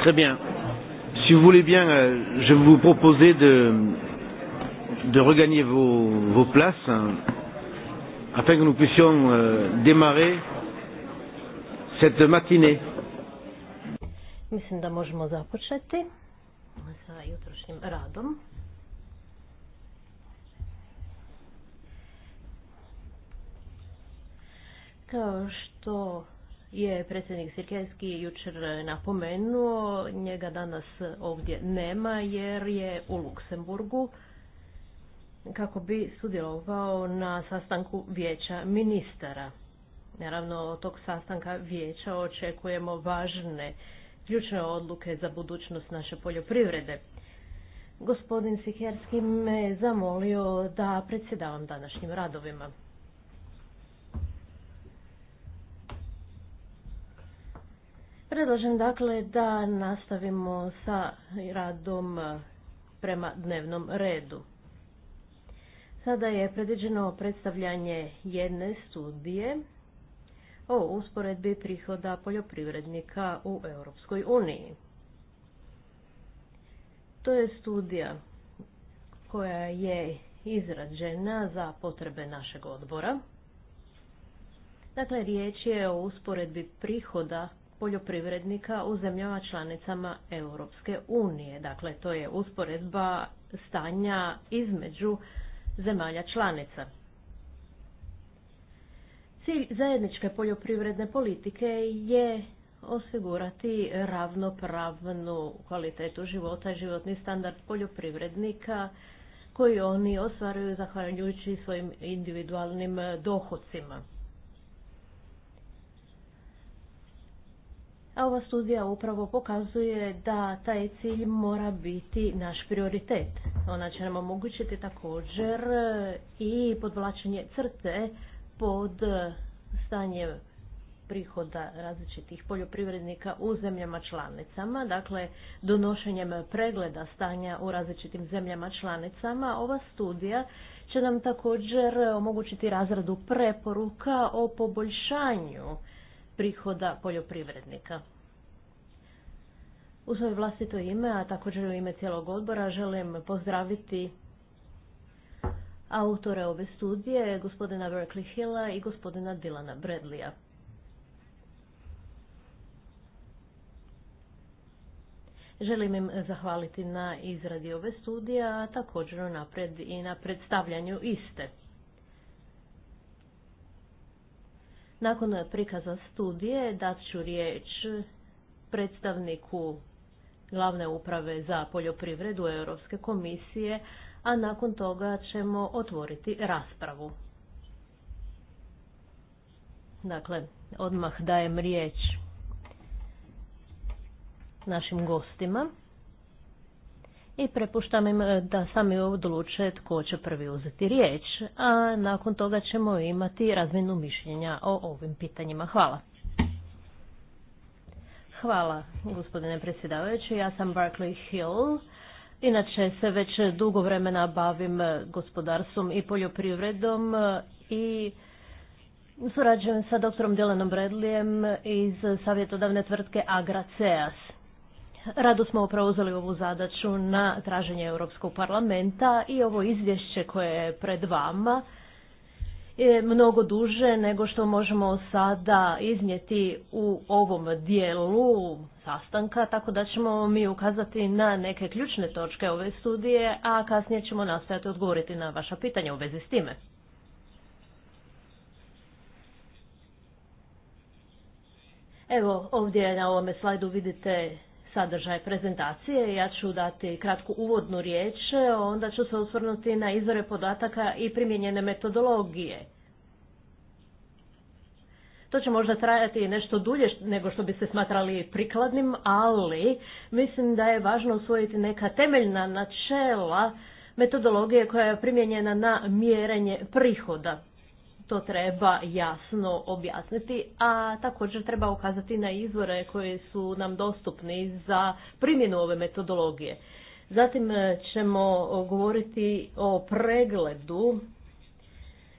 Très bien. Si vous voulez bien, euh, je vais vous proposer de, de regagner vos, vos places afin que nous puissions euh, démarrer cette matinée. Mislim da možemo započeti sa jutrošnjim radom. Kao što je predsjednik Sirkenski jučer napomenuo, njega danas ovdje nema jer je u Luksemburgu kako bi sudjelovao na sastanku vijeća ministara. Naravno, od tog sastanka vijeća očekujemo važne ključne odluke za budućnost naše poljoprivrede. Gospodin Sikerski me zamolio da predsjedavam današnjim radovima. Predlažem dakle da nastavimo sa radom e, prema dnevnom redu. Sada je predviđeno predstavljanje jedne studije o usporedbi prihoda poljoprivrednika u Europskoj uniji. To je studija koja je izrađena za potrebe našeg odbora. Dakle, riječ je o usporedbi prihoda poljoprivrednika u zemljama članicama Europske unije. Dakle, to je usporedba stanja između zemalja članica. Cilj zajedničke poljoprivredne politike je osigurati ravnopravnu kvalitetu života i životni standard poljoprivrednika koji oni ostvaruju zahvaljujući svojim individualnim dohodcima. ova studija upravo pokazuje da taj cilj mora biti naš prioritet. Ona će nam omogućiti također i podvlačenje crte pod stanje prihoda različitih poljoprivrednika u zemljama članicama. Dakle, donošenjem pregleda stanja u različitim zemljama članicama, ova studija će nam također omogućiti razradu preporuka o poboljšanju prihoda poljoprivrednika. U svoje vlastito ime, a također u ime cijelog odbora, želim pozdraviti autore ove studije, gospodina Berkeley Hilla i gospodina Dilana Bradleya. Želim im zahvaliti na izradi ove studije, a također napred i na predstavljanju iste. Nakon prikaza studije dat ću riječ predstavniku glavne uprave za poljoprivredu Europske komisije, a nakon toga ćemo otvoriti raspravu. Dakle, odmah dajem riječ našim gostima i prepuštam im e, da sami odluče tko će prvi uzeti riječ, a nakon toga ćemo imati razmjenu mišljenja o ovim pitanjima. Hvala. Hvala, gospodine predsjedavajući. Ja sam Barclay Hill. Inače se već dugo vremena bavim gospodarstvom i poljoprivredom i surađujem sa doktorom Dylanom Bradleyem iz savjetodavne tvrtke Agraceas. Rado smo preuzeli ovu zadaću na traženje Europskog parlamenta i ovo izvješće koje je pred vama je mnogo duže nego što možemo sada iznijeti u ovom dijelu sastanka, tako da ćemo mi ukazati na neke ključne točke ove studije, a kasnije ćemo nastojati odgovoriti na vaša pitanja u vezi s time. Evo ovdje na ovome slajdu vidite sadržaj prezentacije. Ja ću dati kratku uvodnu riječ, onda ću se osvrnuti na izvore podataka i primijenjene metodologije. To će možda trajati nešto dulje nego što bi se smatrali prikladnim, ali mislim da je važno usvojiti neka temeljna načela metodologije koja je primijenjena na mjerenje prihoda to treba jasno objasniti, a također treba ukazati na izvore koji su nam dostupni za primjenu ove metodologije. Zatim e, ćemo govoriti o pregledu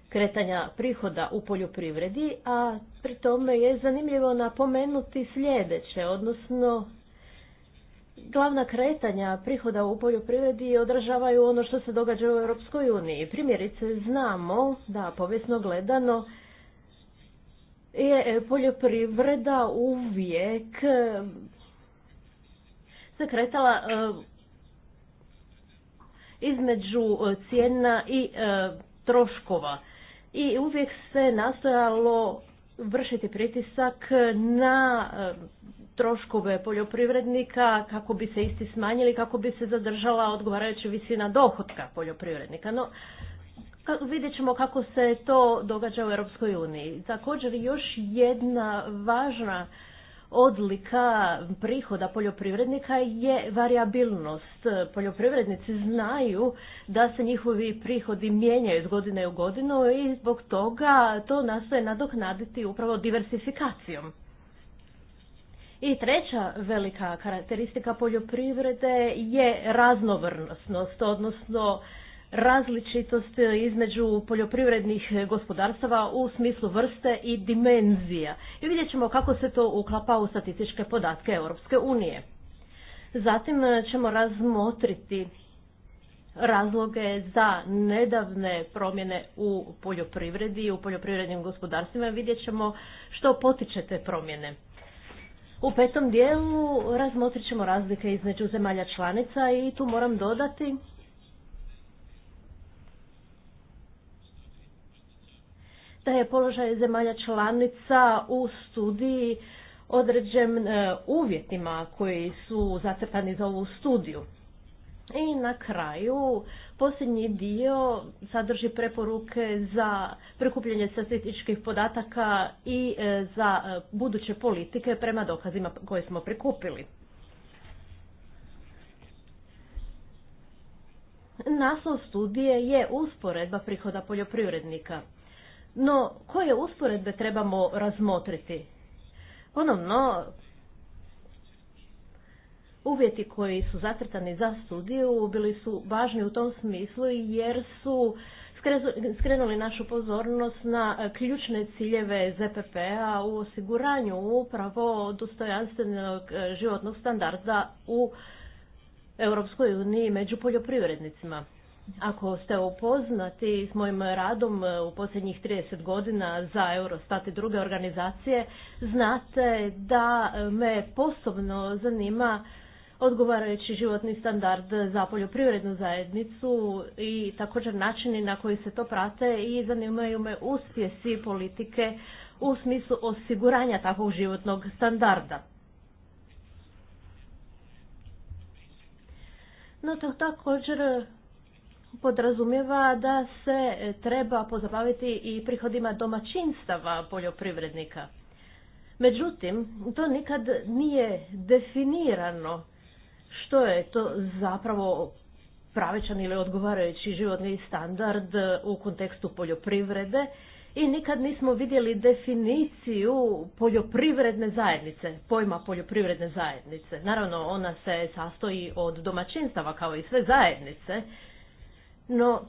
kretanja prihoda u poljoprivredi, a pri tome je zanimljivo napomenuti sljedeće, odnosno glavna kretanja prihoda u poljoprivredi održavaju ono što se događa u Europskoj uniji. Primjerice, znamo da povijesno gledano je poljoprivreda uvijek se eh, kretala eh, između eh, cijena i troškova i uvijek se nastojalo vršiti pritisak na troškove poljoprivrednika kako bi se isti smanjili, kako bi se zadržala odgovarajuća visina dohotka poljoprivrednika. No, vidjet ćemo kako se to događa u Europskoj uniji. Također još jedna važna odlika prihoda poljoprivrednika je variabilnost. Poljoprivrednici znaju da se njihovi prihodi mijenjaju iz godine u godinu i zbog toga to nastoje nadoknaditi upravo diversifikacijom. I treća velika karakteristika poljoprivrede je raznovrnostnost, odnosno različitost između poljoprivrednih gospodarstava u smislu vrste i dimenzija. I vidjet ćemo kako se to uklapa u statističke podatke Europske unije. Zatim ćemo razmotriti razloge za nedavne promjene u poljoprivredi i u poljoprivrednim gospodarstvima. Vidjet ćemo što potiče te promjene. U petom dijelu razmotrit ćemo razlike između zemalja članica i tu moram dodati da je položaj zemalja članica u studiji određen e, uvjetima koji su zacrtani za ovu studiju. I na kraju, posljednji dio sadrži preporuke za prikupljanje statističkih podataka i e, za e, buduće politike prema dokazima koje smo prikupili. Naslov studije je usporedba prihoda poljoprivrednika. No, koje usporedbe trebamo razmotriti? Ponovno, uvjeti koji su zacrtani za studiju bili su važni u tom smislu jer su skrenuli našu pozornost na e, ključne ciljeve ZPP-a u osiguranju upravo dostojanstvenog e, životnog standarda u Europskoj uniji među poljoprivrednicima. Ako ste upoznati s mojim radom e, u posljednjih 30 godina za Eurostat i druge organizacije, znate da me posebno zanima odgovarajući životni standard za poljoprivrednu zajednicu i također načini na koji se to prate i zanimaju me uspjesi politike u smislu osiguranja takvog životnog standarda. No to također podrazumijeva da se treba pozabaviti i prihodima domaćinstava poljoprivrednika. Međutim, to nikad nije definirano što je to zapravo pravičan ili odgovarajući životni standard u kontekstu poljoprivrede i nikad nismo vidjeli definiciju poljoprivredne zajednice, pojma poljoprivredne zajednice. Naravno, ona se sastoji od domaćinstava kao i sve zajednice, no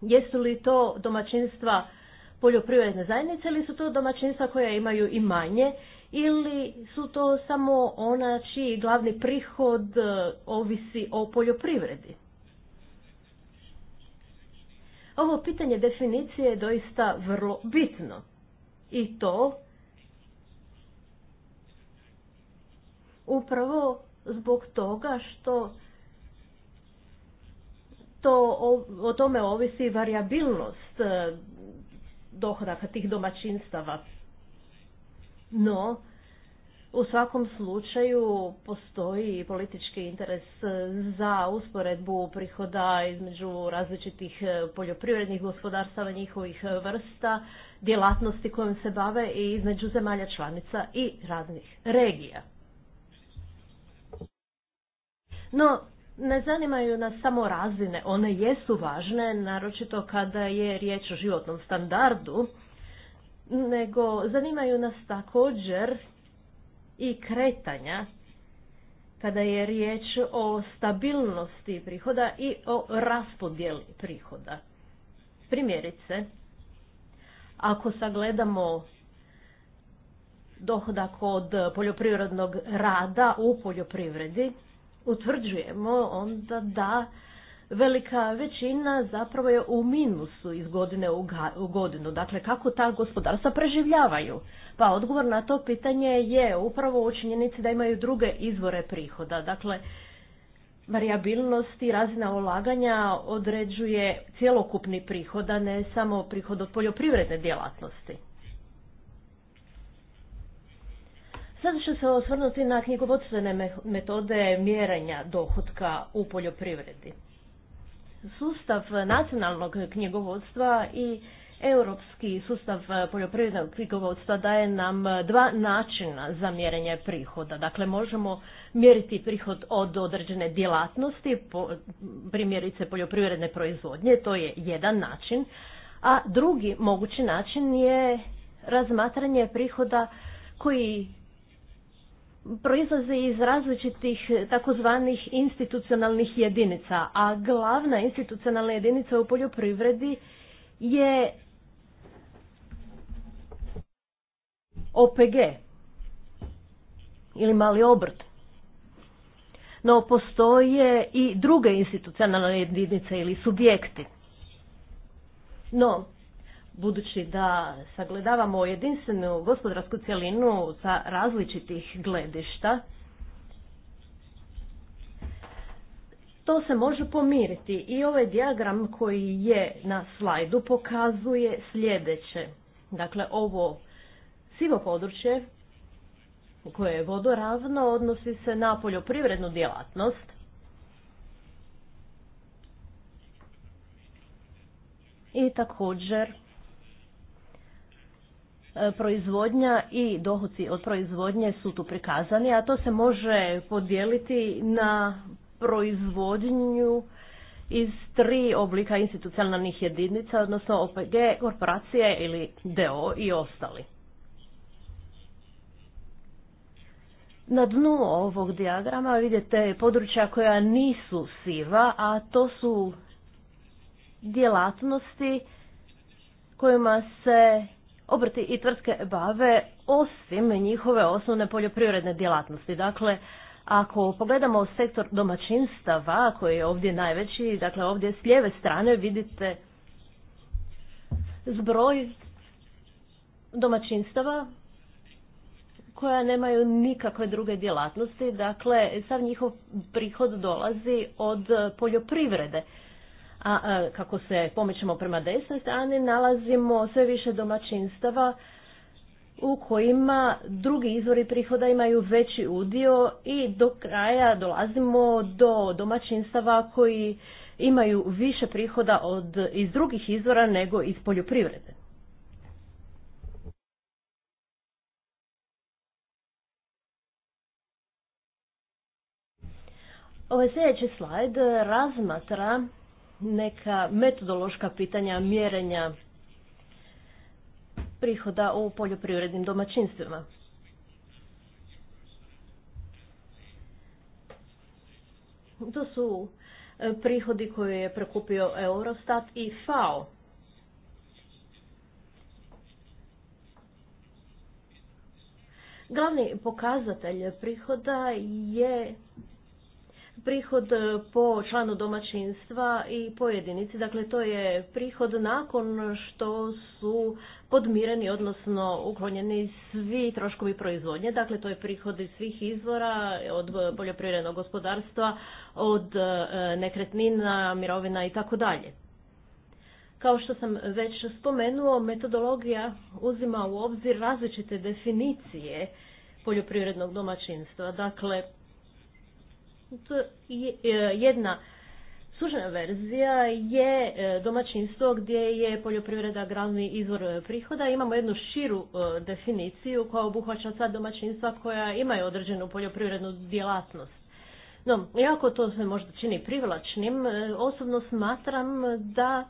jesu li to domaćinstva poljoprivredne zajednice ili su to domaćinstva koja imaju i manje ili su to samo ona čiji glavni prihod e, ovisi o poljoprivredi? Ovo pitanje definicije je doista vrlo bitno. I to upravo zbog toga što to, o, o tome ovisi variabilnost e, dohodaka tih domaćinstava. No, u svakom slučaju postoji politički interes za usporedbu prihoda između različitih e, poljoprivrednih gospodarstava, njihovih e, vrsta, djelatnosti kojom se bave i između zemalja članica i raznih regija. No, ne zanimaju nas samo razine, one jesu važne, naročito kada je riječ o životnom standardu, nego zanimaju nas također i kretanja kada je riječ o stabilnosti prihoda i o raspodjeli prihoda. Primjerice, ako sagledamo dohodak od poljoprivrednog rada u poljoprivredi, utvrđujemo onda da velika većina zapravo je u minusu iz godine u godinu. Dakle, kako ta gospodarstva preživljavaju? Pa odgovor na to pitanje je upravo u činjenici da imaju druge izvore prihoda. Dakle, variabilnost i razina ulaganja određuje cjelokupni prihod, a ne samo prihod od poljoprivredne djelatnosti. Sada ću se osvrnuti na knjigovodstvene metode mjerenja dohotka u poljoprivredi sustav nacionalnog knjigovodstva i europski sustav poljoprivrednog knjigovodstva daje nam dva načina za mjerenje prihoda. Dakle, možemo mjeriti prihod od određene djelatnosti, primjerice poljoprivredne proizvodnje, to je jedan način, a drugi mogući način je razmatranje prihoda koji proizlaze iz različitih takozvanih institucionalnih jedinica, a glavna institucionalna jedinica u poljoprivredi je OPG ili mali obrt. No postoje i druge institucionalne jedinice ili subjekti. No, budući da sagledavamo jedinstvenu gospodarsku cjelinu sa različitih gledišta, to se može pomiriti i ovaj dijagram koji je na slajdu pokazuje sljedeće. Dakle, ovo sivo područje koje je vodoravno odnosi se na poljoprivrednu djelatnost, i također E, proizvodnja i dohoci od proizvodnje su tu prikazani, a to se može podijeliti na proizvodnju iz tri oblika institucionalnih jedinica, odnosno OPG, korporacije ili DO i ostali. Na dnu ovog dijagrama vidite područja koja nisu siva, a to su djelatnosti kojima se obrti i tvrtke bave osim njihove osnovne poljoprivredne djelatnosti. Dakle, ako pogledamo sektor domaćinstava koji je ovdje najveći, dakle ovdje s lijeve strane vidite zbroj domaćinstava koja nemaju nikakve druge djelatnosti, dakle sav njihov prihod dolazi od poljoprivrede a, e, kako se pomećemo prema desnoj strani nalazimo sve više domaćinstava u kojima drugi izvori prihoda imaju veći udio i do kraja dolazimo do domaćinstava koji imaju više prihoda od, iz drugih izvora nego iz poljoprivrede. Ovaj sljedeći slajd razmatra neka metodološka pitanja mjerenja prihoda u poljoprivrednim domaćinstvima. To su e, prihodi koje je prekupio Eurostat i FAO. Glavni pokazatelj prihoda je prihod e, po članu domaćinstva i pojedinici. Dakle, to je prihod nakon što su podmireni, odnosno uklonjeni svi troškovi proizvodnje. Dakle, to je prihod iz svih izvora, od poljoprivrednog gospodarstva, od e, nekretnina, mirovina i tako dalje. Kao što sam već spomenuo, metodologija uzima u obzir različite definicije poljoprivrednog domaćinstva. Dakle, E, jedna sužena verzija je e, domaćinstvo gdje je poljoprivreda glavni izvor e, prihoda. Imamo jednu širu definiciju koja obuhvaća sva domaćinstva koja imaju određenu poljoprivrednu djelatnost. No, iako to se možda čini privlačnim, osobno smatram da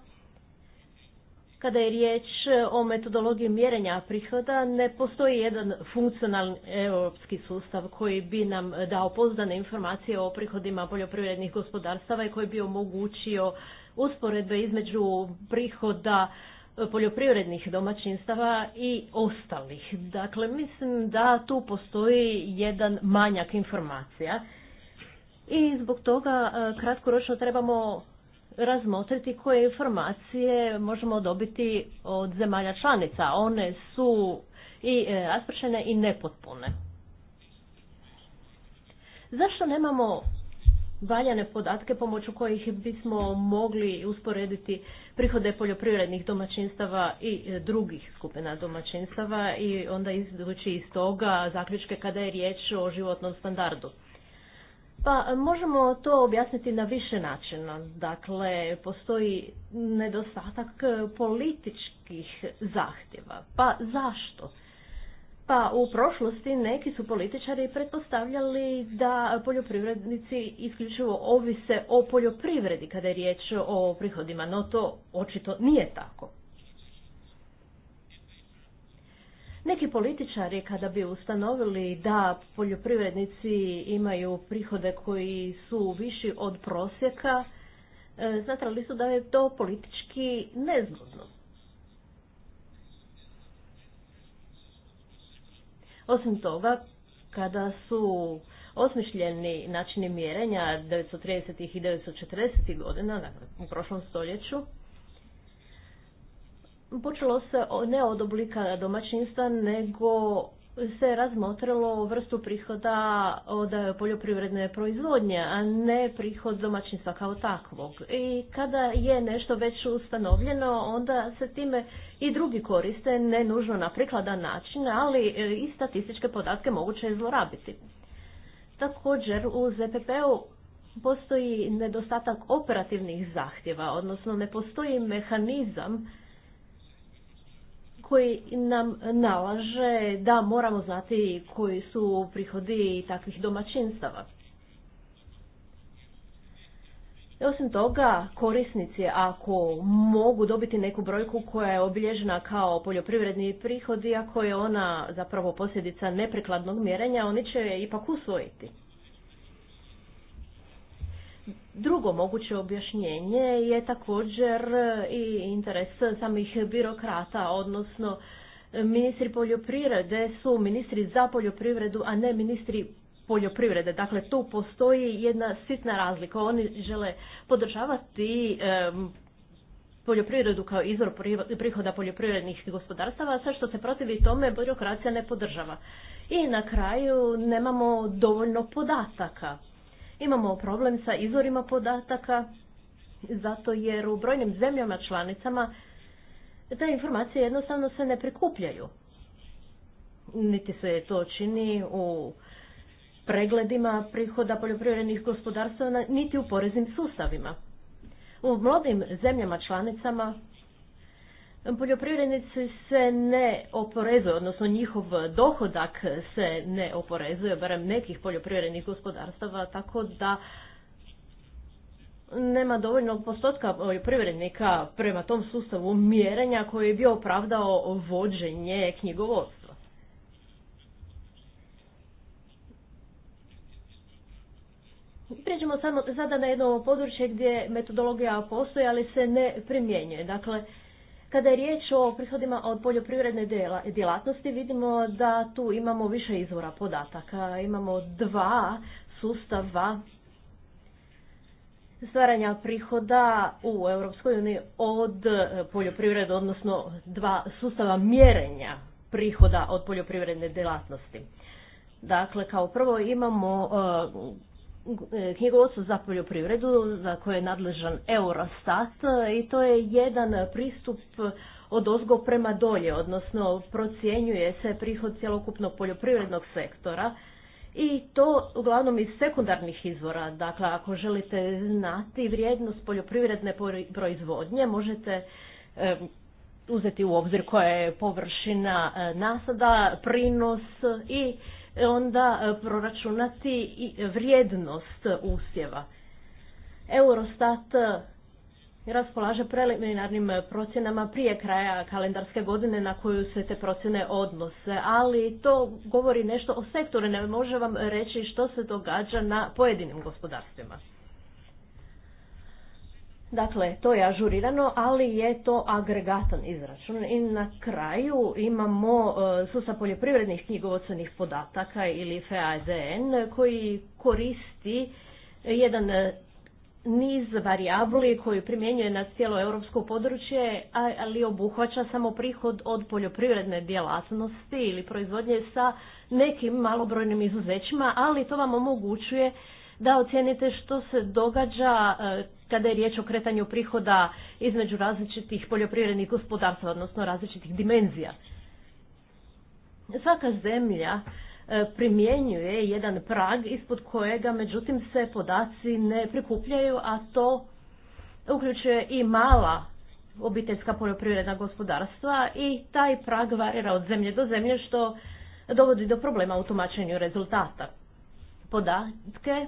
kada je riječ e, o metodologiji mjerenja prihoda, ne postoji jedan funkcionalni europski sustav koji bi nam dao pozdane informacije o prihodima poljoprivrednih gospodarstava i koji bi omogućio usporedbe između prihoda e, poljoprivrednih domaćinstava i ostalih. Dakle, mislim da tu postoji jedan manjak informacija i zbog toga e, kratkoročno trebamo razmotriti koje informacije možemo dobiti od zemalja članica. One su i e, raspršene i nepotpune. Zašto nemamo valjane podatke pomoću kojih bismo mogli usporediti prihode poljoprivrednih domaćinstava i e, drugih skupina domaćinstava i onda izvući iz toga zaključke kada je riječ o životnom standardu. Pa možemo to objasniti na više načina. Dakle, postoji nedostatak e, političkih zahtjeva. Pa zašto? Pa u prošlosti neki su političari pretpostavljali da poljoprivrednici isključivo ovise o poljoprivredi kada je riječ o prihodima, no to očito nije tako. Neki političari kada bi ustanovili da poljoprivrednici imaju prihode koji su viši od prosjeka, e, smatrali su da je to politički nezgodno. Osim toga, kada su osmišljeni načini mjerenja 1930. i 1940. godina, dakle, u prošlom stoljeću, počelo se ne od oblika domaćinstva, nego se razmotrilo vrstu prihoda od poljoprivredne proizvodnje, a ne prihod domaćinstva kao takvog. I kada je nešto već ustanovljeno, onda se time i drugi koriste, ne nužno na prikladan način, ali e, i statističke podatke moguće je zlorabiti. Također u ZPP-u postoji nedostatak operativnih zahtjeva, odnosno ne postoji mehanizam koji nam nalaže da moramo znati koji su prihodi takvih domaćinstava. E, osim toga, korisnici ako mogu dobiti neku brojku koja je obilježena kao poljoprivredni prihod, iako je ona zapravo posljedica neprikladnog mjerenja, oni će je ipak usvojiti. Drugo moguće objašnjenje je također e, i interes samih birokrata, odnosno e, ministri poljoprivrede su ministri za poljoprivredu, a ne ministri poljoprivrede. Dakle, tu postoji jedna sitna razlika. Oni žele podržavati e, poljoprivredu kao izvor prihoda poljoprivrednih gospodarstava, sve što se protivi tome birokracija ne podržava. I na kraju nemamo dovoljno podataka. Imamo problem sa izvorima podataka, zato jer u brojnim zemljama članicama te informacije jednostavno se ne prikupljaju. Niti se to čini u pregledima prihoda poljoprivrednih gospodarstva, niti u poreznim sustavima. U mnogim zemljama članicama Poljoprivrednici se ne oporezuju, odnosno njihov dohodak se ne oporezuje, barem nekih poljoprivrednih gospodarstava, tako da nema dovoljnog postotka poljoprivrednika prema tom sustavu mjerenja koji bi opravdao vođenje knjigovodstva. Pređemo sada na jedno područje gdje metodologija postoji, ali se ne primjenjuje. Dakle, kada je riječ o prihodima od poljoprivredne djelatnosti, vidimo da tu imamo više izvora podataka. Imamo dva sustava stvaranja prihoda u Europskoj uniji od e, poljoprivrede, odnosno dva sustava mjerenja prihoda od poljoprivredne djelatnosti. Dakle, kao prvo imamo e, E, knjigovodstvo za poljoprivredu za koje je nadležan Eurostat e, i to je jedan pristup od ozgo prema dolje, odnosno procjenjuje se prihod cjelokupnog poljoprivrednog sektora i to uglavnom iz sekundarnih izvora. Dakle, ako želite znati vrijednost poljoprivredne proizvodnje, možete e, uzeti u obzir koja je površina nasada, prinos i onda e, proračunati i vrijednost usjeva. Eurostat e, raspolaže preliminarnim procjenama prije kraja kalendarske godine na koju se te procjene odnose, ali to govori nešto o sektore, ne može vam reći što se događa na pojedinim gospodarstvima. Dakle, to je ažurirano, ali je to agregatan izračun. I na kraju imamo e, sustav poljoprivrednih knjigovodstvenih podataka ili FAZN koji koristi jedan e, niz varijabli koji primjenjuje na cijelo europsko područje, ali obuhvaća samo prihod od poljoprivredne djelatnosti ili proizvodnje sa nekim malobrojnim izuzećima, ali to vam omogućuje da ocijenite što se događa e, kada je riječ o kretanju prihoda između različitih poljoprivrednih gospodarstva, odnosno različitih dimenzija. Svaka zemlja e, primjenjuje jedan prag ispod kojega međutim se podaci ne prikupljaju, a to uključuje i mala obiteljska poljoprivredna gospodarstva i taj prag varira od zemlje do zemlje što dovodi do problema u tumačenju rezultata. Podatke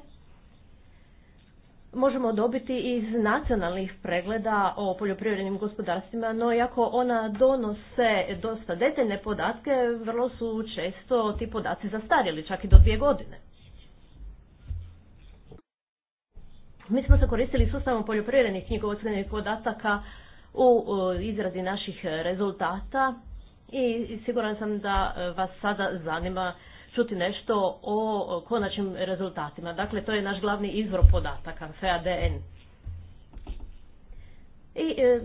možemo dobiti iz nacionalnih pregleda o poljoprivrednim gospodarstvima, no iako ona donose dosta detaljne podatke, vrlo su često ti podaci zastarjeli, čak i do dvije godine. Mi smo se koristili sustavom poljoprivrednih knjigovodstvenih podataka u izradi naših rezultata i siguran sam da vas sada zanima čuti nešto o konačnim rezultatima. Dakle, to je naš glavni izvor podataka, FADN. I, e,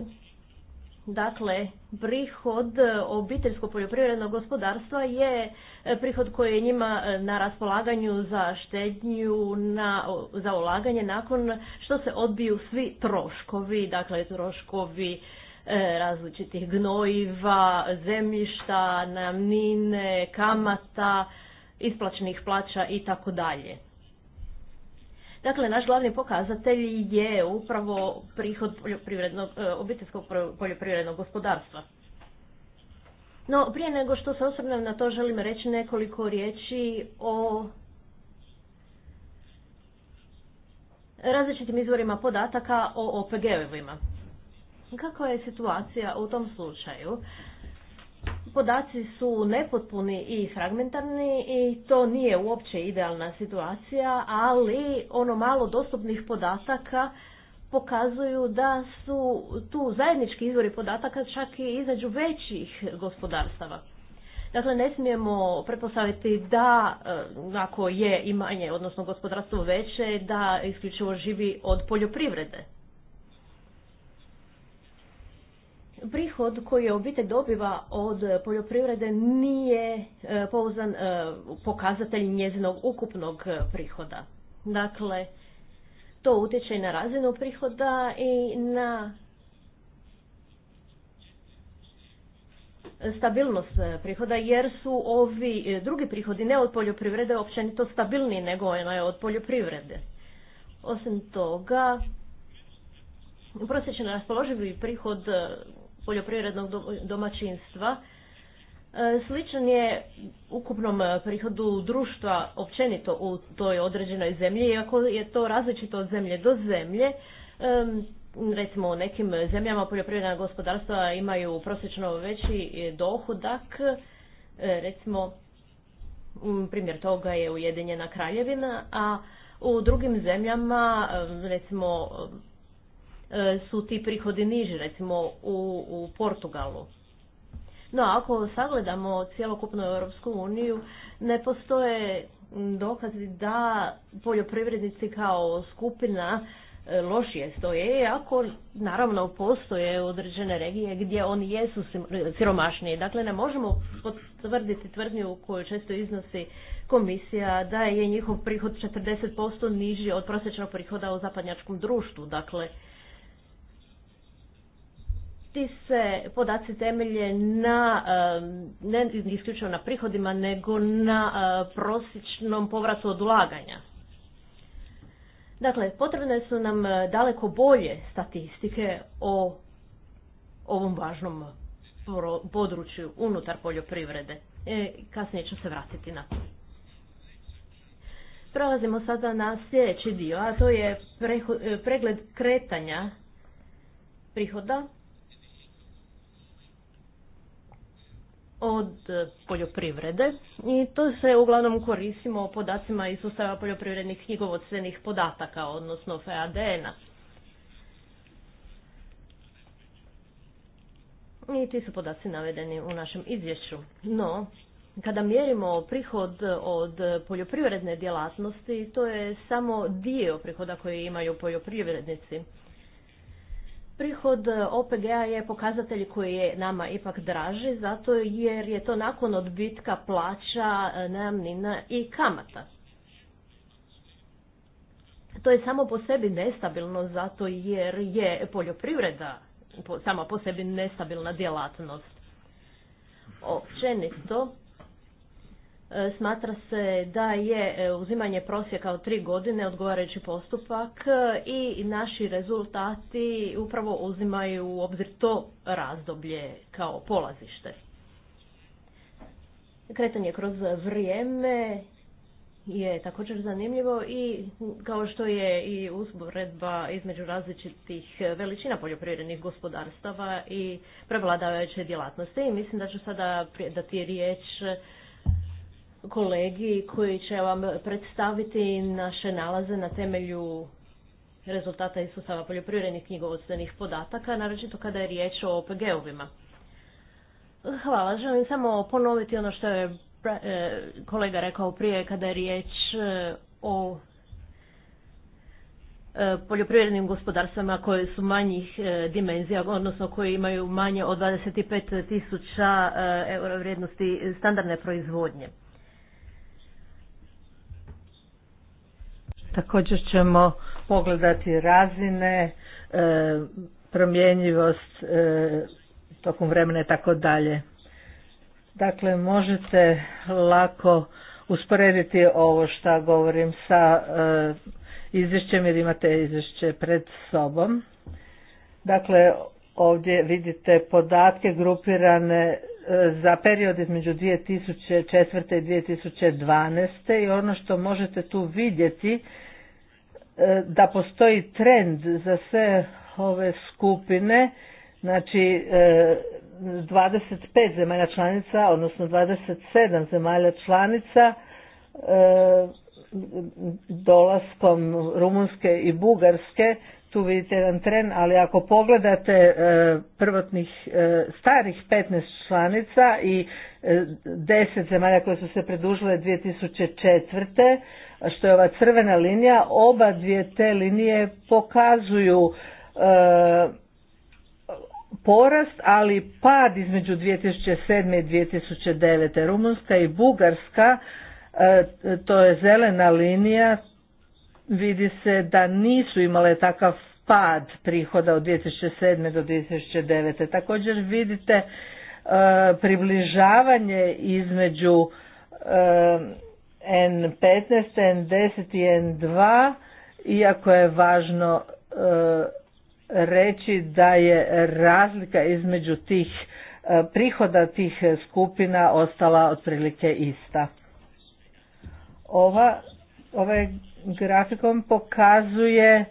dakle, prihod obiteljsko poljoprivrednog gospodarstva je e, prihod koji je njima e, na raspolaganju za štednju, na, za ulaganje nakon što se odbiju svi troškovi, dakle troškovi različitih gnojiva, zemljišta, namnine, kamata, isplaćenih plaća i tako dalje. Dakle, naš glavni pokazatelj je upravo prihod poljoprivrednog, e, obiteljskog poljoprivrednog gospodarstva. No, prije nego što se osvrnem na to, želim reći nekoliko riječi o različitim izvorima podataka o OPG-ovima. Kako je situacija u tom slučaju? Podaci su nepotpuni i fragmentarni i to nije uopće idealna situacija, ali ono malo dostupnih podataka pokazuju da su tu zajednički izvori podataka čak i izađu većih gospodarstava. Dakle, ne smijemo pretpostaviti da e, ako je imanje, odnosno gospodarstvo veće, da isključivo živi od poljoprivrede. prihod koji obitelj dobiva od poljoprivrede nije e, pouzan e, pokazatelj njezinog ukupnog e, prihoda. Dakle, to utječe i na razinu prihoda i na stabilnost prihoda jer su ovi drugi prihodi ne od poljoprivrede općenito stabilniji nego ono je od poljoprivrede. Osim toga, prosječno raspoloživi prihod poljoprivrednog domaćinstva e, sličan je ukupnom e, prihodu društva općenito u toj određenoj zemlji, iako je to različito od zemlje do zemlje. E, recimo u nekim zemljama poljoprivredna gospodarstva imaju prosječno veći dohodak, recimo primjer toga je Ujedinjena kraljevina, a u drugim zemljama recimo E, su ti prihodi niži, recimo u, u Portugalu. No, ako sagledamo cjelokupnu Europsku uniju, ne postoje dokazi da poljoprivrednici kao skupina e, lošije stoje, ako naravno postoje određene regije gdje oni jesu siromašniji. Dakle, ne možemo potvrditi tvrdnju koju često iznosi komisija da je njihov prihod 40% niži od prosječnog prihoda u zapadnjačkom društvu. Dakle, ti se podaci temelje na, ne isključivo na prihodima, nego na eh, prosječnom povratu od ulaganja. Dakle, potrebne su nam eh, daleko bolje statistike o ovom važnom području unutar poljoprivrede. E, kasnije ću se vratiti na to. Prelazimo sada na sljedeći dio, a to je eh, pregled kretanja prihoda od poljoprivrede i to se uglavnom koristimo podacima iz sustava poljoprivrednih knjigovodstvenih podataka, odnosno FADN-a. I ti su podaci navedeni u našem izvješću. No, kada mjerimo prihod od poljoprivredne djelatnosti, to je samo dio prihoda koji imaju poljoprivrednici. Prihod e, OPG-a je pokazatelj koji je nama ipak draži, zato jer je to nakon odbitka plaća, e, najamnina i kamata. To je samo po sebi nestabilno, zato jer je poljoprivreda sama po sebi nestabilna djelatnost. Općenito, E, smatra se da je e, uzimanje prosjeka od tri godine odgovarajući postupak e, i naši rezultati upravo uzimaju u obzir to razdoblje kao polazište. Kretanje kroz vrijeme je također zanimljivo i kao što je i usporedba između različitih veličina poljoprivrednih gospodarstava i prevladavajuće djelatnosti. I mislim da ću sada dati riječ kolegi koji će vam predstaviti naše nalaze na temelju rezultata iz sustava poljoprivrednih knjigovodstvenih podataka, naročito kada je riječ o OPG-ovima. Hvala, želim samo ponoviti ono što je e, kolega rekao prije kada je riječ e, o e, poljoprivrednim gospodarstvima koje su manjih dimenzija, odnosno koje imaju manje od 25.000 tisuća eura vrijednosti standardne proizvodnje. Također ćemo pogledati razine, e, promjenjivost e, tokom vremena i tako dalje. Dakle, možete lako usporediti ovo što govorim sa e, izvješćem jer imate izvješće pred sobom. Dakle, ovdje vidite podatke grupirane za period između 2004. i 2012. i ono što možete tu vidjeti e, da postoji trend za sve ove skupine, znači 25 e, zemalja članica, odnosno 27 zemalja članica e, dolaskom Rumunske i Bugarske tu vidite jedan tren, ali ako pogledate e, prvotnih e, starih 15 članica i 10 e, zemalja koje su se predužile 2004. što je ova crvena linija, oba dvije te linije pokazuju porast, ali pad između 2007. i 2009. Rumunska i Bugarska, to je zelena linija, vidi se da nisu imale takav pad prihoda od 2007. do 2009. Također vidite e, približavanje između N15, e, N10 i N2, iako je važno e, reći da je razlika između tih prihoda tih skupina ostala otprilike ista. Ova, ovaj grafikom pokazuje e,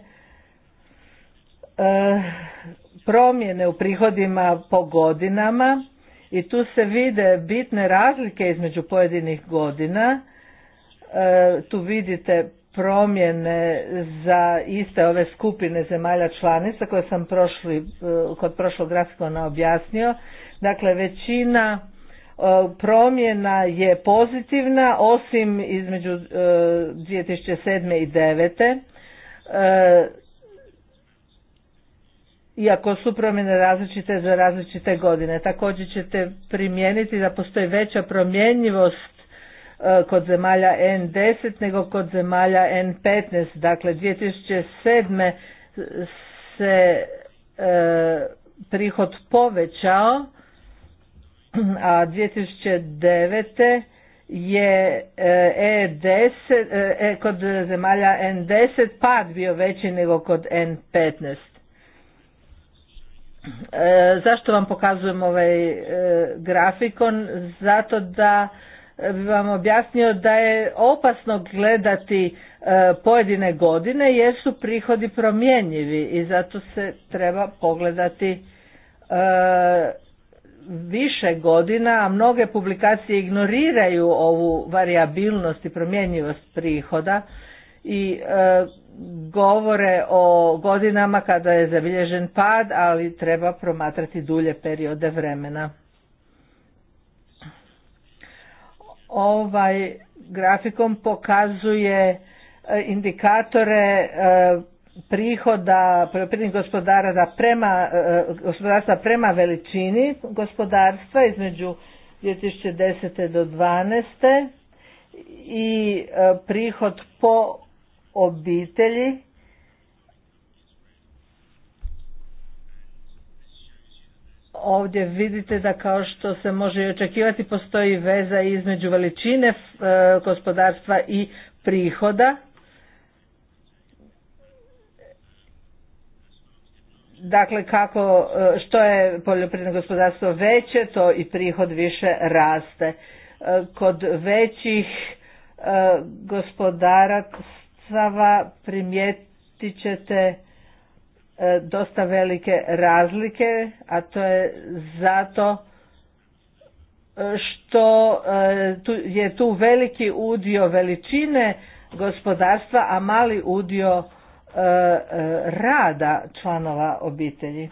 promjene u prihodima po godinama i tu se vide bitne razlike između pojedinih godina. E, tu vidite promjene za iste ove skupine zemalja članica koje sam prošli, e, kod prošlog grafika objasnio. Dakle, većina E, promjena je pozitivna osim između 2007. E, i 2009. E, iako su promjene različite za različite godine. Također ćete primijeniti da postoji veća promjenjivost kod zemalja N10 nego kod zemalja N15. Dakle, 2007. se prihod povećao a 2009. je E10, e e, e, kod zemalja N10 pad bio veći nego kod N15. E, zašto vam pokazujem ovaj grafikon? Zato da bi vam objasnio da je opasno gledati pojedine godine jer su prihodi promjenjivi i zato se treba pogledati više godina, a mnoge publikacije ignoriraju ovu variabilnost i promjenjivost prihoda i e, govore o godinama kada je zabilježen pad, ali treba promatrati dulje periode vremena. Ovaj grafikom pokazuje e, indikatore e, prihoda poljoprivrednih gospodara prema, e, e, gospodarstva prema veličini gospodarstva između 2010. do 2012. i e, prihod po obitelji Ovdje vidite da kao što se može i očekivati postoji veza između veličine gospodarstva i prihoda. Dakle, kako, e, što je poljoprivredno gospodarstvo veće, to i prihod više raste. E, kod većih e, gospodarstava primijetit ćete dosta velike razlike, a to je zato što je tu veliki udio veličine gospodarstva, a mali udio E, e, rada članova obitelji.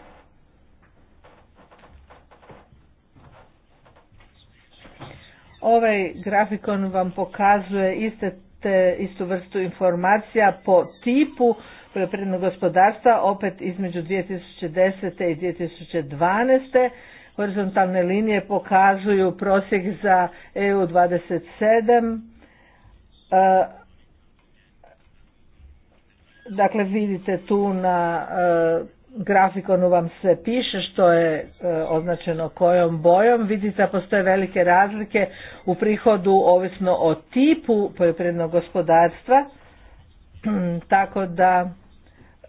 Ovaj grafikon vam pokazuje iste te, istu vrstu informacija po tipu poljoprivrednog gospodarstva opet između 2010. i 2012. Horizontalne linije pokazuju prosjek za EU 27, Dakle, vidite tu na e, grafikonu vam se piše što je e, označeno kojom bojom. Vidite da postoje velike razlike u prihodu ovisno o tipu poljoprivrednog gospodarstva. Tako da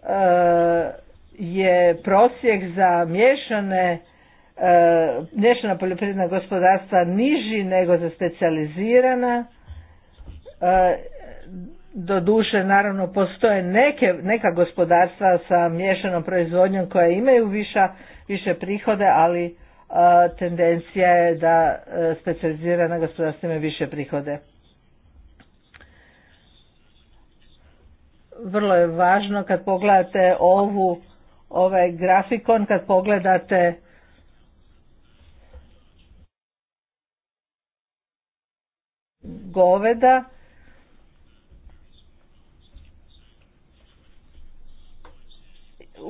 e, je prosjek za miješane miješana poljoprivredna gospodarstva niži nego za specijalizirana Doduše, naravno, postoje neke, neka gospodarstva sa miješanom proizvodnjom koja imaju viša, više prihode, ali e, tendencija je da e, specijalizirana specializirana gospodarstva imaju više prihode. Vrlo je važno kad pogledate ovu, ovaj grafikon, kad pogledate goveda,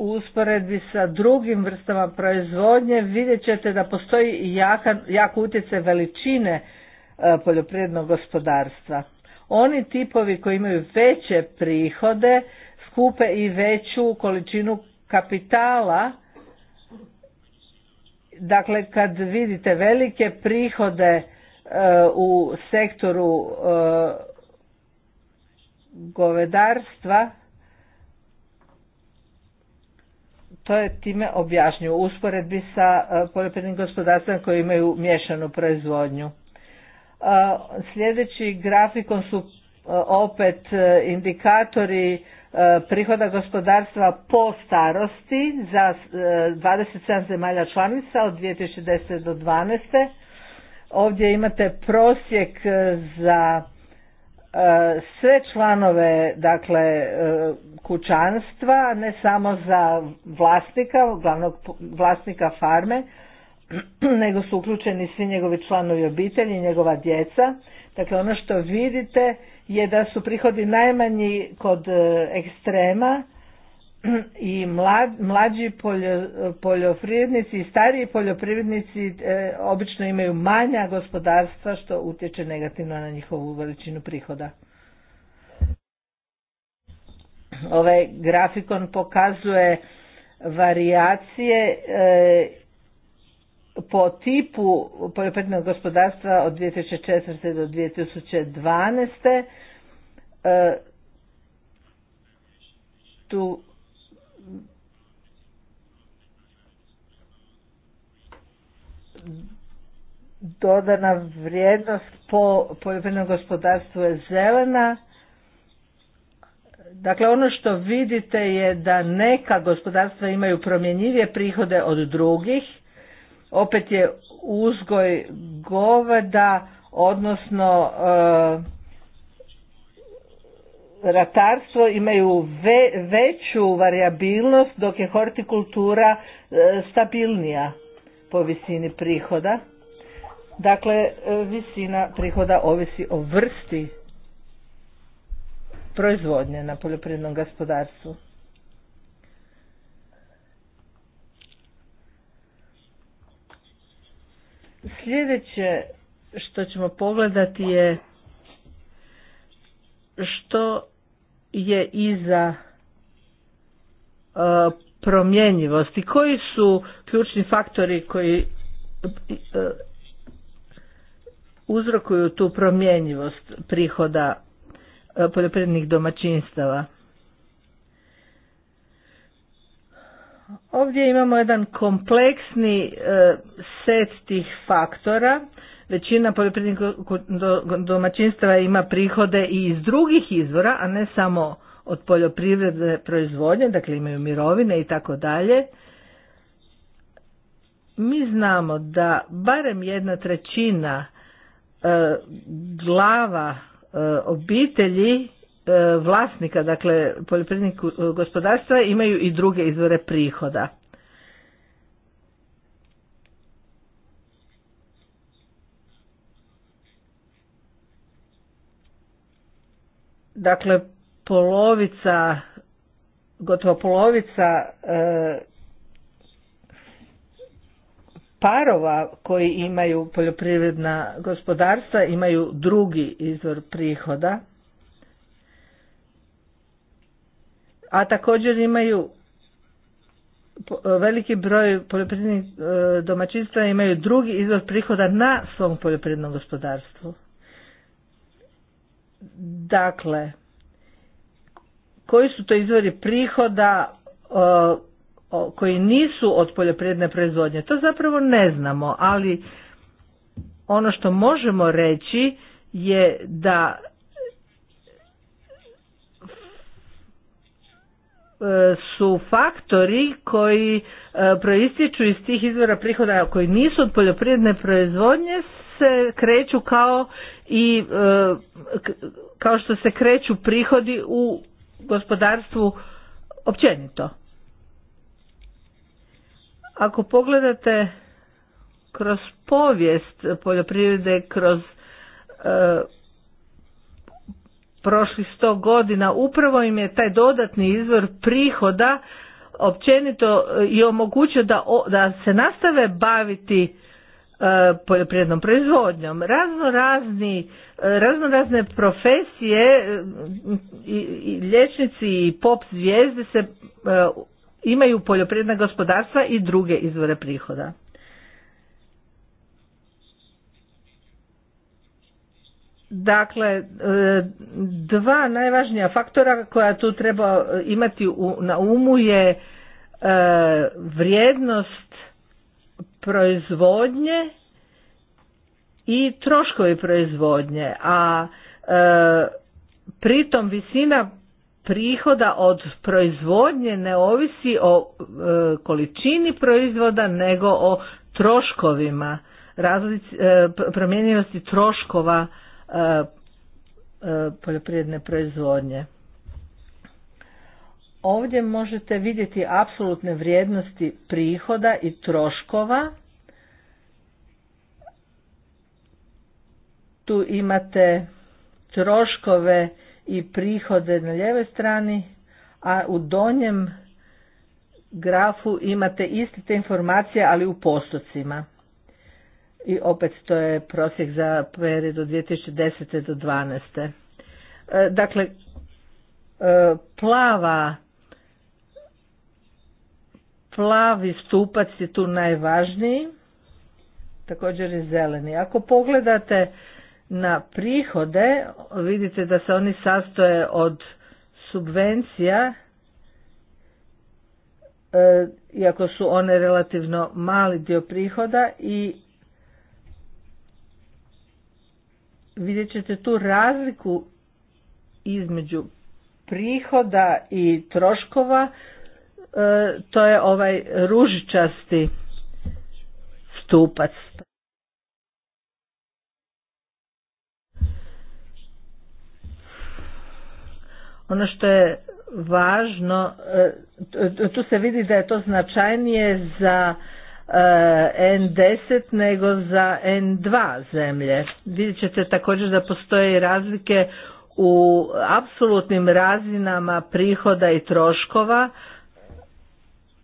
u usporedbi sa drugim vrstama proizvodnje vidjet ćete da postoji jaka, jak utjecaj veličine e, poljoprivrednog gospodarstva. Oni tipovi koji imaju veće prihode skupe i veću količinu kapitala. Dakle, kad vidite velike prihode e, u sektoru e, govedarstva, to je time objašnjeno usporedbi sa e, poljoprivrednim gospodarstvima koji imaju miješanu proizvodnju. E, sljedeći grafikon su e, opet indikatori prihoda gospodarstva po starosti za 27 zemalja članica od 2010 do 2012. Ovdje imate prosjek za sve članove dakle e, kućanstva ne samo za vlasnika glavnog vlasnika farme nego su uključeni svi njegovi članovi obitelji njegova djeca dakle ono što vidite je da su prihodi najmanji kod e, ekstrema i mlađi poljoprivrednici i stariji poljoprivrednici e, obično imaju manja gospodarstva što utječe negativno na njihovu veličinu prihoda. Ovaj grafikon pokazuje varijacije e, po tipu poljoprivrednog gospodarstva od 2004. do 2012. E, tu dodana vrijednost po poljoprivrednom gospodarstvu je zelena. Dakle, ono što vidite je da neka gospodarstva imaju promjenjivije prihode od drugih. Opet je uzgoj goveda, odnosno e, ratarstvo imaju ve, veću variabilnost, dok je hortikultura e, stabilnija po visini prihoda. Dakle, e, visina prihoda ovisi o vrsti proizvodnje na poljoprivrednom gospodarstvu. Sljedeće što ćemo pogledati je što je iza e, promjenjivosti. Koji su ključni faktori koji e, uzrokuju tu promjenjivost prihoda e, poljoprivrednih domaćinstava? Ovdje imamo jedan kompleksni e, set tih faktora. Većina poljoprivrednih domaćinstava ima prihode i iz drugih izvora, a ne samo od poljoprivredne proizvodnje, dakle imaju mirovine i tako dalje, mi znamo da barem jedna trećina e, glava e, obitelji e, vlasnika, dakle poljoprivrednih gospodarstva imaju i druge izvore prihoda. Dakle, polovica gotovo polovica e, parova koji imaju poljoprivredna gospodarstva imaju drugi izvor prihoda a također imaju veliki broj poljoprivrednih e, domaćinstva imaju drugi izvor prihoda na svom poljoprivrednom gospodarstvu. Dakle, koji su to izvori prihoda e, koji nisu od poljoprivredne proizvodnje. To zapravo ne znamo, ali ono što možemo reći je da e, su faktori koji e, proističu iz tih izvora prihoda koji nisu od poljoprivredne proizvodnje se kreću kao i kao što se kreću prihodi u gospodarstvu općenito. Ako pogledate kroz povijest poljoprivrede, kroz e, prošlih sto godina, upravo im je taj dodatni izvor prihoda općenito e, i omogućio da, da se nastave baviti E, poljoprivrednom proizvodnjom. Razno, razni, e, razno razne profesije e, i, i lječnici i pop zvijezde se imaju poljoprivredna gospodarstva i druge izvore prihoda. Dakle, dva najvažnija faktora koja tu treba imati na umu je vrijednost proizvodnje i troškovi proizvodnje, a e, pritom visina prihoda od proizvodnje ne ovisi o e, količini proizvoda nego o troškovima, razlic, e, promjenjivosti troškova e, e, poljoprivredne proizvodnje. Ovdje možete vidjeti apsolutne vrijednosti prihoda i troškova. Tu imate troškove i prihode na ljevoj strani, a u donjem grafu imate iste te informacije, ali u postocima. I opet to je prosjek za period od 2010. do 2012. E, dakle, e, plava plavi stupac je tu najvažniji, također je zeleni. Ako pogledate na prihode, vidite da se oni sastoje od subvencija, e, iako su one relativno mali dio prihoda i vidjet ćete tu razliku između prihoda i troškova E, to je ovaj ružičasti stupac. Ono što je važno, e, tu se vidi da je to značajnije za e, N10 nego za N2 zemlje. Vidjet ćete također da postoje i razlike u apsolutnim razinama prihoda i troškova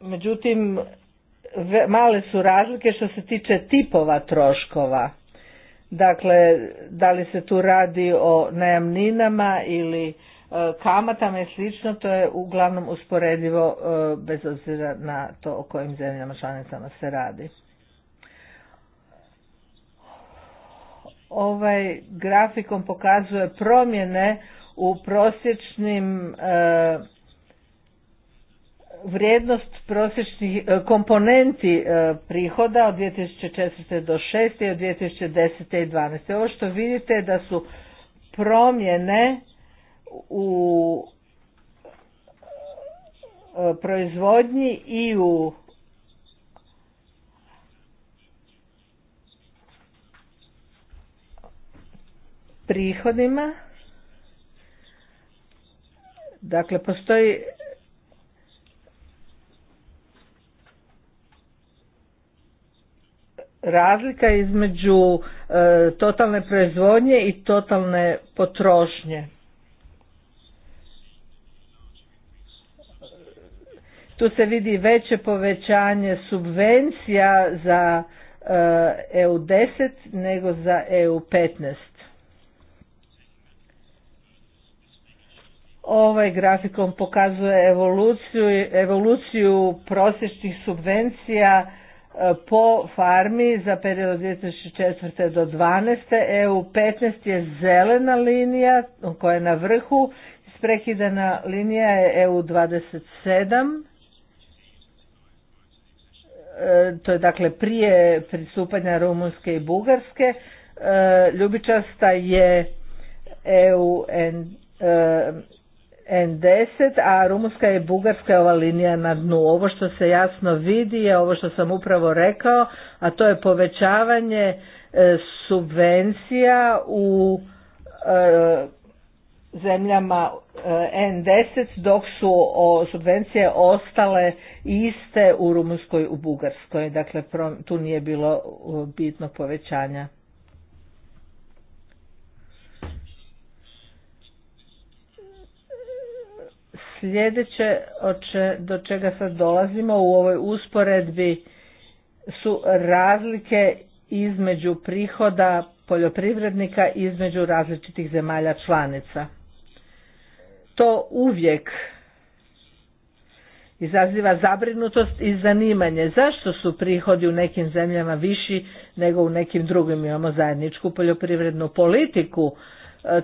Međutim, male su razlike što se tiče tipova troškova. Dakle, da li se tu radi o najamninama ili e, kamatama i slično, to je uglavnom usporedivo e, bez obzira na to o kojim zemljama članicama se radi. Ovaj grafikom pokazuje promjene u prosječnim e, vrijednost prosječnih e, komponenti e, prihoda od 2004. do 6. i od 2010. i 12. Ovo što vidite je da su promjene u e, proizvodnji i u prihodima. Dakle, postoji razlika između e, totalne proizvodnje i totalne potrošnje. Tu se vidi veće povećanje subvencija za EU10 e nego za EU15. Ovaj grafikom pokazuje evoluciju, evoluciju prosječnih subvencija E, po farmi za period od 2004. do 12. EU 15 je zelena linija koja je na vrhu, isprekidana linija je EU 27 e, to je dakle prije pristupanja Rumunske i Bugarske, e, Ljubičasta je EU N10, a Rumunska i Bugarska je ova linija na dnu. Ovo što se jasno vidi je ovo što sam upravo rekao, a to je povećavanje e, subvencija u e, zemljama e, N10 dok su subvencije ostale iste u Rumunskoj i u Bugarskoj. Dakle, tu nije bilo bitnog povećanja. Sljedeće do čega sad dolazimo u ovoj usporedbi su razlike između prihoda poljoprivrednika između različitih zemalja članica. To uvijek izaziva zabrinutost i zanimanje zašto su prihodi u nekim zemljama viši nego u nekim drugim. Imamo zajedničku poljoprivrednu politiku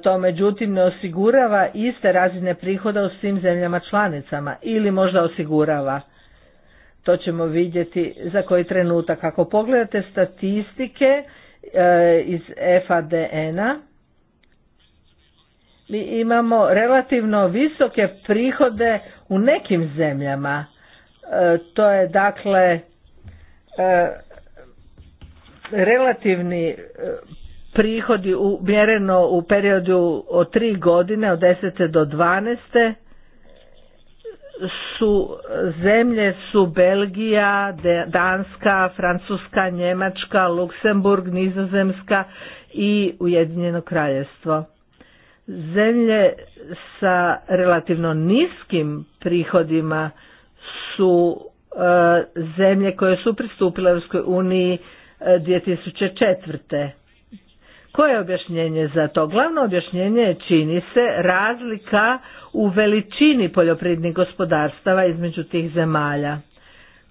to međutim ne osigurava iste razine prihoda u svim zemljama članicama ili možda osigurava. To ćemo vidjeti za koji trenutak. Ako pogledate statistike e, iz FADN-a, mi imamo relativno visoke prihode u nekim zemljama. E, to je dakle e, relativni prihodi mjereno u periodu od tri godine, od 10. do 12. su zemlje su Belgija, Danska, Francuska, Njemačka, Luksemburg, Nizozemska i Ujedinjeno Kraljevstvo. Zemlje sa relativno niskim prihodima su e, zemlje koje su pristupile Europskoj uniji 2004. E, koje je objašnjenje za to? Glavno objašnjenje je čini se razlika u veličini poljoprivrednih gospodarstava između tih zemalja.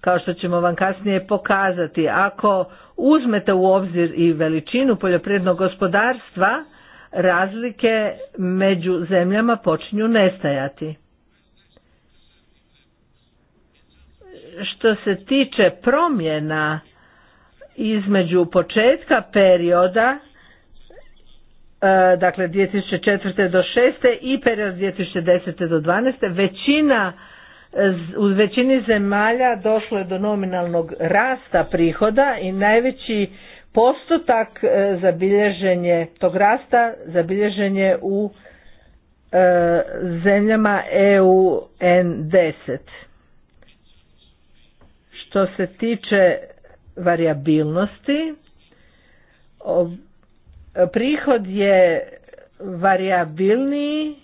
Kao što ćemo vam kasnije pokazati, ako uzmete u obzir i veličinu poljoprivrednog gospodarstva, razlike među zemljama počinju nestajati. Što se tiče promjena između početka perioda E, dakle 2004. do 6. i period 2010. do 12. Većina, e, u većini zemalja došlo je do nominalnog rasta prihoda i najveći postotak e, zabilježenje tog rasta zabilježenje u zemljama EU N10. Što se tiče variabilnosti, prihod je variabilniji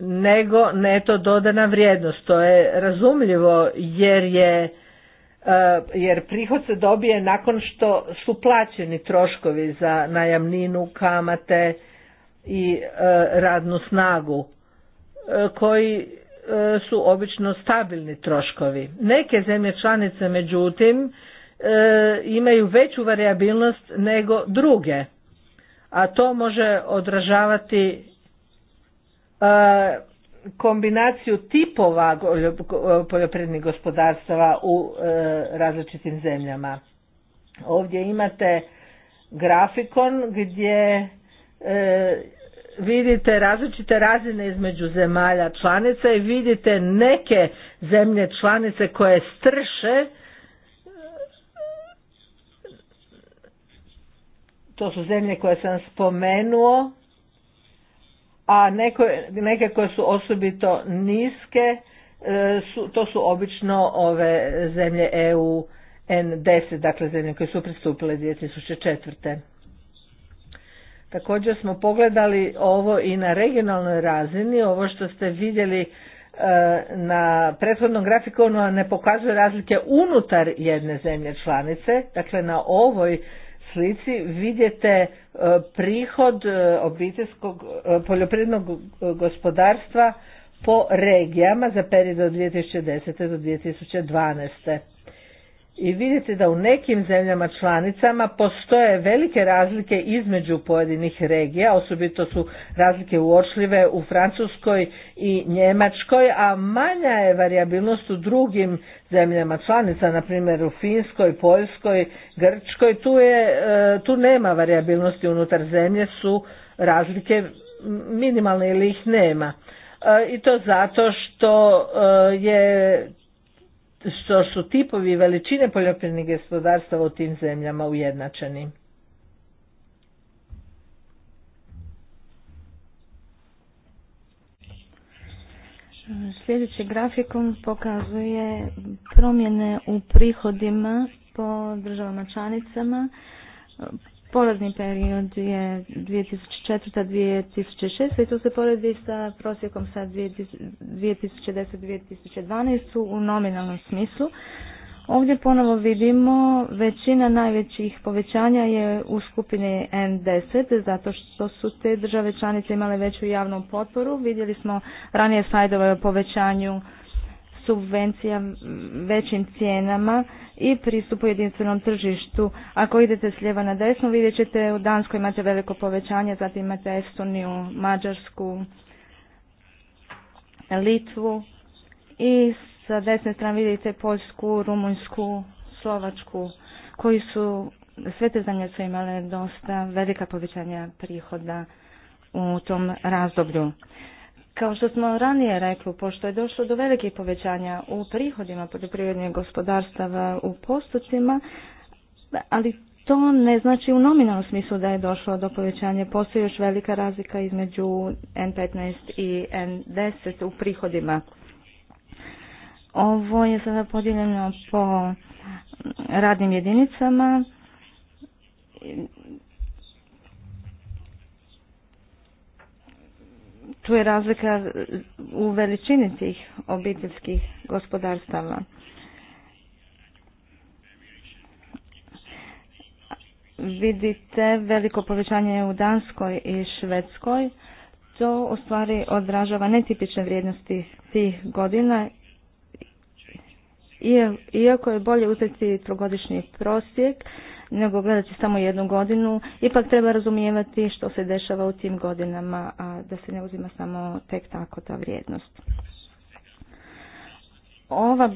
nego neto dodana vrijednost. To je razumljivo jer je eh, jer prihod se dobije nakon što su plaćeni troškovi za najamninu, kamate i eh, radnu snagu eh, koji su obično stabilni troškovi. Neke zemlje članice međutim E, imaju veću variabilnost nego druge a to može odražavati e, kombinaciju tipova poljoprivrednih gospodarstava u e, različitim zemljama. Ovdje imate grafikon gdje vidite različite razine između zemalja članica i vidite neke zemlje članice koje strše to su zemlje koje sam spomenuo, a neko, neke koje su osobito niske, e, su, to su obično ove zemlje EU N10, dakle zemlje koje su pristupile 2004. Također smo pogledali ovo i na regionalnoj razini, ovo što ste vidjeli e, na prethodnom grafikonu ne pokazuje razlike unutar jedne zemlje članice, dakle na ovoj slici vidite e, prihod e, obiteljskog e, poljoprivrednog gospodarstva po regijama za period od 2010. do 2012 i vidite da u nekim zemljama članicama postoje velike razlike između pojedinih regija, osobito su razlike uočljive u Francuskoj i Njemačkoj, a manja je varijabilnost u drugim zemljama članica, na primjer u Finskoj, Poljskoj, Grčkoj, tu, je, e, tu nema varijabilnosti unutar zemlje, su razlike minimalne ili ih nema. E, I to zato što e, je što su tipovi veličine poljoprivrednih gospodarstva u tim zemljama ujednačeni. Sljedeći grafikom pokazuje promjene u prihodima po državama članicama Polazni period je 2004-2006 i to se poredi sa prosjekom sa 2010-2012 u nominalnom smislu. Ovdje ponovo vidimo većina najvećih povećanja je u skupini N10 zato što su te države članice imale veću javnu potporu. Vidjeli smo ranije slajdove o povećanju subvencija većim cijenama i pristupu jedinstvenom tržištu. Ako idete s lijeva na desno vidjet ćete u Danskoj imate veliko povećanje, zatim imate Estoniju, Mađarsku, Litvu i sa desne strane vidite Poljsku, Rumunjsku, Slovačku koji su, sve te zemlje su imale dosta velika povećanja prihoda u tom razdoblju. Kao što smo ranije rekli, pošto je došlo do velike povećanja u prihodima poljoprivrednih gospodarstava u postocima, ali to ne znači u nominalnom smislu da je došlo do povećanja. Postoji još velika razlika između N15 i N10 u prihodima. Ovo je sada podijeljeno po radnim jedinicama tu je razlika u veličini tih obiteljskih gospodarstava. Vidite veliko povećanje u Danskoj i Švedskoj. To u stvari odražava netipične vrijednosti tih godina. Iako je bolje uzeti trogodišnji prosjek, nego gledati samo jednu godinu, ipak treba razumijevati što se dešava u tim godinama, a da se ne uzima samo tek tako ta vrijednost. Ova,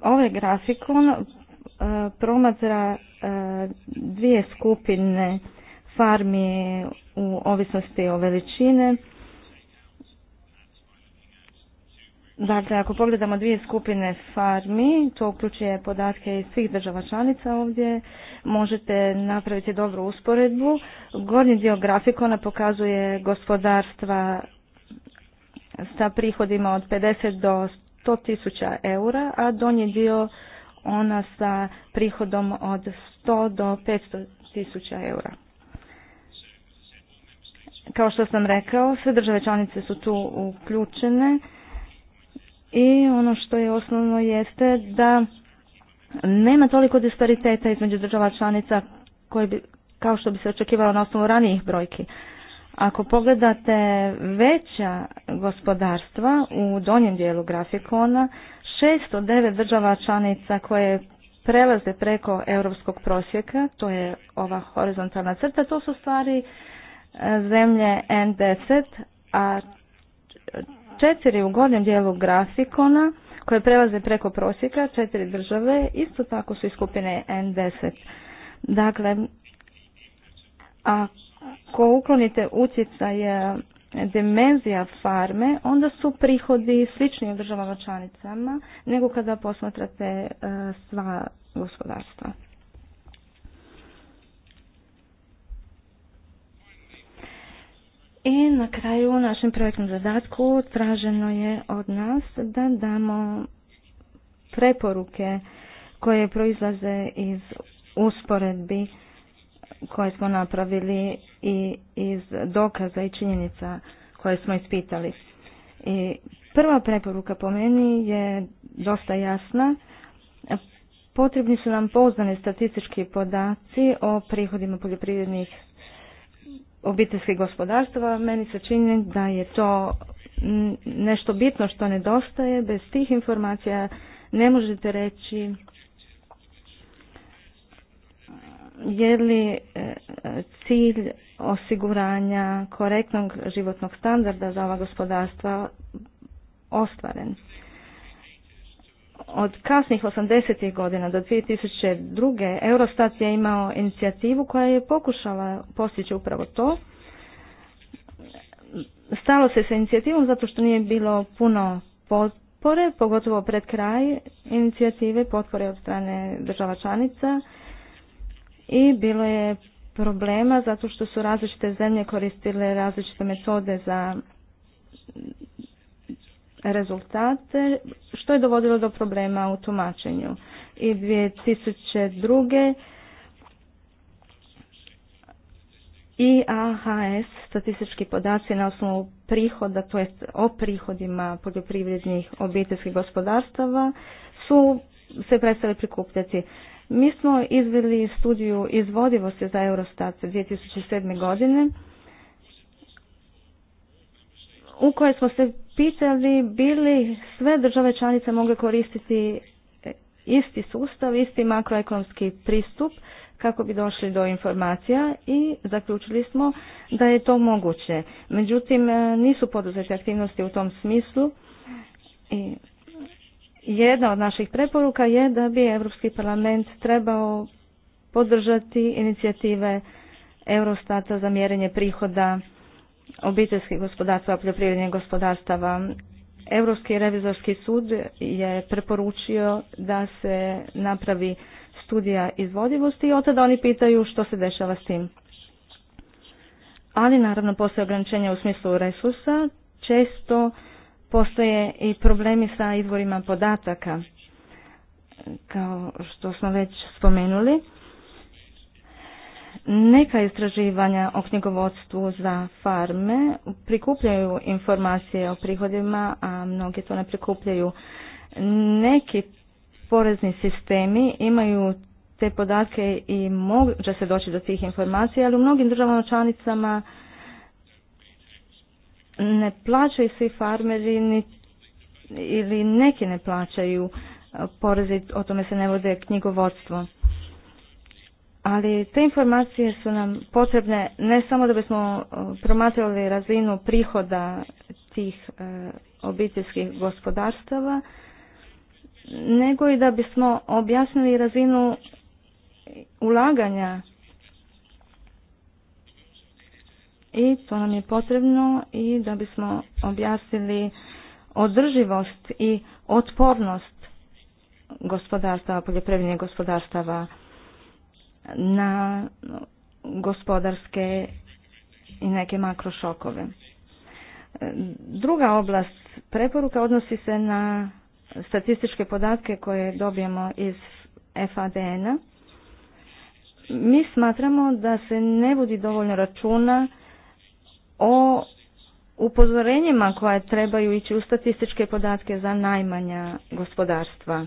ovaj grafikon e, promatra e, dvije skupine farmi u ovisnosti o veličine Dakle, ako pogledamo dvije skupine farmi, to uključuje podatke iz svih država članica ovdje, možete napraviti dobru usporedbu. Gornji dio grafikona pokazuje gospodarstva sa prihodima od 50 do 100 tisuća eura, a donji dio ona sa prihodom od 100 do 500 tisuća eura. Kao što sam rekao, sve države članice su tu uključene i ono što je osnovno jeste da nema toliko dispariteta između država članica koje bi, kao što bi se očekivalo na osnovu ranijih brojki. Ako pogledate veća gospodarstva u donjem dijelu grafikona, 609 država članica koje prelaze preko europskog prosjeka, to je ova horizontalna crta, to su stvari e, zemlje N10, a četiri u gornjem dijelu grafikona koje prelaze preko prosjeka četiri države, isto tako su i skupine N10. Dakle, ako uklonite utjecaje dimenzija farme, onda su prihodi slični u državama članicama nego kada posmatrate e, sva gospodarstva. I na kraju u našem projektnom zadatku traženo je od nas da damo preporuke koje proizlaze iz usporedbi koje smo napravili i iz dokaza i činjenica koje smo ispitali. I prva preporuka po meni je dosta jasna. Potrebni su nam pouzdani statistički podaci o prihodima poljoprivrednih obiteljskih gospodarstva, meni se čini da je to nešto bitno što nedostaje. Bez tih informacija ne možete reći e, je li e, cilj osiguranja korektnog životnog standarda za ova gospodarstva ostvaren. Od kasnih 80. godina do 2002. Eurostat je imao inicijativu koja je pokušala postići upravo to. Stalo se sa inicijativom zato što nije bilo puno potpore, pogotovo pred kraj inicijative, potpore od strane država članica i bilo je problema zato što su različite zemlje koristile različite metode za rezultate što je dovodilo do problema u tumačenju. I 2002. i AHS, statistički podaci na osnovu prihoda, to jest o prihodima poljoprivrednih obiteljskih gospodarstava, su se prestali prikupljati. Mi smo izveli studiju izvodivosti za Eurostat 2007. godine u kojoj smo se pitali bili sve države članice mogle koristiti isti sustav, isti makroekonomski pristup kako bi došli do informacija i zaključili smo da je to moguće. Međutim, e, nisu poduzete aktivnosti u tom smislu i jedna od naših preporuka je da bi Europski parlament trebao podržati inicijative Eurostata za mjerenje prihoda obiteljskih gospodarstva, poljoprivrednih gospodarstava. Europski revizorski sud je preporučio da se napravi studija izvodivosti i od tada oni pitaju što se dešava s tim. Ali naravno postoje ograničenja u smislu resursa, često postoje i problemi sa izvorima podataka, kao što smo već spomenuli. Neka istraživanja o knjigovodstvu za farme prikupljaju informacije o prihodima, a mnogi to ne prikupljaju. Neki porezni sistemi imaju te podatke i može se doći do tih informacija, ali u mnogim državama članicama ne plaćaju svi farmeri ili neki ne plaćaju porezi, o tome se ne vode knjigovodstvo ali te informacije su nam potrebne ne samo da bismo e, promatrali razinu prihoda tih e, obiteljskih gospodarstava, nego i da bismo objasnili razinu ulaganja i to nam je potrebno i da bismo objasnili održivost i otpornost gospodarstava, poljoprivrednih gospodarstava na gospodarske i neke makrošokove. E, druga oblast preporuka odnosi se na statističke podatke koje dobijemo iz FADN-a. Mi smatramo da se ne budi dovoljno računa o upozorenjima koja trebaju ići u statističke podatke za najmanja gospodarstva.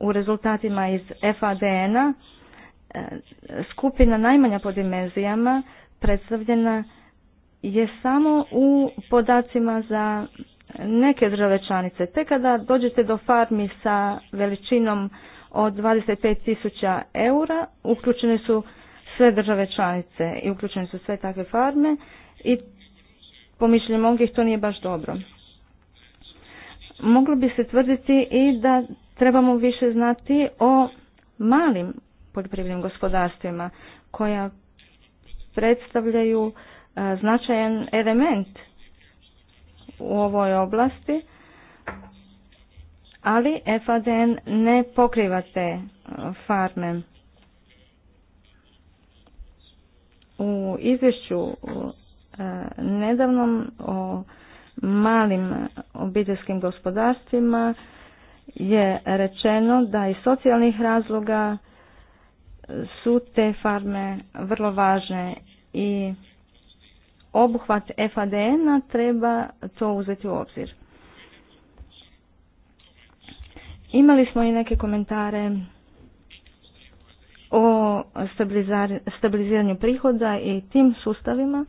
U rezultatima iz FADN-a E, skupina najmanja po dimenzijama predstavljena je samo u podacima za neke države članice. Te kada dođete do farmi sa veličinom od 25.000 eura, uključene su sve države članice i uključene su sve takve farme i po mišljenju mnogih to nije baš dobro. Moglo bi se tvrditi i da trebamo više znati o malim poljoprivrednim gospodarstvima koja predstavljaju e, značajan element u ovoj oblasti, ali FADN ne pokriva te e, farme. U izvješću e, nedavnom o malim obiteljskim gospodarstvima je rečeno da iz socijalnih razloga su te farme vrlo važne i obuhvat FADN-a treba to uzeti u obzir. Imali smo i neke komentare o stabiliziranju prihoda i tim sustavima.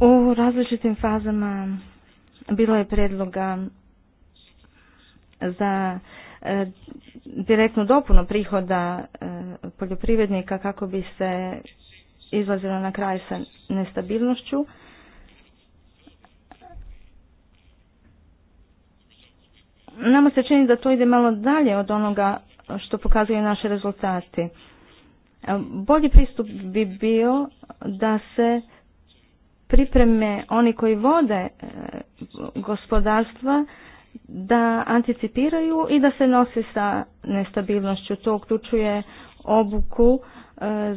U različitim fazama bilo je predloga za e, direktnu dopunu prihoda e, poljoprivrednika kako bi se izlazilo na kraj sa nestabilnošću. Nama se čini da to ide malo dalje od onoga što pokazuju naše rezultati. E, bolji pristup bi bio da se pripreme oni koji vode gospodarstva da anticipiraju i da se nose sa nestabilnošću. To uključuje obuku e,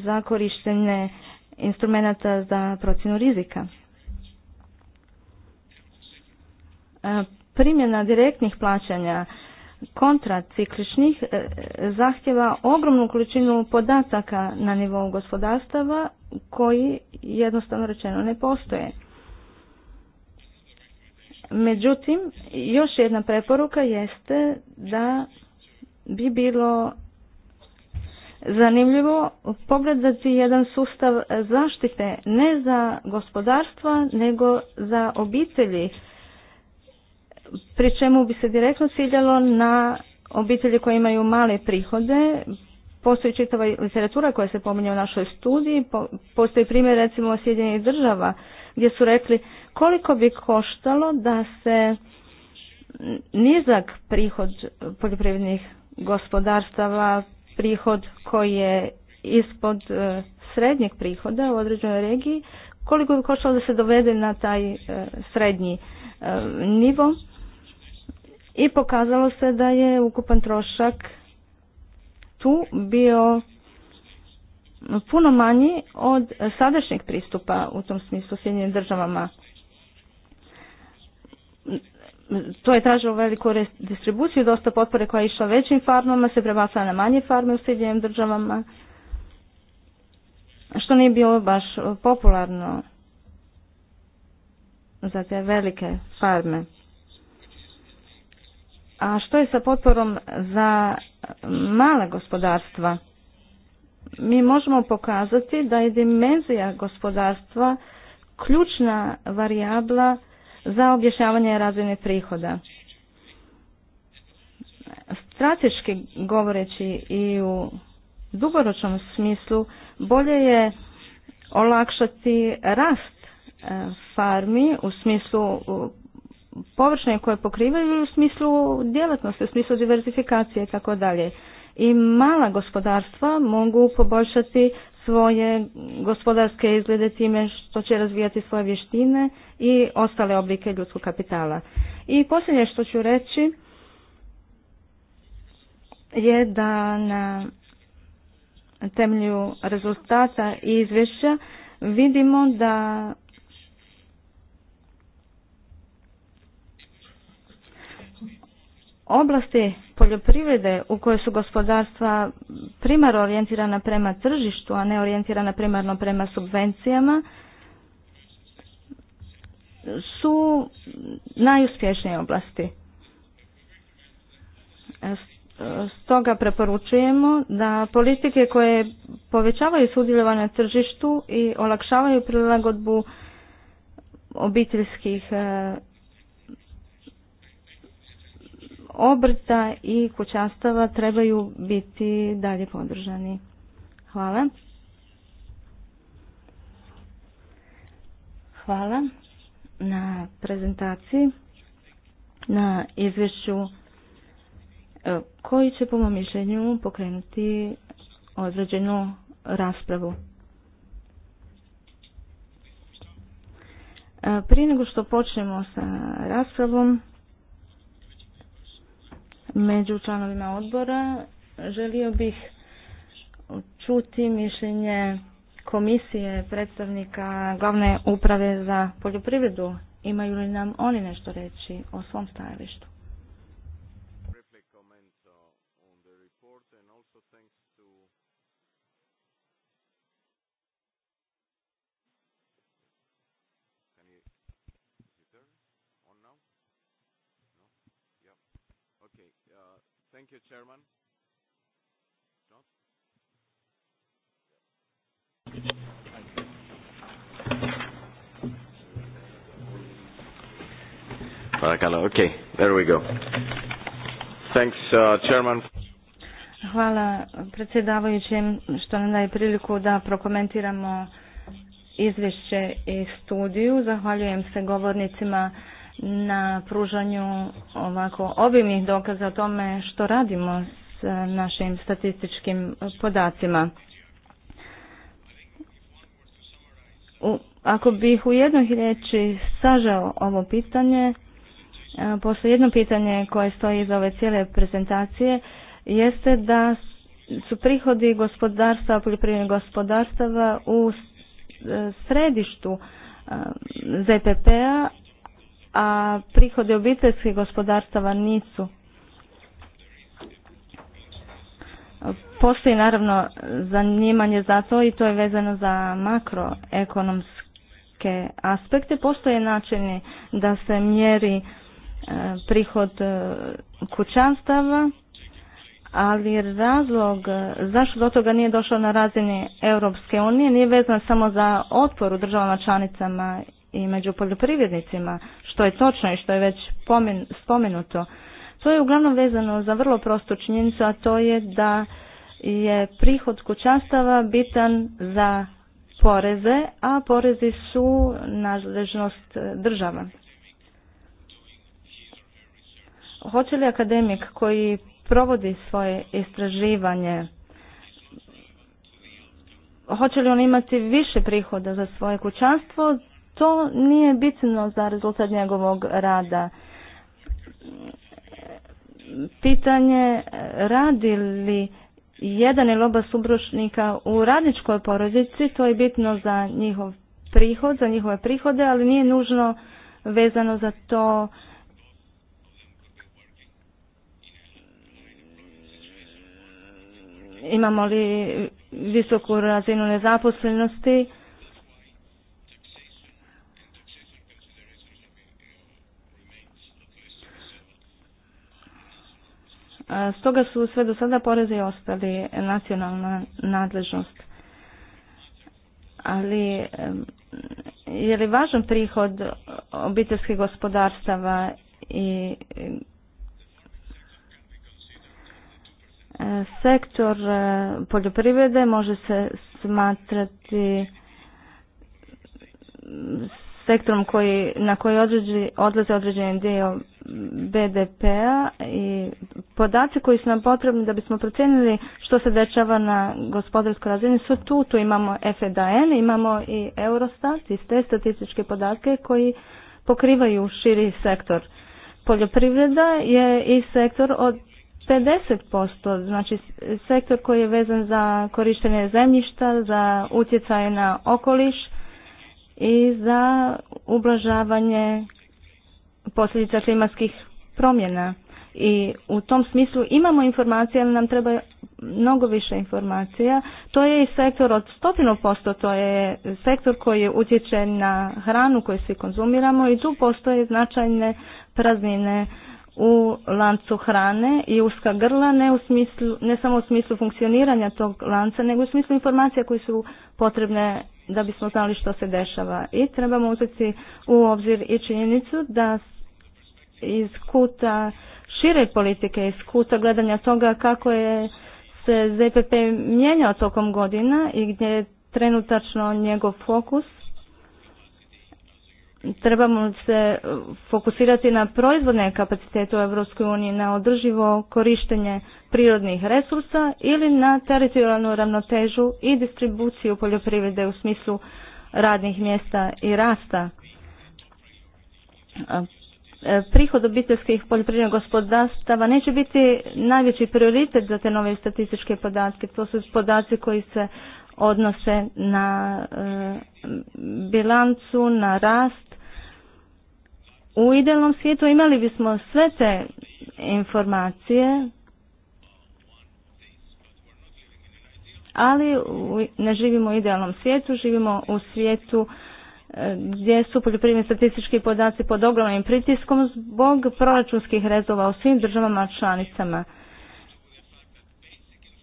za korištenje instrumenta za procjenu rizika. E, primjena direktnih plaćanja kontracikličnih e, zahtjeva ogromnu količinu podataka na nivou gospodarstava koji jednostavno rečeno ne postoje. Međutim, još jedna preporuka jeste da bi bilo zanimljivo pogledati jedan sustav zaštite ne za gospodarstva nego za obitelji pri čemu bi se direktno ciljalo na obitelji koje imaju male prihode. Postoji čitava literatura koja se pominje u našoj studiji, postoji primjer recimo Sjedinjenih država gdje su rekli koliko bi koštalo da se nizak prihod poljoprivrednih gospodarstava, prihod koji je ispod e, srednjeg prihoda u određenoj regiji, koliko bi koštalo da se dovede na taj e, srednji e, nivo i pokazalo se da je ukupan trošak tu bio puno manji od sadašnjeg pristupa u tom smislu Sjedinjenim državama. To je tražilo veliku distribuciju, dosta potpore koja je išla većim farmama, se prebacala na manje farme u Sjedinjenim državama, što nije bilo baš popularno za te velike farme. A što je sa potporom za mala gospodarstva? mi možemo pokazati da je dimenzija gospodarstva ključna varijabla za obješavanje razine prihoda. Strateški govoreći i u dugoročnom smislu bolje je olakšati rast e, farmi u smislu površine koje pokrivaju u smislu djelatnosti, u smislu diversifikacije i tako dalje i mala gospodarstva mogu poboljšati svoje gospodarske izglede time što će razvijati svoje vještine i ostale oblike ljudskog kapitala. I posljednje što ću reći je da na temelju rezultata i izvješća vidimo da oblasti poljoprivrede u kojoj su gospodarstva primarno orijentirana prema tržištu, a ne orijentirana primarno prema subvencijama, su najuspješnije oblasti. Stoga preporučujemo da politike koje povećavaju sudjelovanje na tržištu i olakšavaju prilagodbu obiteljskih obrta i kućastava trebaju biti dalje podržani. Hvala. Hvala na prezentaciji, na izvješću e, koji će po mom mišljenju pokrenuti određenu raspravu. E, prije nego što počnemo sa raspravom, među članovima odbora. Želio bih čuti mišljenje komisije predstavnika glavne uprave za poljoprivredu. Imaju li nam oni nešto reći o svom stajalištu? Thank you, Chairman. there we go. Thanks, uh, Hvala predsjedavajućem što nam daje priliku da prokomentiramo izvješće i studiju. Zahvaljujem se govornicima na pružanju ovako obimnih dokaza o tome što radimo s našim statističkim podacima. U, ako bih u jednoj riječi sažao ovo pitanje, e, poslije jedno pitanje koje stoji iza ove cijele prezentacije jeste da su prihodi gospodarstva, poljoprivrednih gospodarstava u e, središtu e, ZPP-a, a prihode obiteljskih gospodarstava nisu. Postoji naravno zanimanje za to i to je vezano za makroekonomske aspekte. Postoje načini da se mjeri e, prihod e, kućanstava, ali razlog zašto do toga nije došlo na razini Europske unije nije vezan samo za otpor u državama članicama i među poljoprivrednicima, što je točno i što je već spomenuto. To je uglavnom vezano za vrlo prostu činjenicu, a to je da je prihod kućanstava bitan za poreze, a porezi su nadležnost država. Hoće li akademik koji provodi svoje istraživanje, hoće li on imati više prihoda za svoje kućanstvo to nije bitno za rezultat njegovog rada. Pitanje radi li jedan ili oba subrušnika u radničkoj porodici, to je bitno za njihov prihod, za njihove prihode, ali nije nužno vezano za to imamo li visoku razinu nezaposlenosti Stoga su sve do sada poreze ostali nacionalna nadležnost. Ali je li važan prihod obiteljskih gospodarstava i e, sektor e, poljoprivrede može se smatrati sektorom koji, na koji odlazi, odlaze određeni dio BDP-a i podaci koji su nam potrebni da bismo procijenili što se dešava na gospodarskoj razini su tu. Tu imamo FEDN, imamo i Eurostat i te statističke podatke koji pokrivaju širi sektor. Poljoprivreda je i sektor od 50%, znači sektor koji je vezan za korištenje zemljišta, za utjecaj na okoliš, i za ublažavanje posljedica klimatskih promjena. I u tom smislu imamo informacije, ali nam treba mnogo više informacija. To je i sektor od stotinu posto, to je sektor koji utječe na hranu koju svi konzumiramo i tu postoje značajne praznine u lancu hrane i uska grla ne, u smislu, ne samo u smislu funkcioniranja tog lanca, nego u smislu informacija koje su potrebne da bismo znali što se dešava. I trebamo uzeti u obzir i činjenicu da iz kuta šire politike, iz kuta gledanja toga kako je se ZPP mijenjao tokom godina i gdje je trenutačno njegov fokus trebamo se e, fokusirati na proizvodne kapacitete u uniji na održivo korištenje prirodnih resursa ili na teritorijalnu ravnotežu i distribuciju poljoprivrede u smislu radnih mjesta i rasta. E, prihod obiteljskih poljoprivrednih gospodarstava neće biti najveći prioritet za te nove statističke podatke. To su podaci koji se odnose na e, bilancu, na rast u idealnom svijetu imali bismo sve te informacije, ali ne živimo u idealnom svijetu, živimo u svijetu e, gdje su poljoprivredni statistički podaci pod ogromnim pritiskom zbog proračunskih rezova u svim državama članicama.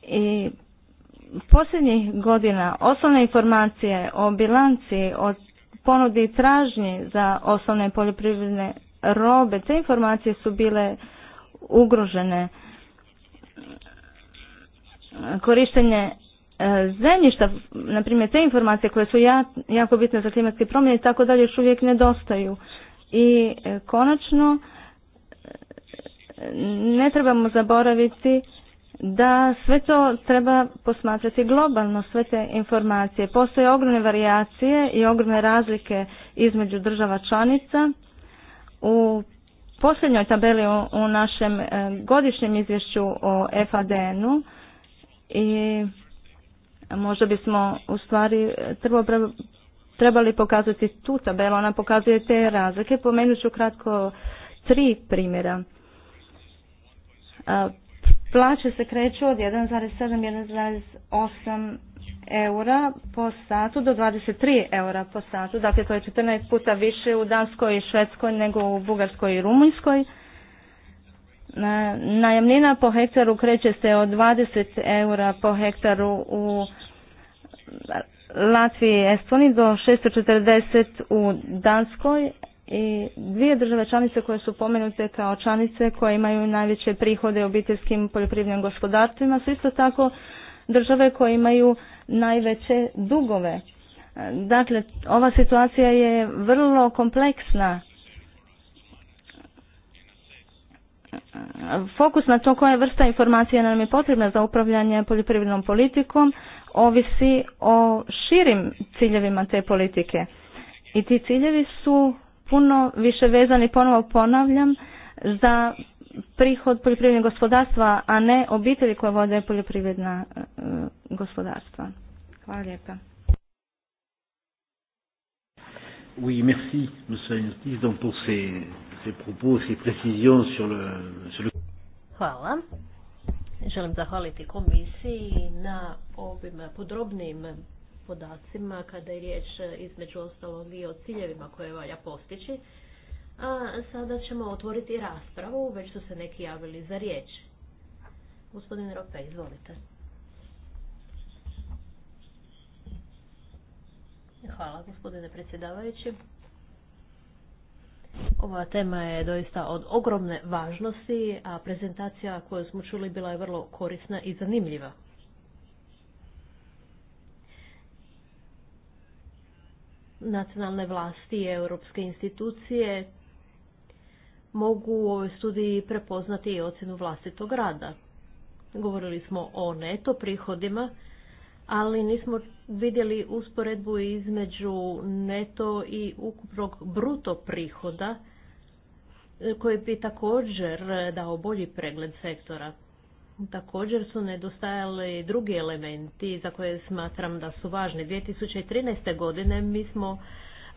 I posljednjih godina osnovne informacije o bilanci, od ponudi i tražnje za osnovne poljoprivredne robe, te informacije su bile ugrožene. Korištenje e, zemljišta, na primjer te informacije koje su jako bitne za klimatske promjene i tako dalje još uvijek nedostaju. I e, konačno e, ne trebamo zaboraviti da sve to treba posmatrati globalno, sve te informacije. Postoje ogromne varijacije i ogromne razlike između država članica. U posljednjoj tabeli u našem e, godišnjem izvješću o FADN-u i možda bismo u stvari e, trebali pokazati tu tabelu, ona pokazuje te razlike. Pomenut ću kratko tri primjera e, Plaće se kreću od 1,7-1,8 eura po satu do 23 eura po satu. Dakle, to je 14 puta više u Danskoj i Švedskoj nego u Bugarskoj i Rumunjskoj. Najamnina po hektaru kreće se od 20 eura po hektaru u Latviji i Estoniji do 640 u Danskoj, i dvije države članice koje su pomenute kao članice koje imaju najveće prihode obiteljskim poljoprivrednim gospodarstvima su isto tako države koje imaju najveće dugove. Dakle, ova situacija je vrlo kompleksna. Fokus na to koja je vrsta informacija nam je potrebna za upravljanje poljoprivrednom politikom ovisi o širim ciljevima te politike. I ti ciljevi su puno više vezani, ponovo ponavljam, za prihod poljoprivrednog gospodarstva, a ne obitelji koje vode poljoprivredna e, gospodarstva. Hvala lijepa. Oui, merci, pour ces, propos, ces précisions sur le... Hvala. Želim zahvaliti komisiji na ovim podrobnim podacima kada je riječ e, između ostalog i o ciljevima koje valja postići. A sada ćemo otvoriti raspravu, već su se neki javili za riječ. Gospodin Rope, izvolite. Hvala gospodine predsjedavajući. Ova tema je doista od ogromne važnosti, a prezentacija koju smo čuli bila je vrlo korisna i zanimljiva. nacionalne vlasti i europske institucije mogu u ovoj studiji prepoznati i ocjenu vlastitog rada. Govorili smo o neto prihodima, ali nismo vidjeli usporedbu između neto i ukupnog bruto prihoda e, koji bi također dao bolji pregled sektora. Također su nedostajali drugi elementi za koje smatram da su važni. 2013. godine mi smo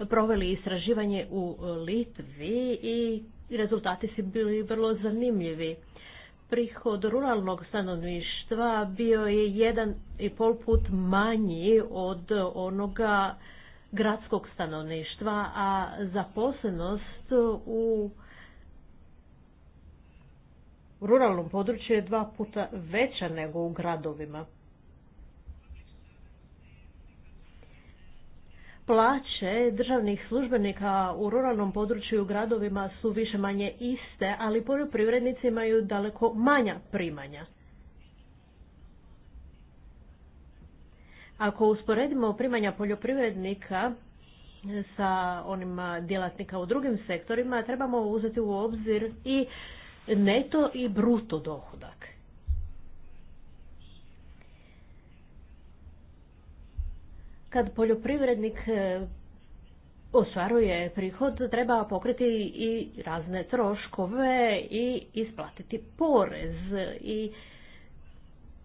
proveli istraživanje u Litvi i rezultati su bili vrlo zanimljivi. Prihod ruralnog stanovništva bio je jedan i pol put manji od onoga gradskog stanovništva, a zaposlenost u ruralnom području je dva puta veća nego u gradovima. Plaće državnih službenika u ruralnom području i u gradovima su više manje iste, ali poljoprivrednici imaju daleko manja primanja. Ako usporedimo primanja poljoprivrednika sa onima djelatnika u drugim sektorima, trebamo uzeti u obzir i neto i bruto dohodak. Kad poljoprivrednik e, ostvaruje prihod, treba pokriti i razne troškove i isplatiti porez i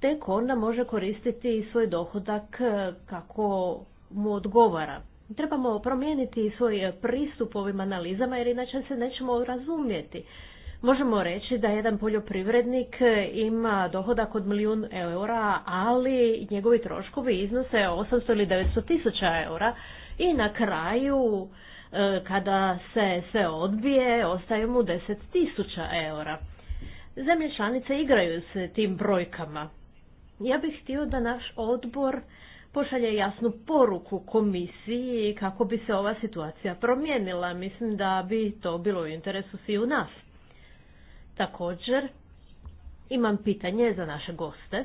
tek onda može koristiti svoj dohodak e, kako mu odgovara. Trebamo promijeniti svoj pristup ovim analizama jer inače se nećemo razumjeti. Možemo reći da jedan poljoprivrednik e, ima dohodak od milijun eura, ali njegovi troškovi iznose 800 ili 900 tisuća eura i na kraju e, kada se sve odbije ostaje mu 10 tisuća eura. Zemlje članice igraju s tim brojkama. Ja bih htio da naš odbor pošalje jasnu poruku komisiji kako bi se ova situacija promijenila. Mislim da bi to bilo u interesu svi u nas. Također, imam pitanje za naše goste,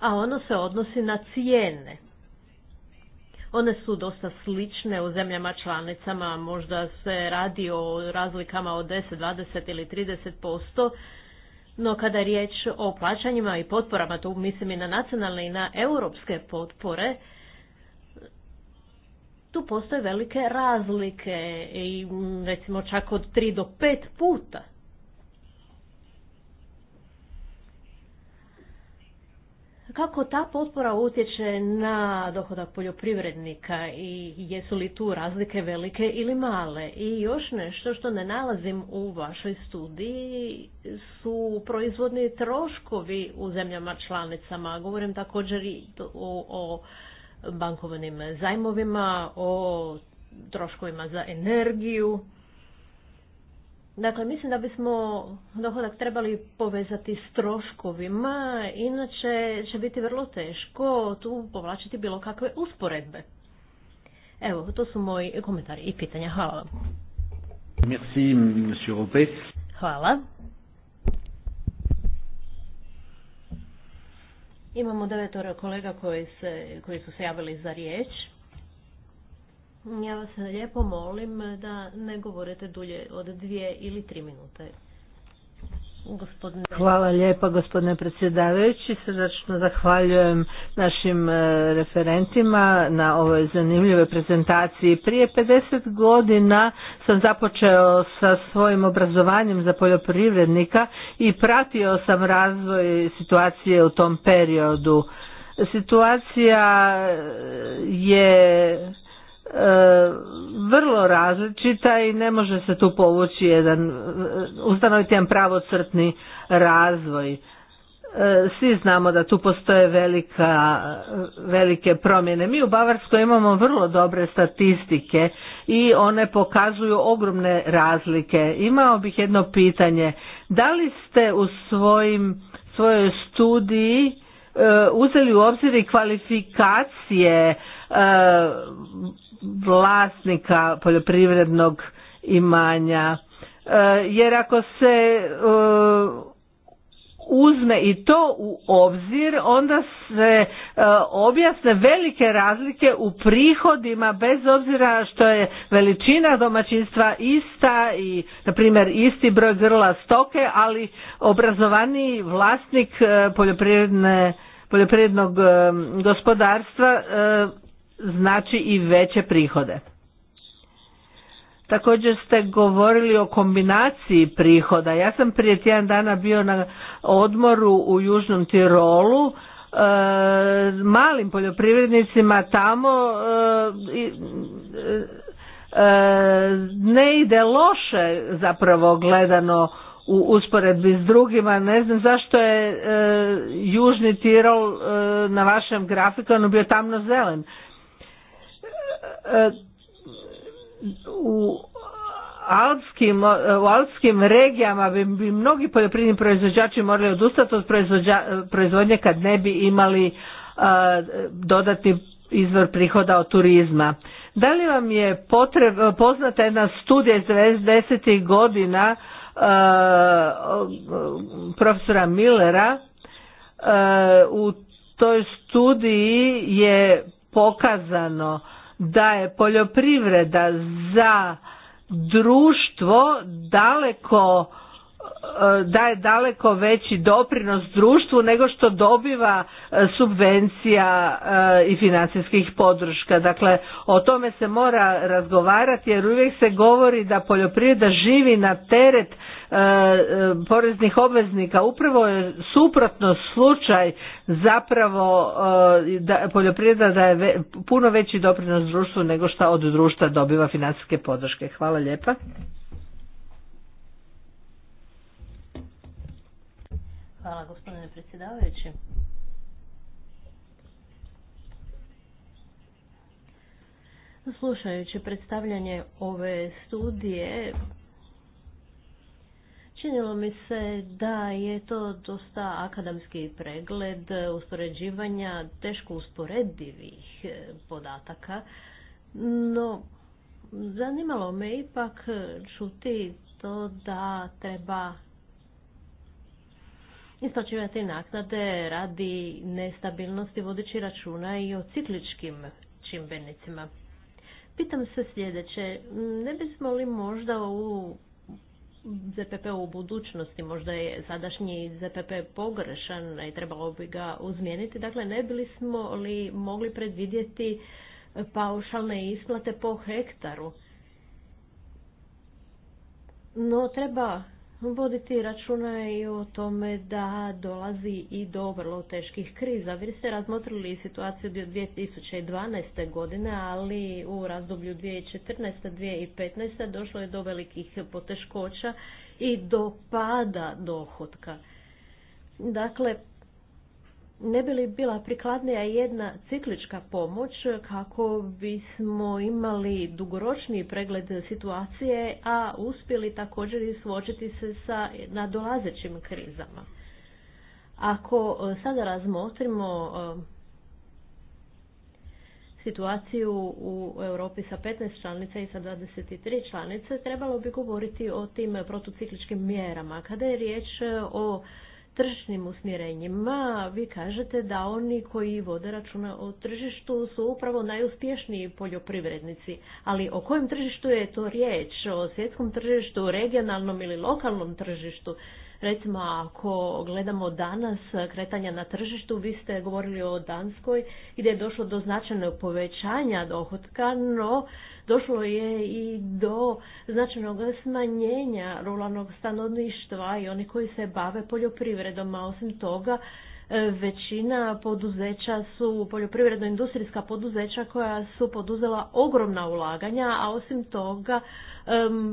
a ono se odnosi na cijene. One su dosta slične u zemljama članicama, možda se radi o razlikama od 10, 20 ili 30 posto, no kada je riječ o plaćanjima i potporama, tu mislim i na nacionalne i na europske potpore, tu postoje velike razlike i mm, recimo čak od 3 do pet puta. Kako ta potpora utječe na dohodak poljoprivrednika i jesu li tu razlike velike ili male? I još nešto što ne nalazim u vašoj studiji su proizvodni troškovi u zemljama članicama. Govorim također i o bankovnim zajmovima, o troškovima za energiju. Dakle, mislim da bismo dohodak trebali povezati s troškovima, inače će biti vrlo teško tu povlačiti bilo kakve usporedbe. Evo, to su moji komentari i pitanja. Hvala vam. Hvala. Imamo devetoro kolega koji, koji su se javili za riječ. Ja vas lijepo molim da ne govorite dulje od dvije ili tri minute. Hvala lijepa gospodine predsjedavajući. Srdačno zahvaljujem našim e, referentima na ovoj zanimljivoj prezentaciji. Prije 50 godina sam započeo sa svojim obrazovanjem za poljoprivrednika i pratio sam razvoj situacije u tom periodu. Situacija e, je vrlo različita i ne može se tu povući jedan ustanoviti jedan pravocrtni razvoj. E, svi znamo da tu postoje velika, velike promjene. Mi u Bavarskoj imamo vrlo dobre statistike i one pokazuju ogromne razlike. Imao bih jedno pitanje. Da li ste u svojim, svojoj studiji e, uzeli u obzir kvalifikacije e, vlasnika poljoprivrednog imanja. E, jer ako se e, uzme i to u obzir, onda se e, objasne velike razlike u prihodima bez obzira što je veličina domaćinstva ista i na primjer isti broj grla stoke, ali obrazovani vlasnik poljoprivredne poljoprivrednog gospodarstva znači i veće prihode. Također ste govorili o kombinaciji prihoda. Ja sam prije tjedan dana bio na odmoru u Južnom Tirolu. E, malim poljoprivrednicima tamo e, e, e ne ide loše zapravo gledano u usporedbi s drugima. Ne znam zašto je e, Južni Tirol na vašem grafikonu bio tamno zelen u alpskim, u alpskim regijama bi, mnogi poljoprivredni proizvođači morali odustati od proizvodnje kad ne bi imali e, dodatni izvor prihoda od turizma. Da li vam je potreb, poznata jedna studija iz 90. godina e, profesora Millera? E, u toj studiji je pokazano da je poljoprivreda za društvo daleko eh, daje daleko veći doprinos društvu nego što dobiva eh, subvencija eh, i financijskih podrška. Dakle, o tome se mora razgovarati jer uvijek se govori da poljoprivreda živi na teret E, poreznih obveznika. Upravo je suprotno slučaj zapravo e, da poljoprivreda daje puno veći doprinos društvu nego što od društva dobiva financijske podrške. Hvala lijepa. Hvala gospodine predsjedavajući. Slušajući predstavljanje ove studije, Činilo mi se da je to dosta akademski pregled uspoređivanja teško usporedivih e, podataka, no zanimalo me ipak čuti to da treba isplaćivati naknade radi nestabilnosti vodeći računa i o cikličkim čimbenicima. Pitam se sljedeće, ne bismo li možda u ZPP u budućnosti, možda je sadašnji ZPP pogrešan i trebalo bi ga uzmijeniti. Dakle, ne bili smo li mogli predvidjeti e, paušalne isplate po hektaru? No, treba voditi računa i o tome da dolazi i do vrlo teških kriza. Vi ste razmotrili situaciju tisuće 2012. godine, ali u razdoblju 2014. 2015. došlo je do velikih poteškoća i do pada dohotka. Dakle, ne bi li bila prikladnija jedna ciklička pomoć kako bismo imali dugoročni pregled situacije, a uspjeli također i suočiti se sa nadolazećim krizama. Ako e, sada razmotrimo e, situaciju u Europi sa 15 članica i sa 23 članice, trebalo bi govoriti o tim protocikličkim mjerama. Kada je riječ e, o tržišnim usmjerenjima, vi kažete da oni koji vode računa o tržištu su upravo najuspješniji poljoprivrednici. Ali o kojem tržištu je to riječ? O svjetskom tržištu, regionalnom ili lokalnom tržištu? Recimo, ako gledamo danas kretanja na tržištu, vi ste govorili o Danskoj gdje je došlo do značajnog povećanja dohotka, no došlo je i do značajnog smanjenja ruralnog stanovništva i oni koji se bave poljoprivredom, a osim toga e, većina poduzeća su poljoprivredno-industrijska poduzeća koja su poduzela ogromna ulaganja, a osim toga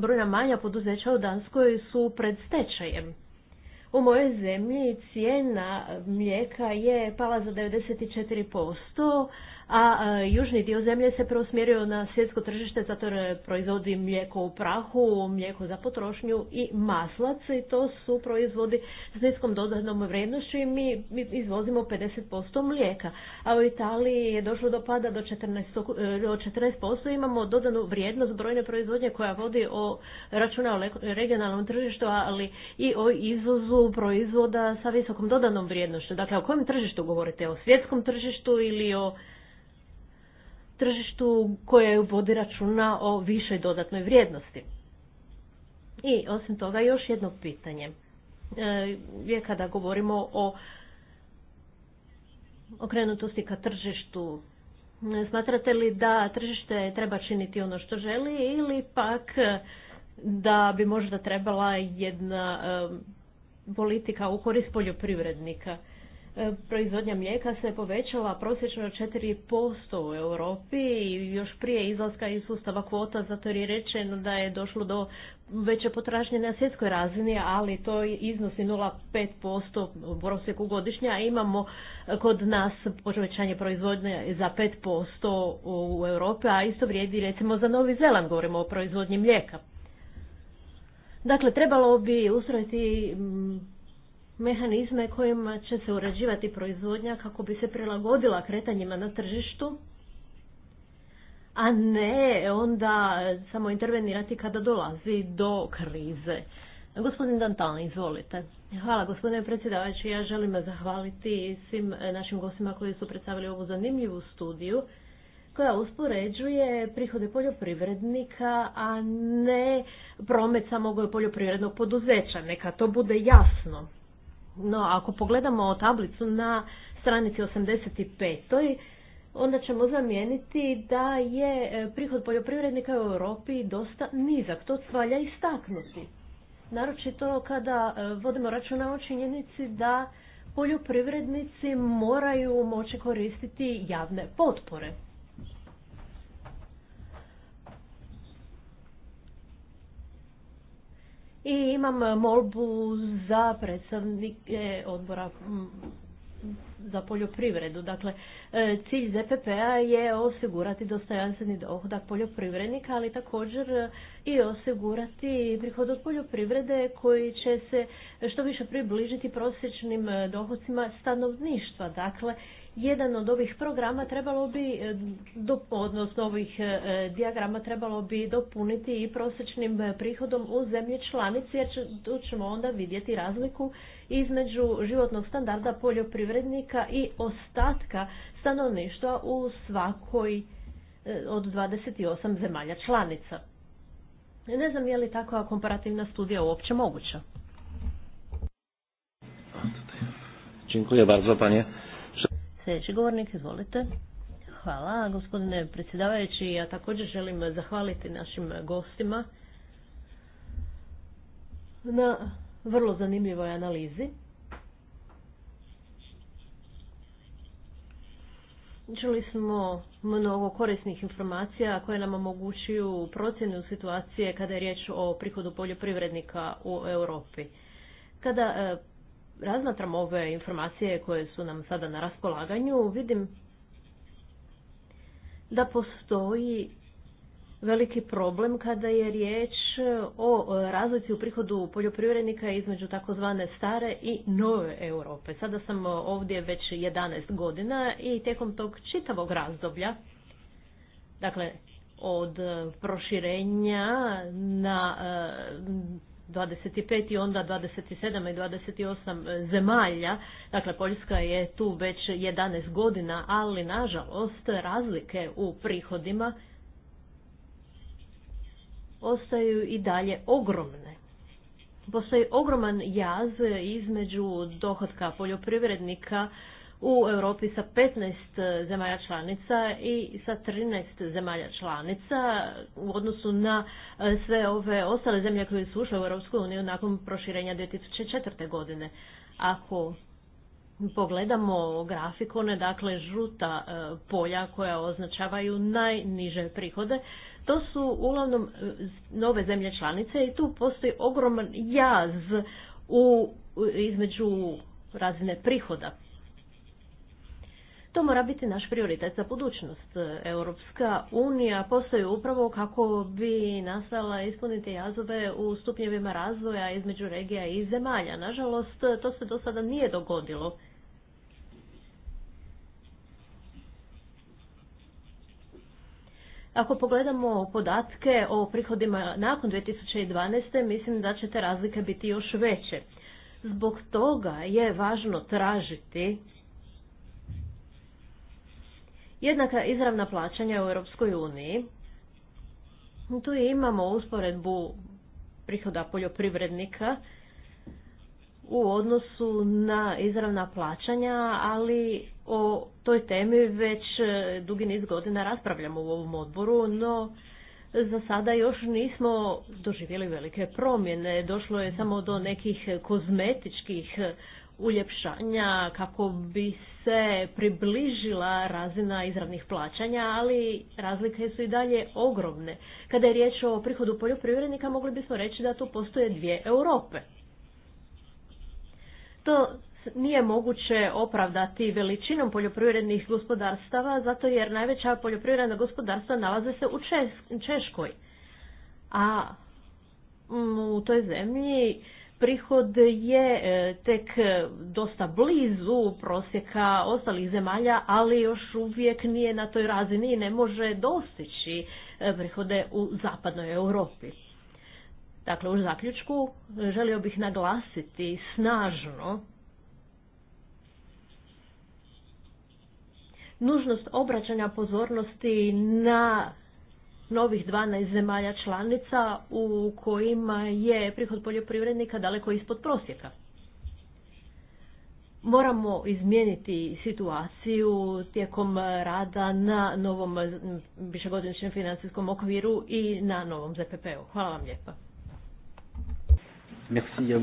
brojna manja poduzeća u Danskoj su pred stečajem. U mojoj zemlji cijena mlijeka je pala za 94%, a e, južni dio zemlje se preusmjerio na svjetsko tržište zato jer proizvodi mlijeko u prahu, mlijeko za potrošnju i maslac i to su proizvodi s niskom dodanom vrijednošću i mi izvozimo 50% mlijeka. A u Italiji je došlo do pada do 14%, e, do 14% imamo dodanu vrijednost brojne proizvodnje koja vodi o računa o regionalnom tržištu, ali i o izvozu proizvoda sa visokom dodanom vrijednošću. Dakle, o kojem tržištu govorite? O svjetskom tržištu ili o tržištu koje vodi računa o višoj dodatnoj vrijednosti. I osim toga još jedno pitanje e, je kada govorimo o okrenutosti ka tržištu. Smatrate li da tržište treba činiti ono što želi ili pak da bi možda trebala jedna e, politika u korist poljoprivrednika? E, proizvodnja mlijeka se povećala prosječno 4% u Europi i još prije izlaska iz sustava kvota zato jer je rečeno da je došlo do veće potražnje na svjetskoj razini, ali to iznosi 0,5% u prosjeku godišnje, a imamo kod nas povećanje proizvodnje za 5% u Europi, a isto vrijedi recimo za Novi Zeland, govorimo o proizvodnji mlijeka. Dakle, trebalo bi ustrojiti mehanizme kojima će se uređivati proizvodnja kako bi se prilagodila kretanjima na tržištu, a ne onda samo intervenirati kada dolazi do krize. Gospodin Dantan, izvolite. Hvala gospodine predsjedavajući. Ja želim zahvaliti svim našim gostima koji su predstavili ovu zanimljivu studiju koja uspoređuje prihode poljoprivrednika, a ne promet samog poljoprivrednog poduzeća. Neka to bude jasno. No, ako pogledamo tablicu na stranici 85. onda ćemo zamijeniti da je e, prihod poljoprivrednika u Europi dosta nizak. To svalja istaknuti. Naročito kada e, vodimo računa o činjenici da poljoprivrednici moraju moći koristiti javne potpore. I imam e, molbu za predstavnike odbora za poljoprivredu. Dakle, e, cilj ZPP-a je osigurati dostojanstveni dohodak poljoprivrednika, ali također e, i osigurati prihod od poljoprivrede koji će se što više približiti prosječnim dohodcima stanovništva. Dakle, jedan od ovih programa trebalo bi, e, odnosno ovih e, e, diagrama trebalo bi dopuniti i prosječnim prihodom u zemlji članici, jer ćemo onda vidjeti razliku između životnog standarda poljoprivrednika i ostatka stanovništva u svakoj od 28 zemalja članica. Ne znam je li takva komparativna studija uopće moguća. Dziękuję bardzo, panie Sljedeći govornik, izvolite. Hvala, gospodine predsjedavajući. Ja također želim zahvaliti našim gostima na vrlo zanimljivoj analizi. Čuli smo mnogo korisnih informacija koje nam omogućuju procjenu situacije kada je riječ o prihodu poljoprivrednika u Europi. Kada e, razmatram ove informacije koje su nam sada na raspolaganju, vidim da postoji veliki problem kada je riječ o razlici u prihodu poljoprivrednika između takozvane stare i nove Europe. Sada sam ovdje već 11 godina i tijekom tog čitavog razdoblja, dakle od proširenja na 25 i onda 27 i 28 e, zemalja. Dakle, Poljska je tu već 11 godina, ali nažalost razlike u prihodima ostaju i dalje ogromne. Postoji ogroman jaz između dohodka poljoprivrednika u Europi sa 15 eh, zemalja članica i sa 13 zemalja članica u odnosu na eh, sve ove ostale zemlje koje su ušle u Europsku uniju nakon proširenja 2004. godine. Ako pogledamo grafikone, dakle žuta eh, polja koja označavaju najniže prihode, to su uglavnom nove zemlje članice i tu postoji ogroman jaz u, između razine prihoda. To mora biti naš prioritet za budućnost. Europska unija postoji upravo kako bi nastala ispuniti jazove u stupnjevima razvoja između regija i zemalja. Nažalost, to se do sada nije dogodilo. Ako pogledamo podatke o prihodima nakon 2012. mislim da će te razlike biti još veće. Zbog toga je važno tražiti jednaka izravna plaćanja u Europskoj uniji. Tu imamo usporedbu prihoda poljoprivrednika u odnosu na izravna plaćanja, ali o toj temi već dugi niz godina raspravljamo u ovom odboru, no za sada još nismo doživjeli velike promjene. Došlo je samo do nekih kozmetičkih uljepšanja kako bi se približila razina izravnih plaćanja, ali razlike su i dalje ogromne. Kada je riječ o prihodu poljoprivrednika, mogli bismo reći da tu postoje dvije Europe. To nije moguće opravdati veličinom poljoprivrednih gospodarstava, zato jer najveća poljoprivredna gospodarstva nalaze se u Češkoj. A mm, u toj zemlji prihod je e, tek e, dosta blizu prosjeka ostalih zemalja, ali još uvijek nije na toj razini i ne može dostići e, prihode u zapadnoj Europi. Dakle, u zaključku želio bih naglasiti snažno nužnost obraćanja pozornosti na novih 12 zemalja članica u kojima je prihod poljoprivrednika daleko ispod prosjeka. Moramo izmijeniti situaciju tijekom rada na novom višegodišnjem financijskom okviru i na novom ZPP-u. Hvala vam lijepa. Merci à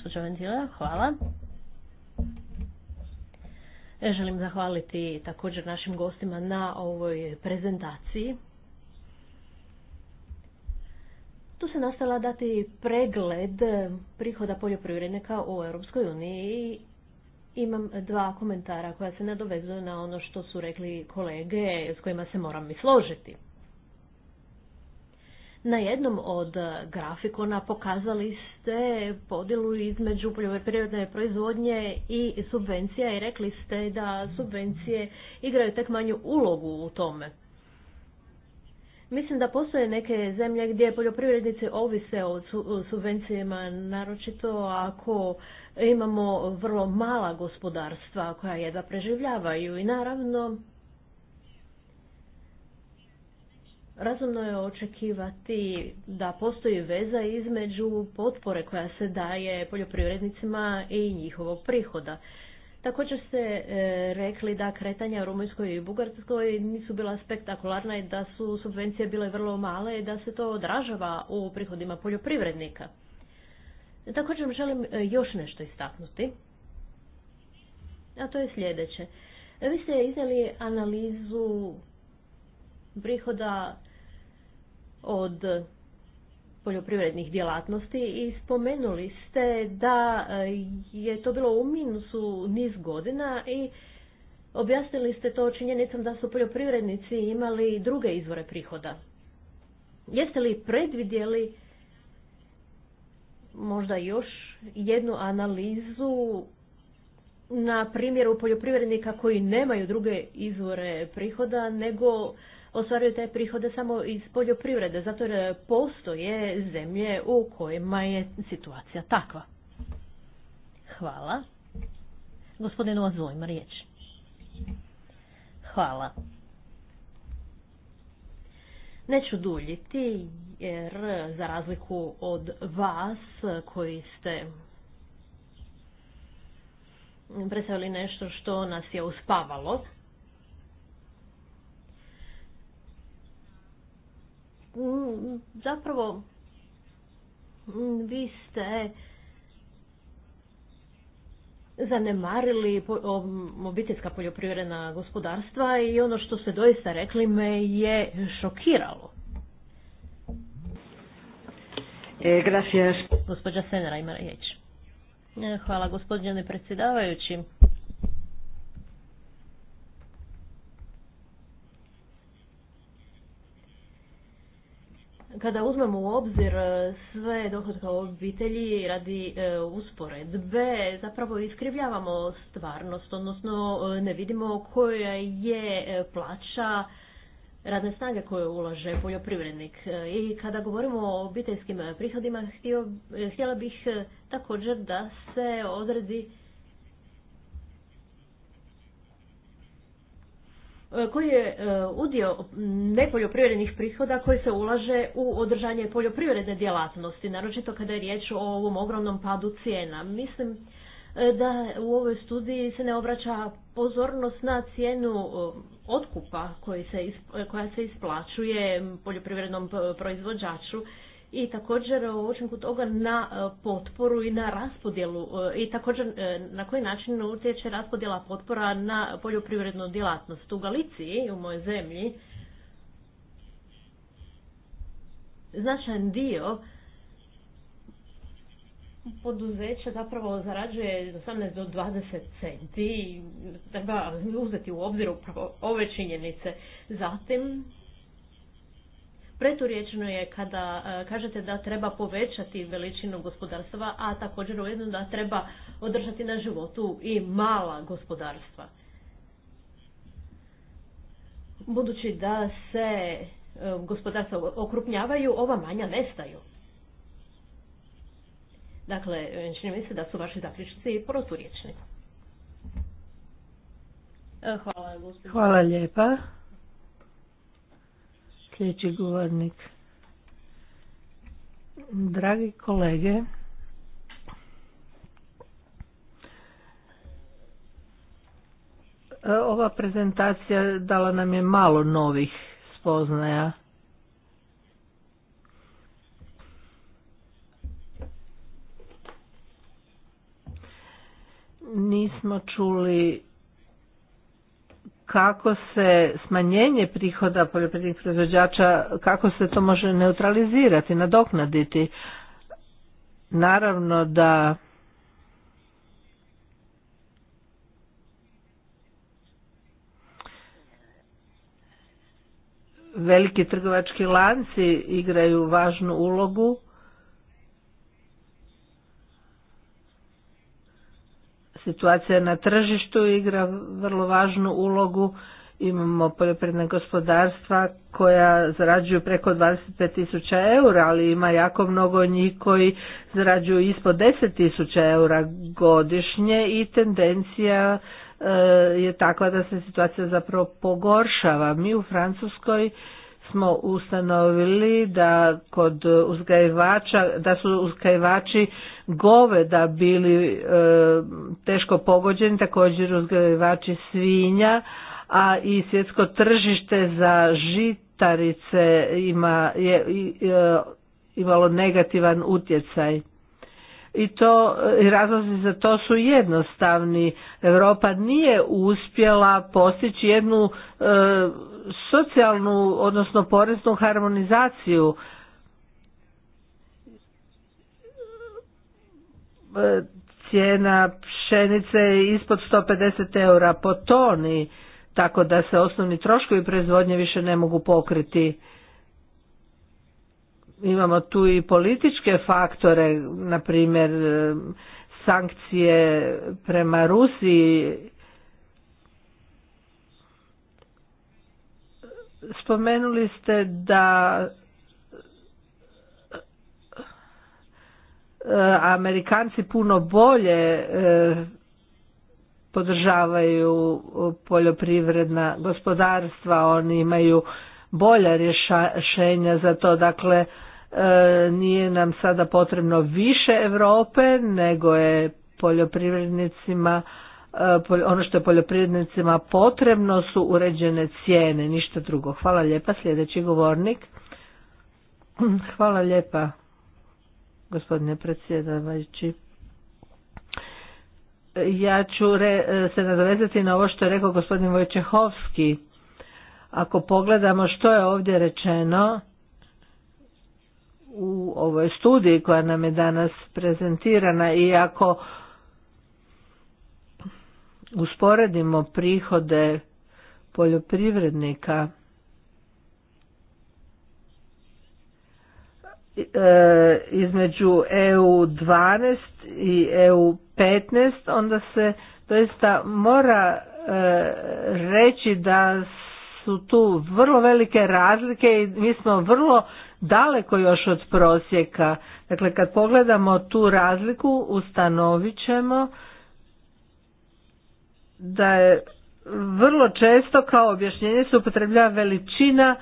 vous. Hvala. Želim zahvaliti također našim gostima na ovoj prezentaciji. Tu se nastala dati pregled prihoda poljoprivrednika u Europskoj uniji imam dva komentara koja se nadovezuju na ono što su rekli kolege s kojima se moram i složiti. Na jednom od e, grafikona pokazali ste podjelu između poljoprivredne proizvodnje i subvencija i rekli ste da subvencije igraju tek manju ulogu u tome. Mislim da postoje neke zemlje gdje poljoprivrednici ovise o subvencijama, naročito ako imamo vrlo mala gospodarstva koja jedva preživljavaju i naravno Razumno je očekivati da postoji veza između potpore koja se daje poljoprivrednicima i njihovog prihoda. Također ste e, rekli da kretanja u Rumunjskoj i Bugarskoj nisu bila spektakularna i da su subvencije bile vrlo male i da se to odražava u prihodima poljoprivrednika. Također želim e, još nešto istaknuti, a to je sljedeće. Vi ste iznijeli analizu prihoda od poljoprivrednih djelatnosti i spomenuli ste da e, je to bilo u minusu niz godina i objasnili ste to činjenicom da su poljoprivrednici imali druge izvore prihoda. Jeste li predvidjeli možda još jednu analizu na primjeru poljoprivrednika koji nemaju druge izvore prihoda nego ostvaruju te prihode samo iz poljoprivrede, zato jer postoje zemlje u kojima je situacija takva. Hvala. Gospodinu Azojma riječ. Hvala. Neću duljiti jer za razliku od vas koji ste predstavili nešto što nas je uspavalo, Mm, zapravo mm, vi ste zanemarili obiteljska poljoprivredna gospodarstva i ono što ste doista rekli me je šokiralo. E, gracias. Gospođa Senera ima e, Hvala gospodine predsjedavajući. Kada uzmemo u obzir e, sve dohodka obitelji radi e, usporedbe, zapravo iskrivljavamo stvarnost, odnosno e, ne vidimo koja je plaća radne snage koje ulaže poljoprivrednik. I kada govorimo o obiteljskim prihodima, htio, htjela bih također da se odredi E, koji je e, udio nepoljoprivrednih prihoda koji se ulaže u održanje poljoprivredne djelatnosti, naročito kada je riječ o ovom ogromnom padu cijena. Mislim e, da u ovoj studiji se ne obraća pozornost na cijenu otkupa koja se isplaćuje poljoprivrednom proizvođaču i također u učinku toga na e, potporu i na raspodjelu e, i također e, na koji način utječe raspodjela potpora na poljoprivrednu djelatnost. U Galiciji, u mojoj zemlji, značajan dio poduzeća zapravo zarađuje 18 do 20 centi i treba uzeti u obzir upravo ove činjenice. Zatim, Preturječno je kada e, kažete da treba povećati veličinu gospodarstva, a također ujedno da treba održati na životu i mala gospodarstva. Budući da se e, gospodarstva okrupnjavaju, ova manja nestaju. Dakle, čini mi se da su vaši zaključci proturječni. Hvala, Hvala lijepa. Sljedeći govornik. Dragi kolege, ova prezentacija dala nam je malo novih spoznaja. Nismo čuli kako se smanjenje prihoda poljoprivrednih proizvođača, kako se to može neutralizirati, nadoknaditi. Naravno da veliki trgovački lanci igraju važnu ulogu Situacija na tržištu igra vrlo važnu ulogu. Imamo poljoprivredne gospodarstva koja zarađuju preko 25.000 tisuća eura, ali ima jako mnogo njih koji zarađuju ispod 10.000 tisuća eura godišnje i tendencija e, je takva da se situacija zapravo pogoršava. Mi u Francuskoj smo ustanovili da kod uzgajivača, da su uzgajivači goveda bili e, teško pogođeni, također uzgajivači svinja, a i svjetsko tržište za žitarice ima, je, je imalo negativan utjecaj i to razlozi za to su jednostavni. Europa nije uspjela postići jednu e, socijalnu, odnosno poreznu harmonizaciju. E, cijena pšenice je ispod 150 eura po toni, tako da se osnovni troškovi proizvodnje više ne mogu pokriti imamo tu i političke faktore, na primjer e, sankcije prema Rusiji. Spomenuli ste da e, Amerikanci puno bolje e, podržavaju poljoprivredna gospodarstva, oni imaju bolja rješenja za to, dakle E, nije nam sada potrebno više Europe nego je poljoprivrednicima e, ono što je poljoprivrednicima potrebno su uređene cijene, ništa drugo. Hvala lijepa, sljedeći govornik. Hvala lijepa, gospodine predsjedavajući. Ja ću re, se nadovezati na ovo što je rekao gospodin Vojčehovski. Ako pogledamo što je ovdje rečeno, u ovoj studiji koja nam je danas prezentirana i ako usporedimo prihode poljoprivrednika e, između EU 12 i EU 15 onda se doista mora e, reći da su tu vrlo velike razlike i mi smo vrlo daleko još od prosjeka. Dakle, kad pogledamo tu razliku, ustanovit ćemo da je vrlo često kao objašnjenje se upotrebljava veličina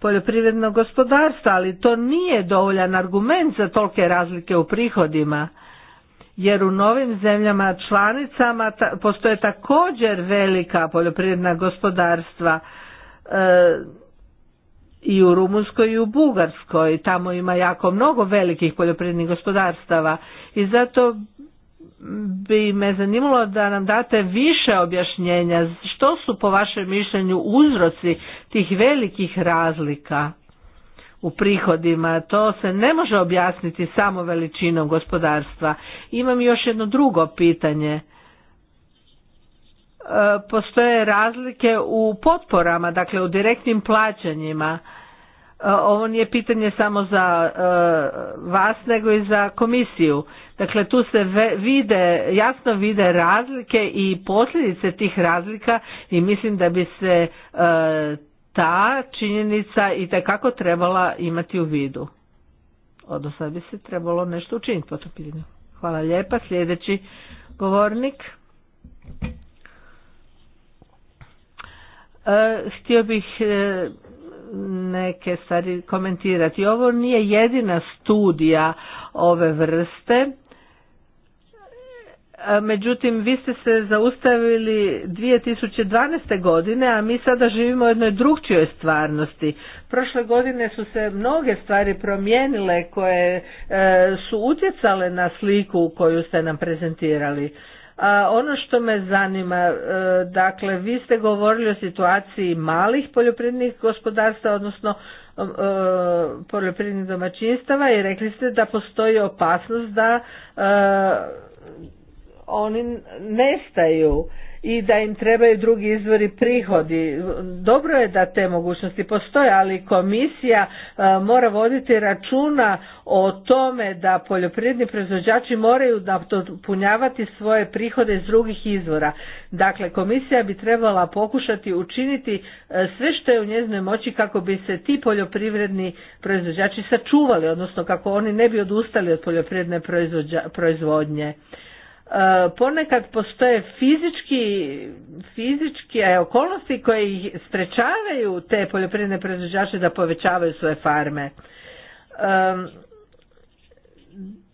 poljoprivrednog gospodarstva, ali to nije dovoljan argument za tolike razlike u prihodima. Jer u novim zemljama članicama postoje također velika poljoprivredna gospodarstva. E, i u Rumunskoj i u Bugarskoj. Tamo ima jako mnogo velikih poljoprivrednih gospodarstava i zato bi me zanimalo da nam date više objašnjenja. Što su po vašem mišljenju uzroci tih velikih razlika u prihodima? To se ne može objasniti samo veličinom gospodarstva. Imam još jedno drugo pitanje postoje razlike u potporama, dakle u direktnim plaćanjima. E, ovo nije pitanje samo za e, vas nego i za komisiju. Dakle tu se vide, jasno vide razlike i posljedice tih razlika i mislim da bi se e, ta činjenica i kako trebala imati u vidu. Odnosno bi se trebalo nešto učiniti po to pitanju. Hvala lijepa. Sljedeći govornik. E, htio bih e, neke stvari komentirati. Ovo nije jedina studija ove vrste. E, međutim, vi ste se zaustavili 2012. godine, a mi sada živimo u jednoj drugčijoj stvarnosti. Prošle godine su se mnoge stvari promijenile koje su utjecale na sliku koju ste nam prezentirali. A ono što me zanima, e, dakle, vi ste govorili o situaciji malih poljoprivrednih gospodarstva, odnosno e, poljoprivrednih domaćinstava i rekli ste da postoji opasnost da e, oni nestaju i da im trebaju drugi izvori prihodi. Dobro je da te mogućnosti postoje, ali komisija e, mora voditi računa o tome da poljoprivredni proizvođači moraju punjavati svoje prihode iz drugih izvora. Dakle, komisija bi trebala pokušati učiniti e, sve što je u njezinoj moći kako bi se ti poljoprivredni proizvođači sačuvali, odnosno kako oni ne bi odustali od poljoprivredne proizvodnje ponekad postoje fizički, fizički e, okolnosti koje ih sprečavaju te poljoprivredne proizvođače da povećavaju svoje farme.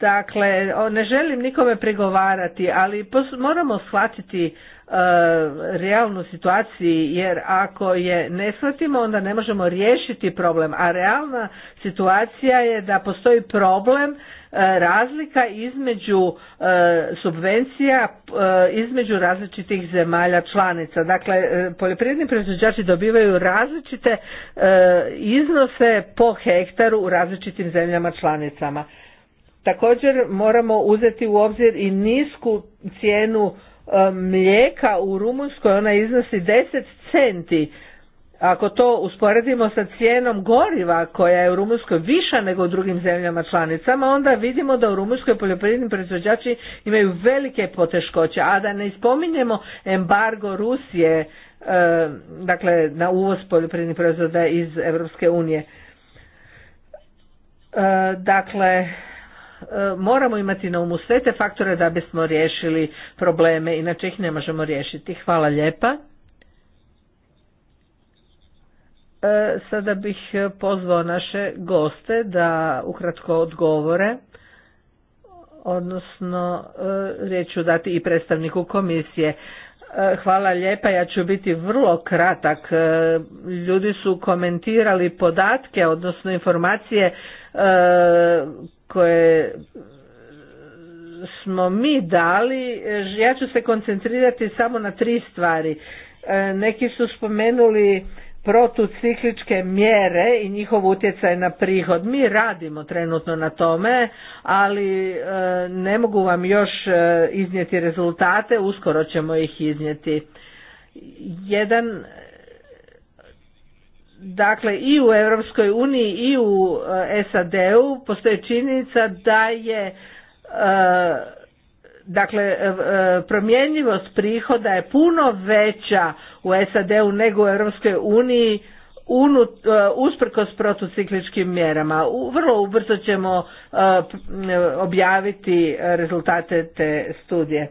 Dakle, ne želim nikome prigovarati, ali moramo shvatiti E, realnu situaciji jer ako je ne shvatimo onda ne možemo riješiti problem a realna situacija je da postoji problem e, razlika između e, subvencija između različitih zemalja članica dakle poljoprivredni proizvođači dobivaju različite iznose po hektaru u različitim zemljama članicama također moramo uzeti u obzir i nisku cijenu mlijeka u Rumunjskoj ona iznosi 10 centi. Ako to usporedimo sa cijenom goriva koja je u Rumunjskoj viša nego u drugim zemljama članicama, onda vidimo da u Rumunjskoj poljoprivredni proizvođači imaju velike poteškoće, a da ne ispominjemo embargo Rusije dakle na uvoz poljoprivrednih proizvoda iz Europske unije. Dakle, E, moramo imati na umu sve te faktore da bismo riješili probleme, inače ih ne možemo riješiti. Hvala lijepa. E, sada bih pozvao naše goste da ukratko odgovore, odnosno e, riječ ću dati i predstavniku komisije. Hvala lijepa, ja ću biti vrlo kratak. Ljudi su komentirali podatke, odnosno informacije koje smo mi dali, ja ću se koncentrirati samo na tri stvari. E, neki su spomenuli protucikličke mjere i njihov utjecaj na prihod. Mi radimo trenutno na tome, ali e, ne mogu vam još e, iznijeti rezultate, uskoro ćemo ih iznijeti. Jedan Dakle, i u Europskoj uniji i u e, SAD-u postoji činjenica da je e, dakle e, promjenjivost prihoda je puno veća u SAD-u nego u Europskoj uniji unut, usprkos protucikličkim mjerama. Vrlo ubrzo ćemo objaviti rezultate te studije.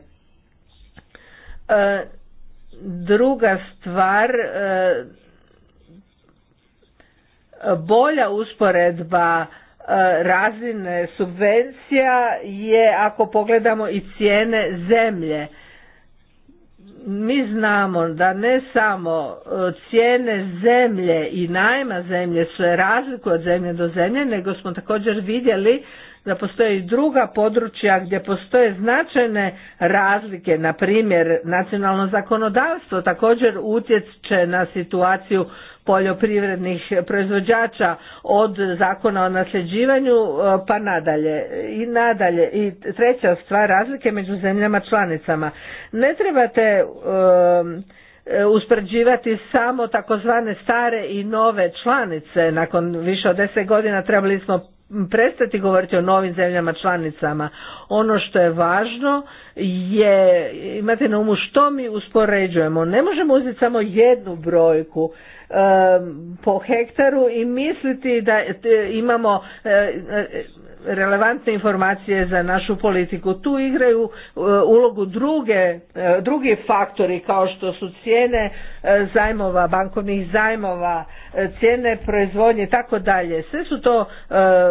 Druga stvar, bolja usporedba e, razine subvencija je ako pogledamo i cijene zemlje. Mi znamo da ne samo e, cijene zemlje i najma zemlje su razliku od zemlje do zemlje, nego smo također vidjeli da postoje i druga područja gdje postoje značajne razlike, na primjer nacionalno zakonodavstvo također utječe na situaciju poljoprivrednih proizvođača od zakona o nasljeđivanju e, pa nadalje i nadalje i treća stvar razlike među zemljama članicama ne trebate um, uspoređivati samo takozvane stare i nove članice. Nakon više od deset godina trebali smo prestati govoriti o novim zemljama članicama. Ono što je važno je imate na umu što mi uspoređujemo. Ne možemo uzeti samo jednu brojku um, po hektaru i misliti da e, imamo e, e, relevantne informacije za našu politiku. Tu igraju e, ulogu druge, e, drugi faktori kao što su cijene e, zajmova, bankovnih zajmova, cijene proizvodnje i tako dalje. Sve su to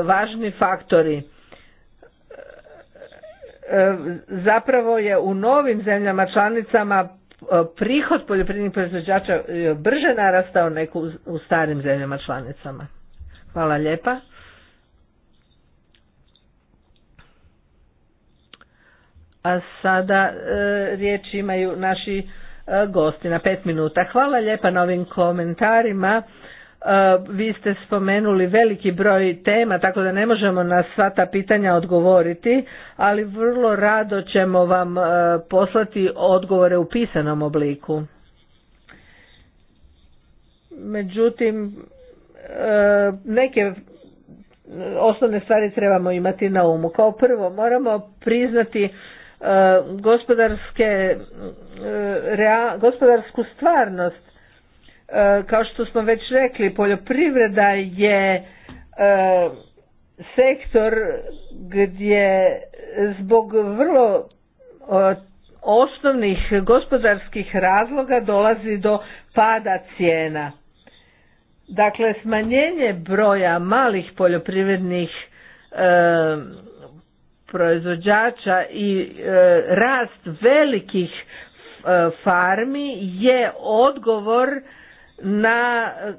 važni faktori zapravo je u novim zemljama članicama prihod poljoprivrednih proizvođača brže narastao nego u starim zemljama članicama. Hvala lijepa. A sada e, riječ imaju naši e, gosti na pet minuta. Hvala lijepa na ovim komentarima. E, vi ste spomenuli veliki broj tema, tako da ne možemo na sva ta pitanja odgovoriti, ali vrlo rado ćemo vam e, poslati odgovore u pisanom obliku. Međutim, neke osnovne stvari trebamo imati na umu. Kao prvo, moramo priznati gospodarske, e, gospodarsku stvarnost. E, kao što smo već rekli, poljoprivreda je e, sektor gdje zbog vrlo osnovnih gospodarskih razloga dolazi do pada cijena. Dakle, smanjenje broja malih poljoprivrednih proizvođača i e, rast velikih e, farmi je odgovor na e,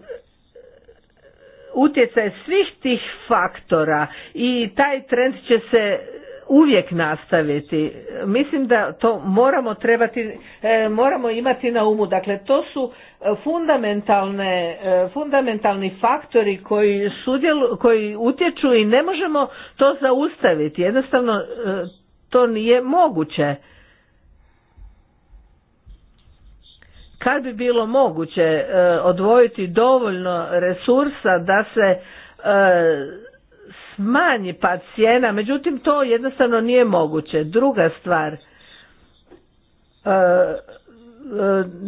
utjecaj svih tih faktora i taj trend će se uvijek nastaviti. Mislim da to moramo trebati, moramo imati na umu. Dakle, to su fundamentalne, e, fundamentalni faktori koji, sudjelu, koji utječu i ne možemo to zaustaviti. Jednostavno e, to nije moguće. Kad bi bilo moguće e, odvojiti dovoljno resursa da se smanji pad cijena, međutim to jednostavno nije moguće. Druga stvar,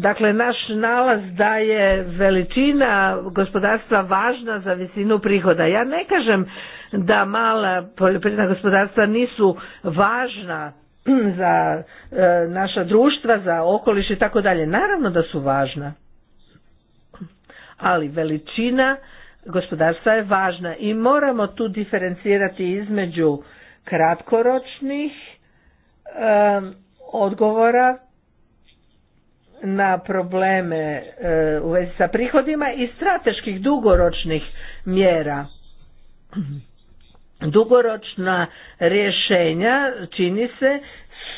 dakle naš nalaz da je veličina gospodarstva važna za visinu prihoda. Ja ne kažem da mala poljoprivredna gospodarstva nisu važna za e, naša društva, za okoliš i tako dalje. Naravno da su važna. Ali veličina gospodarstva je važna i moramo tu diferencirati između kratkoročnih e, odgovora na probleme e, u vezi sa prihodima i strateških dugoročnih mjera. Dugoročna rješenja čini se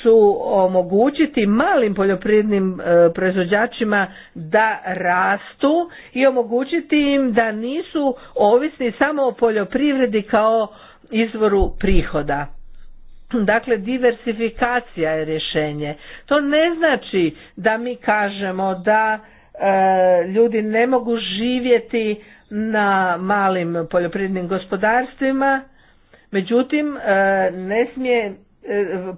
su omogućiti malim poljoprivrednim e, proizvođačima da rastu i omogućiti im da nisu ovisni samo o poljoprivredi kao izvoru prihoda. Dakle, diversifikacija je rješenje. To ne znači da mi kažemo da e, ljudi ne mogu živjeti na malim poljoprivrednim gospodarstvima, međutim, e, ne smije, e,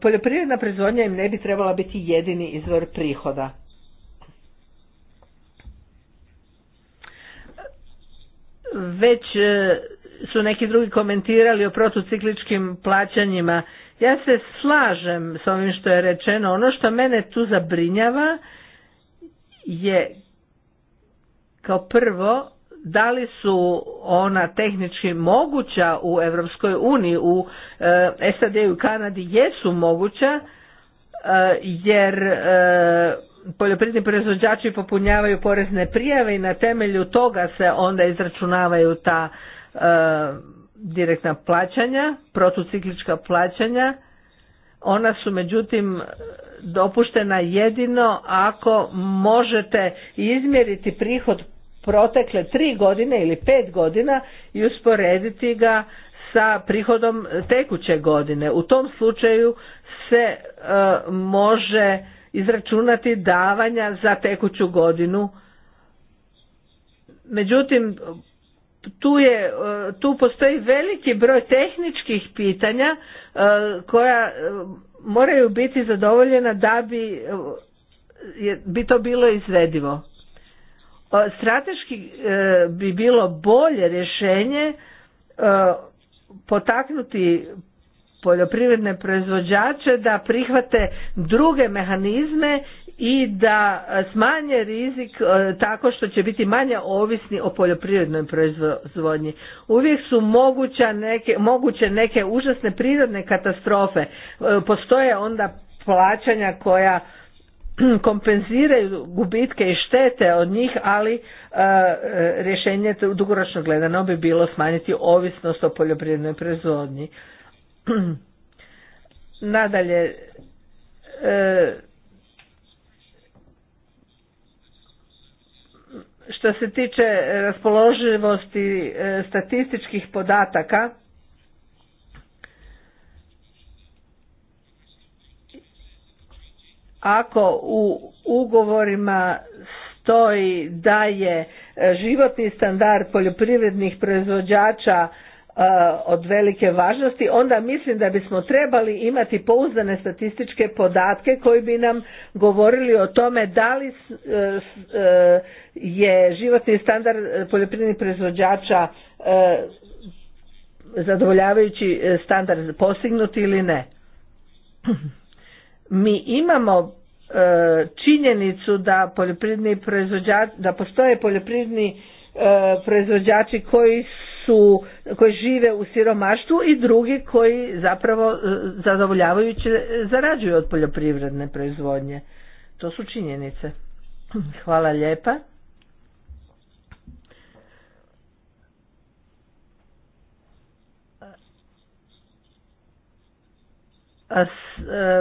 poljoprivredna proizvodnja im ne bi trebala biti jedini izvor prihoda. Već su neki drugi komentirali o protocikličkim plaćanjima ja se slažem s ovim što je rečeno. Ono što mene tu zabrinjava je kao prvo da li su ona tehnički moguća u Europskoj uniji, u eh, SAD i u Kanadi jesu moguća eh, jer eh, poljoprivredni proizvođači popunjavaju porezne prijave i na temelju toga se onda izračunavaju ta direktna plaćanja, protuciklička plaćanja, ona su međutim dopuštena jedino ako možete izmjeriti prihod protekle tri godine ili pet godina i usporediti ga sa prihodom tekuće godine. U tom slučaju se e, može izračunati davanja za tekuću godinu. Međutim, tu, je, e, tu postoji veliki broj tehničkih pitanja e, koja e, moraju biti zadovoljena da bi, bi to bilo izvedivo. Strateški bi bilo bolje rješenje potaknuti poljoprivredne proizvođače da prihvate druge mehanizme i da e, smanje rizik e, tako što će biti manje ovisni o poljoprivrednoj proizvodnji. Uvijek su moguća neke, moguće neke užasne prirodne katastrofe. E, postoje onda plaćanja koja kompenziraju gubitke i štete od njih, ali rješenje dugoročno gledano bi bilo smanjiti ovisnost o poljoprivrednoj proizvodnji. Nadalje, Što se tiče raspoloživosti e, statističkih podataka, ako u ugovorima stoji da je e, životni standard poljoprivrednih proizvođača e, od velike važnosti, onda mislim da bismo trebali imati pouzdane statističke podatke koji bi nam govorili o tome da li je životni standard eh, poljoprivrednih proizvođača eh, zadovoljavajući eh, standard postignut ili ne. Mi imamo činjenicu da poljoprivredni proizvođači, da postoje poljoprivredni proizvođači koji su, koji žive u siromaštvu i drugi koji zapravo zadovoljavajuće zarađuju od poljoprivredne proizvodnje. To su činjenice. Hvala lijepa. E,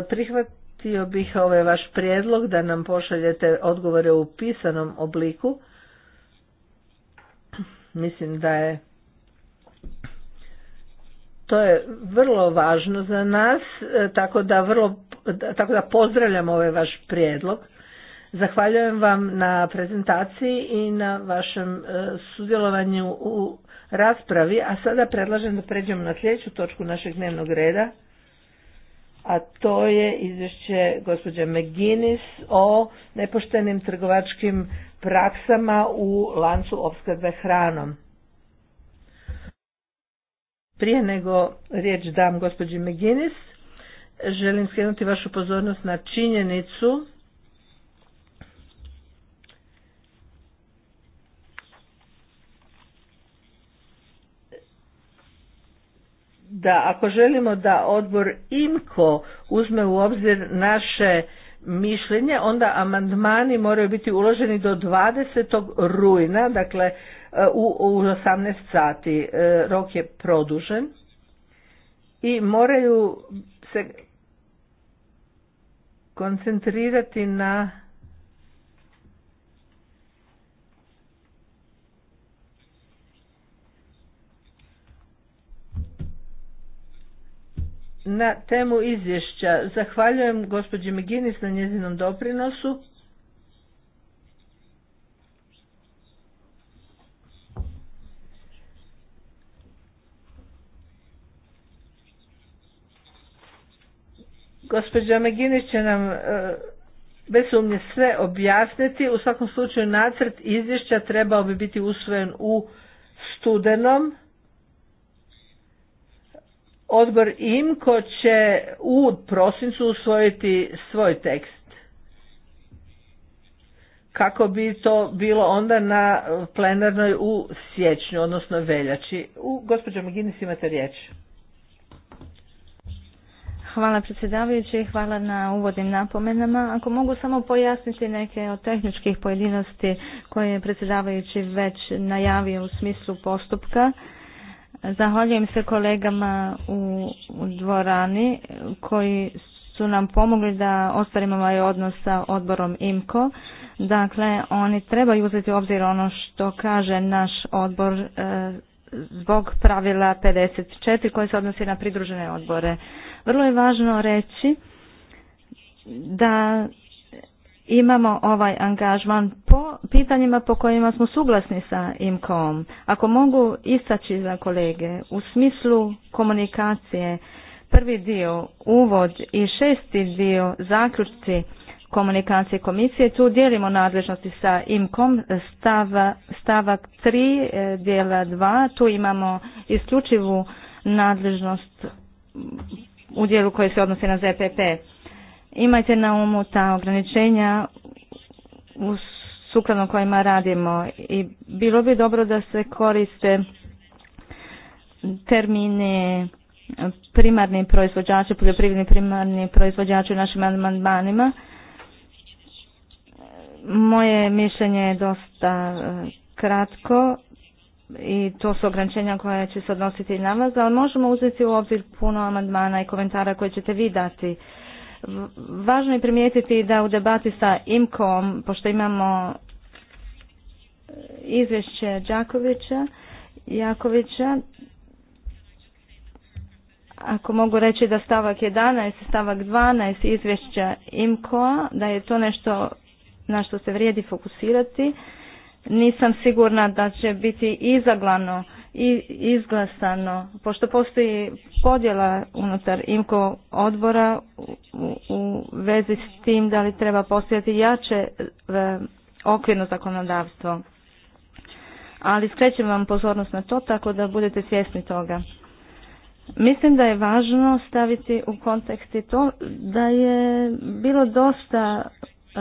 prihvatio bih ovaj vaš prijedlog da nam pošaljete odgovore u pisanom obliku. Mislim da je to je vrlo važno za nas, e, tako da, vrlo, tako da pozdravljam ovaj vaš prijedlog. Zahvaljujem vam na prezentaciji i na vašem e, sudjelovanju u raspravi, a sada predlažem da pređemo na sljedeću točku našeg dnevnog reda a to je izvješće gospođe McGuinness o nepoštenim trgovačkim praksama u lancu opskrbe hranom. Prije nego riječ dam gospođi McGinnis, želim skrenuti vašu pozornost na činjenicu da ako želimo da odbor IMKO uzme u obzir naše mišljenje, onda amandmani moraju biti uloženi do 20. rujna, dakle e, u 18 sati. E, rok je produžen i moraju se koncentrirati na na temu izvješća. Zahvaljujem gospođi Meginis na njezinom doprinosu. Gospođa Meginis će nam e, sve objasniti. U svakom slučaju nacrt izvješća trebao bi biti usvojen u studenom. Odbor IMKO će u prosincu usvojiti svoj tekst kako bi to bilo onda na plenarnoj u siječnju, odnosno veljači. U, gospođo Maginis imate riječ. Hvala predsjedavajući i hvala na uvodnim napomenama. Ako mogu samo pojasniti neke od tehničkih pojedinosti koje je predsjedavajući već najavio u smislu postupka. Zahvaljujem se kolegama u, dvorani koji su nam pomogli da ostvarimo ovaj odnos sa odborom IMKO. Dakle, oni trebaju uzeti u obzir ono što kaže naš odbor e, zbog pravila 54 koje se odnosi na pridružene odbore. Vrlo je važno reći da imamo ovaj angažman po pitanjima po kojima smo suglasni sa IMCOM. Ako mogu istaći za kolege u smislu komunikacije, prvi dio uvod i šesti dio zaključci komunikacije komisije, tu dijelimo nadležnosti sa IMCOM stavak 3 e, dijela 2, tu imamo isključivu nadležnost u dijelu koji se odnosi na ZPP. Imajte na umu ta ograničenja u sukladno kojima radimo i bilo bi dobro da se koriste termini primarni proizvođači, poljoprivredni primarni proizvođači u našim amandmanima. Moje mišljenje je dosta e, kratko i to su ograničenja koja će se odnositi na vas, ali možemo uzeti u obzir puno amandmana i komentara koje ćete vi dati Važno je primijetiti da u debati sa IMKOM, pošto imamo e, izvješće Đakovića, Jakovića, ako mogu reći da stavak 11 stavak 12 izvješća IMKOA, da je to nešto na što se vrijedi fokusirati, nisam sigurna da će biti izaglano i izglasano. Pošto postoji podjela unutar IMKO odbora u vezi s tim da li treba postojati jače e, okvirno zakonodavstvo. Ali skrećem vam pozornost na to tako da budete svjesni toga. Mislim da je važno staviti u kontekst i to da je bilo dosta E,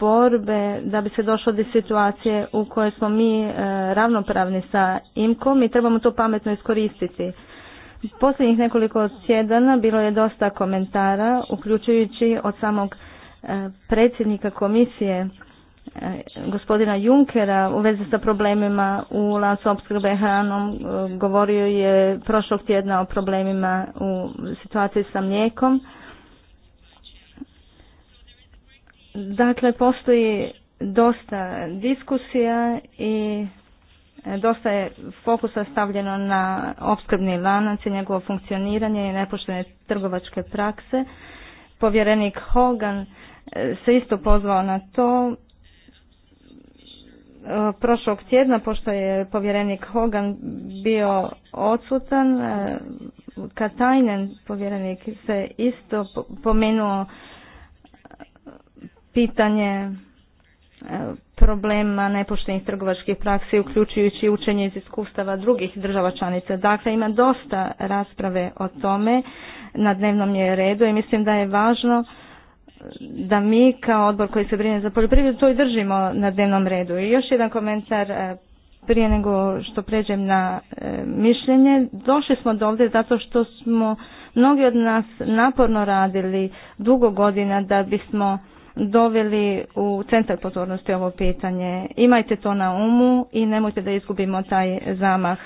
borbe da bi se došlo do situacije u kojoj smo mi e, ravnopravni sa IMKOM i trebamo to pametno iskoristiti. Posljednjih nekoliko sjedana bilo je dosta komentara, uključujući od samog e, predsjednika komisije gospodina Junkera u vezi sa problemima u lancu opskrbe hranom. Govorio je prošlog tjedna o problemima u situaciji sa mlijekom Dakle, postoji dosta diskusija i e, dosta je fokusa stavljeno na opskrbni lanac i njegovo funkcioniranje i nepoštene trgovačke prakse. Povjerenik Hogan e, se isto pozvao na to e, prošlog tjedna, pošto je povjerenik Hogan bio odsutan, Katajnen povjerenik se isto pomenuo pitanje e, problema nepoštenih trgovačkih praksi, uključujući učenje iz iskustava drugih država članica. Dakle, ima dosta rasprave o tome, na dnevnom je redu i mislim da je važno e, da mi kao odbor koji se brine za poljoprivredu to i držimo na dnevnom redu. I još jedan komentar e, prije nego što pređem na mišljenje. Došli smo do ovdje zato što smo mnogi od nas naporno radili dugo godina da bismo doveli u centar pozornosti ovo pitanje. Imajte to na umu i nemojte da izgubimo taj zamah.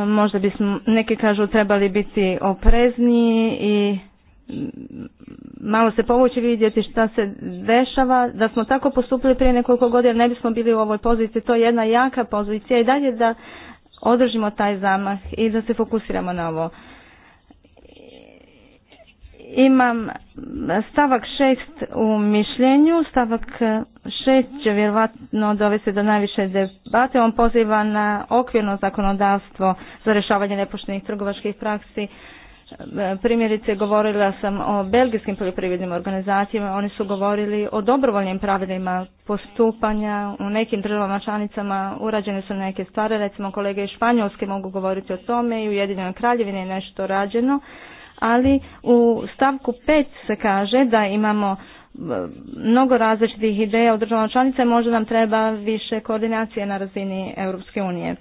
E, možda bismo, neki kažu, trebali biti oprezniji i malo se povući vidjeti šta se dešava. Da smo tako postupili prije nekoliko godina, ne bismo bili u ovoj poziciji. To je jedna jaka pozicija i dalje da održimo taj zamah i da se fokusiramo na ovo imam stavak 6 u mišljenju. Stavak šest će vjerovatno dovesti do najviše debate. On poziva na okvirno zakonodavstvo za rješavanje nepoštenih trgovačkih praksi. E, primjerice, govorila sam o belgijskim poljoprivrednim organizacijama. Oni su govorili o dobrovoljnim pravilima postupanja. U nekim državama članicama urađene su neke stvari. Recimo, kolege iz Španjolske mogu govoriti o tome i u jedinoj kraljevini je nešto rađeno ali u stavku 5 se kaže da imamo e, mnogo različitih ideja u državama članice, možda nam treba više koordinacije na razini Europske unije.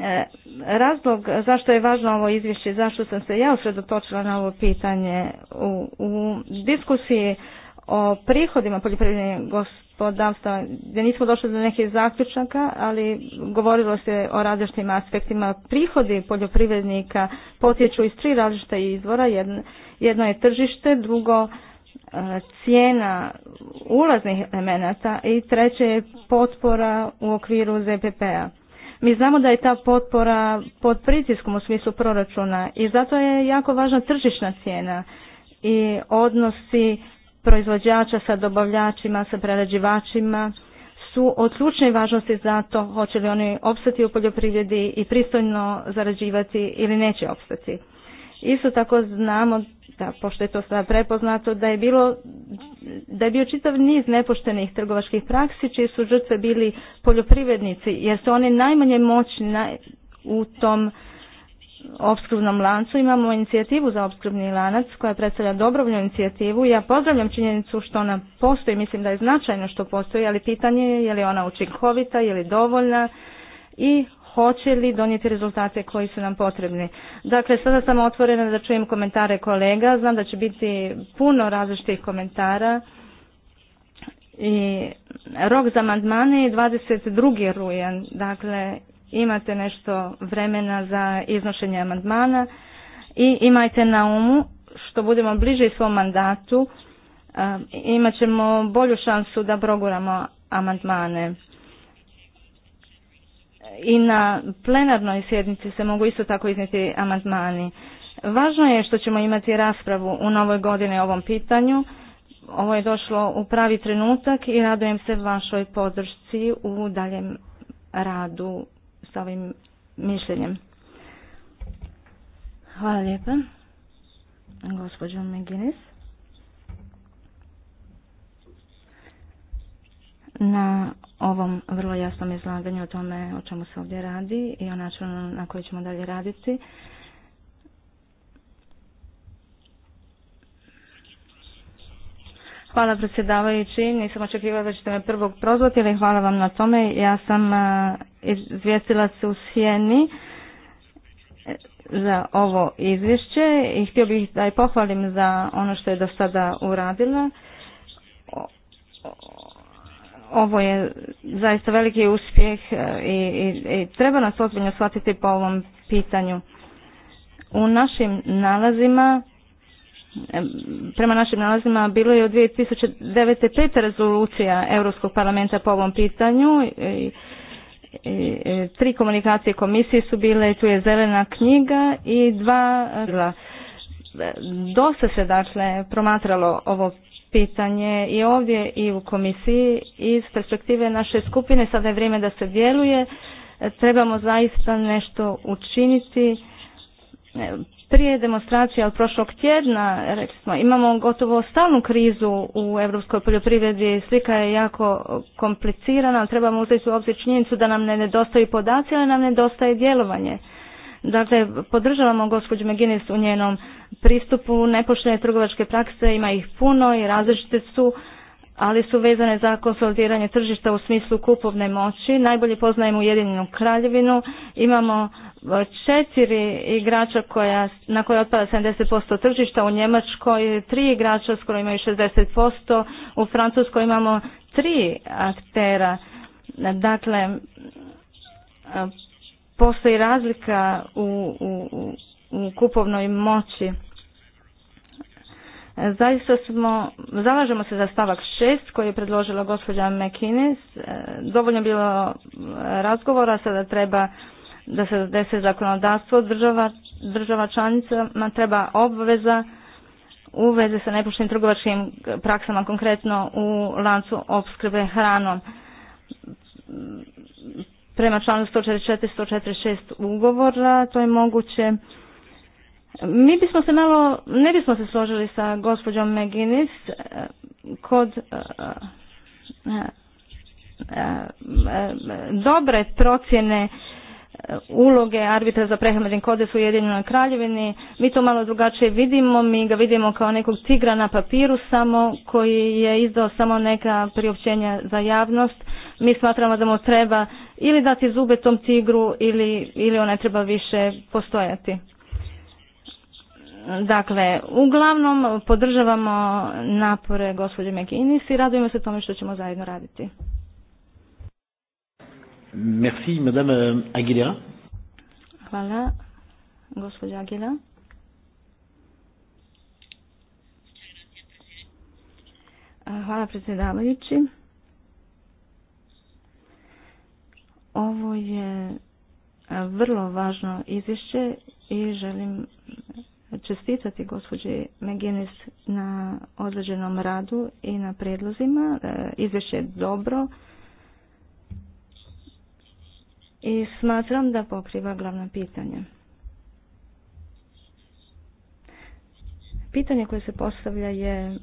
E, razlog zašto je važno ovo izvješće i zašto sam se ja usredotočila na ovo pitanje u, u diskusiji o prihodima poljoprivrednih gospodarstva gospodarstva, gdje nismo došli do nekih zaključaka, ali govorilo se o različitim aspektima. Prihodi poljoprivrednika potječu iz tri različita izvora, jedno je tržište, drugo e, cijena ulaznih elemenata i treće je potpora u okviru ZPP-a. Mi znamo da je ta potpora pod pritiskom u smislu proračuna i zato je jako važna tržišna cijena i odnosi proizvođača sa dobavljačima, sa prerađivačima su od ključne važnosti za to hoće li oni opstati u poljoprivredi i pristojno zarađivati ili neće opstati. Isto tako znamo da pošto je to sada prepoznato da je bilo da je bio čitav niz nepoštenih trgovačkih praksi čiji su žrtve bili poljoprivrednici jer su oni najmanje moćni u tom opskrbnom lancu. Imamo inicijativu za opskrbni lanac koja predstavlja dobrovoljnu inicijativu. Ja pozdravljam činjenicu što ona postoji, mislim da je značajno što postoji, ali pitanje je je li ona učinkovita, je li dovoljna i hoće li donijeti rezultate koji su nam potrebni. Dakle, sada sam otvorena da čujem komentare kolega, znam da će biti puno različitih komentara i rok za amandmane je 22. rujan, dakle imate nešto vremena za iznošenje amandmana i imajte na umu što budemo bliže svom mandatu eh, imat ćemo bolju šansu da proguramo amandmane. I na plenarnoj sjednici se mogu isto tako iznijeti amandmani. Važno je što ćemo imati raspravu u novoj godini o ovom pitanju. Ovo je došlo u pravi trenutak i radujem se vašoj podršci u daljem radu sa ovim mišljenjem. Hvala lijepa, gospođo McGinnis. Na ovom vrlo jasnom izlaganju o tome o čemu se ovdje radi i o načinu na koji ćemo dalje raditi. Hvala predsjedavajući, nisam očekivala da ćete me prvog prozvati, ali hvala vam na tome. Ja sam e, izvjestila se u Sjeni e, za ovo izvješće i htio bih da je pohvalim za ono što je do sada uradila. Ovo je zaista veliki uspjeh e, i, i treba nas ozbiljno shvatiti po ovom pitanju. U našim nalazima Prema našim nalazima bilo je od 2009. pet rezolucija Europskog parlamenta po ovom pitanju. Tri komunikacije komisije su bile, tu je zelena knjiga i dva... E, Dosta se dakle promatralo ovo pitanje i ovdje i u komisiji iz perspektive naše skupine. Sada je vrijeme da se djeluje. E, trebamo zaista nešto učiniti e, prije demonstracija od prošlog tjedna, rekli smo, imamo gotovo stalnu krizu u europskoj poljoprivredi, slika je jako komplicirana, ali trebamo uzeti u obzir činjenicu da nam ne nedostaju podaci, ali nam nedostaje djelovanje. Dakle, podržavamo gospođu Meginis u njenom pristupu, nepoštene trgovačke prakse, ima ih puno i različite su, ali su vezane za konsolidiranje tržišta u smislu kupovne moći. Najbolje poznajemo Ujedinjenu kraljevinu, imamo četiri igrača koja, na koje otpada 70% tržišta, u Njemačkoj tri igrača skoro imaju 60%, u Francuskoj imamo tri aktera. Dakle, postoji razlika u, u, kupovnoj moći. Zaista smo, zalažemo se za stavak šest, koji je predložila gospođa McInnes. Dovoljno bilo razgovora, sada treba da se desi zakonodavstvo država, država članicama treba obveza u vezi sa nepoštenim trgovačkim praksama, konkretno u lancu opskrbe hranom. Prema članu 144 146 ugovora to je moguće. Mi bismo se malo, ne bismo se složili sa gospođom Meginis eh, kod eh, eh, dobre procjene uloge arbitra za prehrambeni kodeks u Jedinjenoj kraljevini. Mi to malo drugačije vidimo, mi ga vidimo kao nekog tigra na papiru samo koji je izdao samo neka priopćenja za javnost. Mi smatramo da mu treba ili dati zube tom tigru ili, ili on ne treba više postojati. Dakle, uglavnom podržavamo napore gospođe McInnes i radujemo se tome što ćemo zajedno raditi. Merci, madame euh, Aguilera. Hvala, Gospodin Aguilera. Hvala predsjedavajući. Ovo je vrlo važno izvješće i želim čestitati gospođi Meginis na određenom radu i na predlozima e, Izvješće je dobro i smatram da pokriva glavna pitanja. Pitanje koje se postavlja je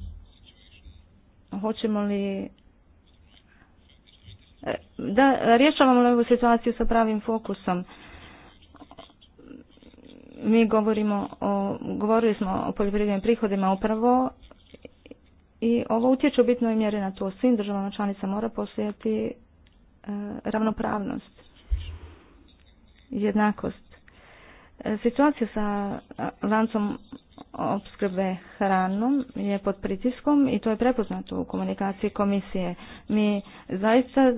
hoćemo li e, da rješavamo li ovu situaciju sa pravim fokusom. Mi govorimo o, govorili smo o poljoprivrednim prihodima upravo i ovo utječe u bitnoj mjeri na to. Svim državama članica mora postojati e, ravnopravnost jednakost. E, situacija sa e, lancom opskrbe hranom je pod pritiskom i to je prepoznato u komunikaciji komisije. Mi zaista e,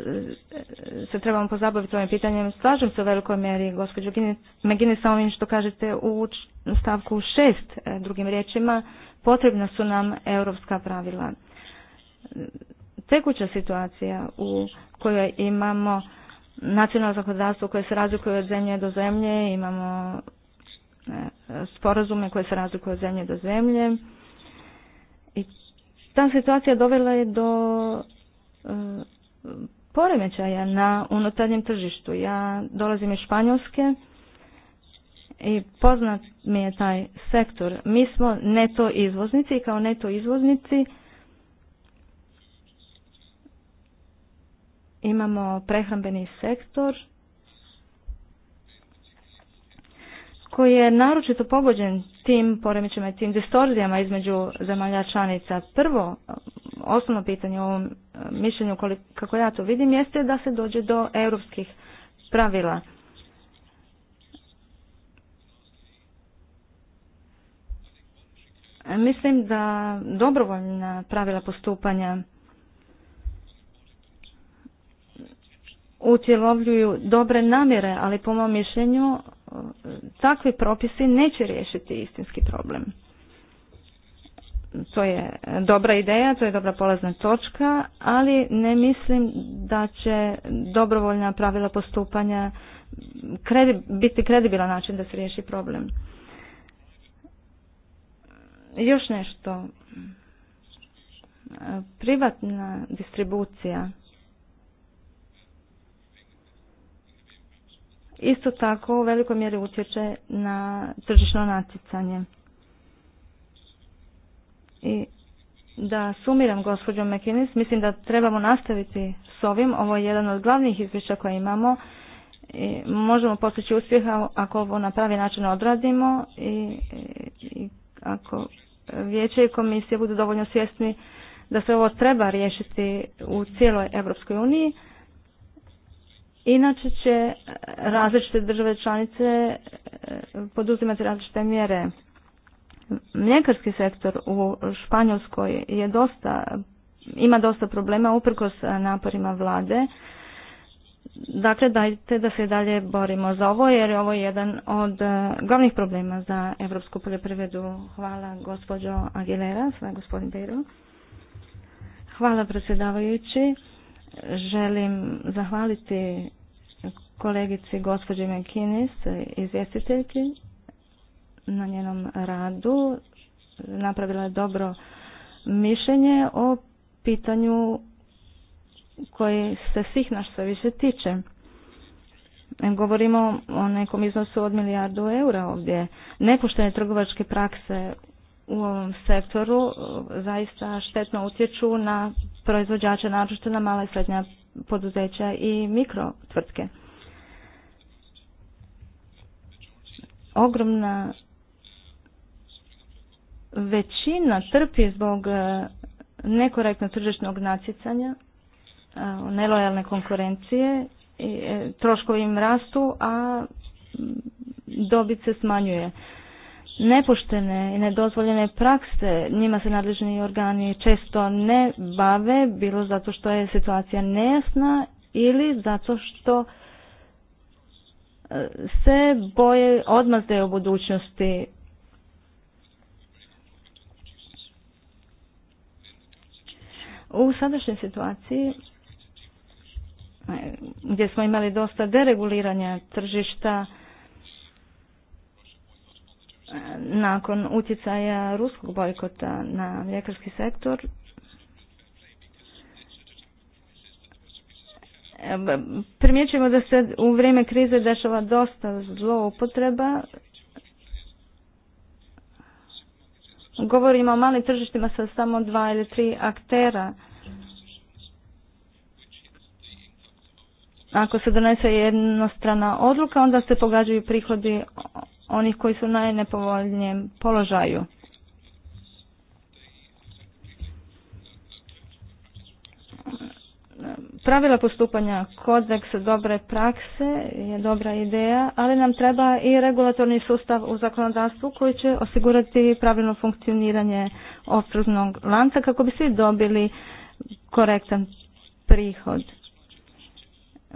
se trebamo pozabaviti ovim pitanjem. Slažem se u velikoj meri, gospođo Megine, sa ovim što kažete u stavku šest, drugim riječima, potrebna su nam europska pravila. Tekuća situacija u kojoj imamo nacionalno zakonodavstvo koje se razlikuje od zemlje do zemlje, imamo sporazume koje se razlikuju od zemlje do zemlje. I ta situacija dovela je do e, poremećaja na unutarnjem tržištu. Ja dolazim iz Španjolske i poznat mi je taj sektor. Mi smo neto izvoznici i kao neto izvoznici imamo prehrambeni sektor koji je naročito pogođen tim poremećima i tim distorzijama između zemalja članica. Prvo, osnovno pitanje u ovom e, mišljenju, kako ja to vidim, jeste da se dođe do europskih pravila. Mislim da dobrovoljna pravila postupanja utjelovljuju dobre namjere, ali po mom mišljenju e, takvi propisi neće riješiti istinski problem. To je dobra ideja, to je dobra polazna točka, ali ne mislim da će dobrovoljna pravila postupanja kredi, biti kredibilan način da se riješi problem. Još nešto. Privatna distribucija isto tako u velikoj mjeri utječe na tržišno natjecanje. I da sumiram gospođo Mekinis, mislim da trebamo nastaviti s ovim. Ovo je jedan od glavnih izvješća koje imamo. I možemo postići uspjeha ako ovo na pravi način odradimo i, i ako vijeće i komisije budu dovoljno svjesni da se ovo treba riješiti u cijeloj Europskoj uniji. Inače će e, različite države članice e, poduzimati različite mjere. Mljekarski sektor u Španjolskoj je dosta, ima dosta problema uprkos e, naporima vlade. Dakle, dajte da se dalje borimo za ovo, jer ovo je jedan od glavnih problema za evropsku poljoprivredu. Hvala gospođo Aguilera, sve gospodin Beiru. Hvala predsjedavajući želim zahvaliti kolegici gospođi Mekinis, izvjestiteljki, na njenom radu. Napravila je dobro mišljenje o pitanju koji se svih nas sve više tiče. Govorimo o nekom iznosu od milijardu eura ovdje. Nepoštene trgovačke prakse u ovom sektoru zaista štetno utječu na proizvođača, naročito na mala i srednja poduzeća i mikro tvrtke. Ogromna većina trpi zbog e, nekorektnog tržišnog natjecanja, e, nelojalne konkurencije, e, troškovi im rastu, a dobit se smanjuje nepoštene i nedozvoljene prakse, njima se nadležni organi često ne bave, bilo zato što je situacija nejasna ili zato što e, se boje odmazde u budućnosti. U sadašnjoj situaciji e, gdje smo imali dosta dereguliranja tržišta, nakon utjecaja ruskog bojkota na mljekarski sektor primjećujemo da se u vrijeme krize dešava dosta zloupotreba. Govorimo o malim tržištima sa samo dva ili tri aktera. Ako se donese jednostrana odluka, onda se pogađaju prihodi onih koji su u najnepovoljnijem položaju. Pravila postupanja kodeks dobre prakse je dobra ideja, ali nam treba i regulatorni sustav u zakonodavstvu koji će osigurati pravilno funkcioniranje opskrbnog lanca kako bi svi dobili korektan prihod.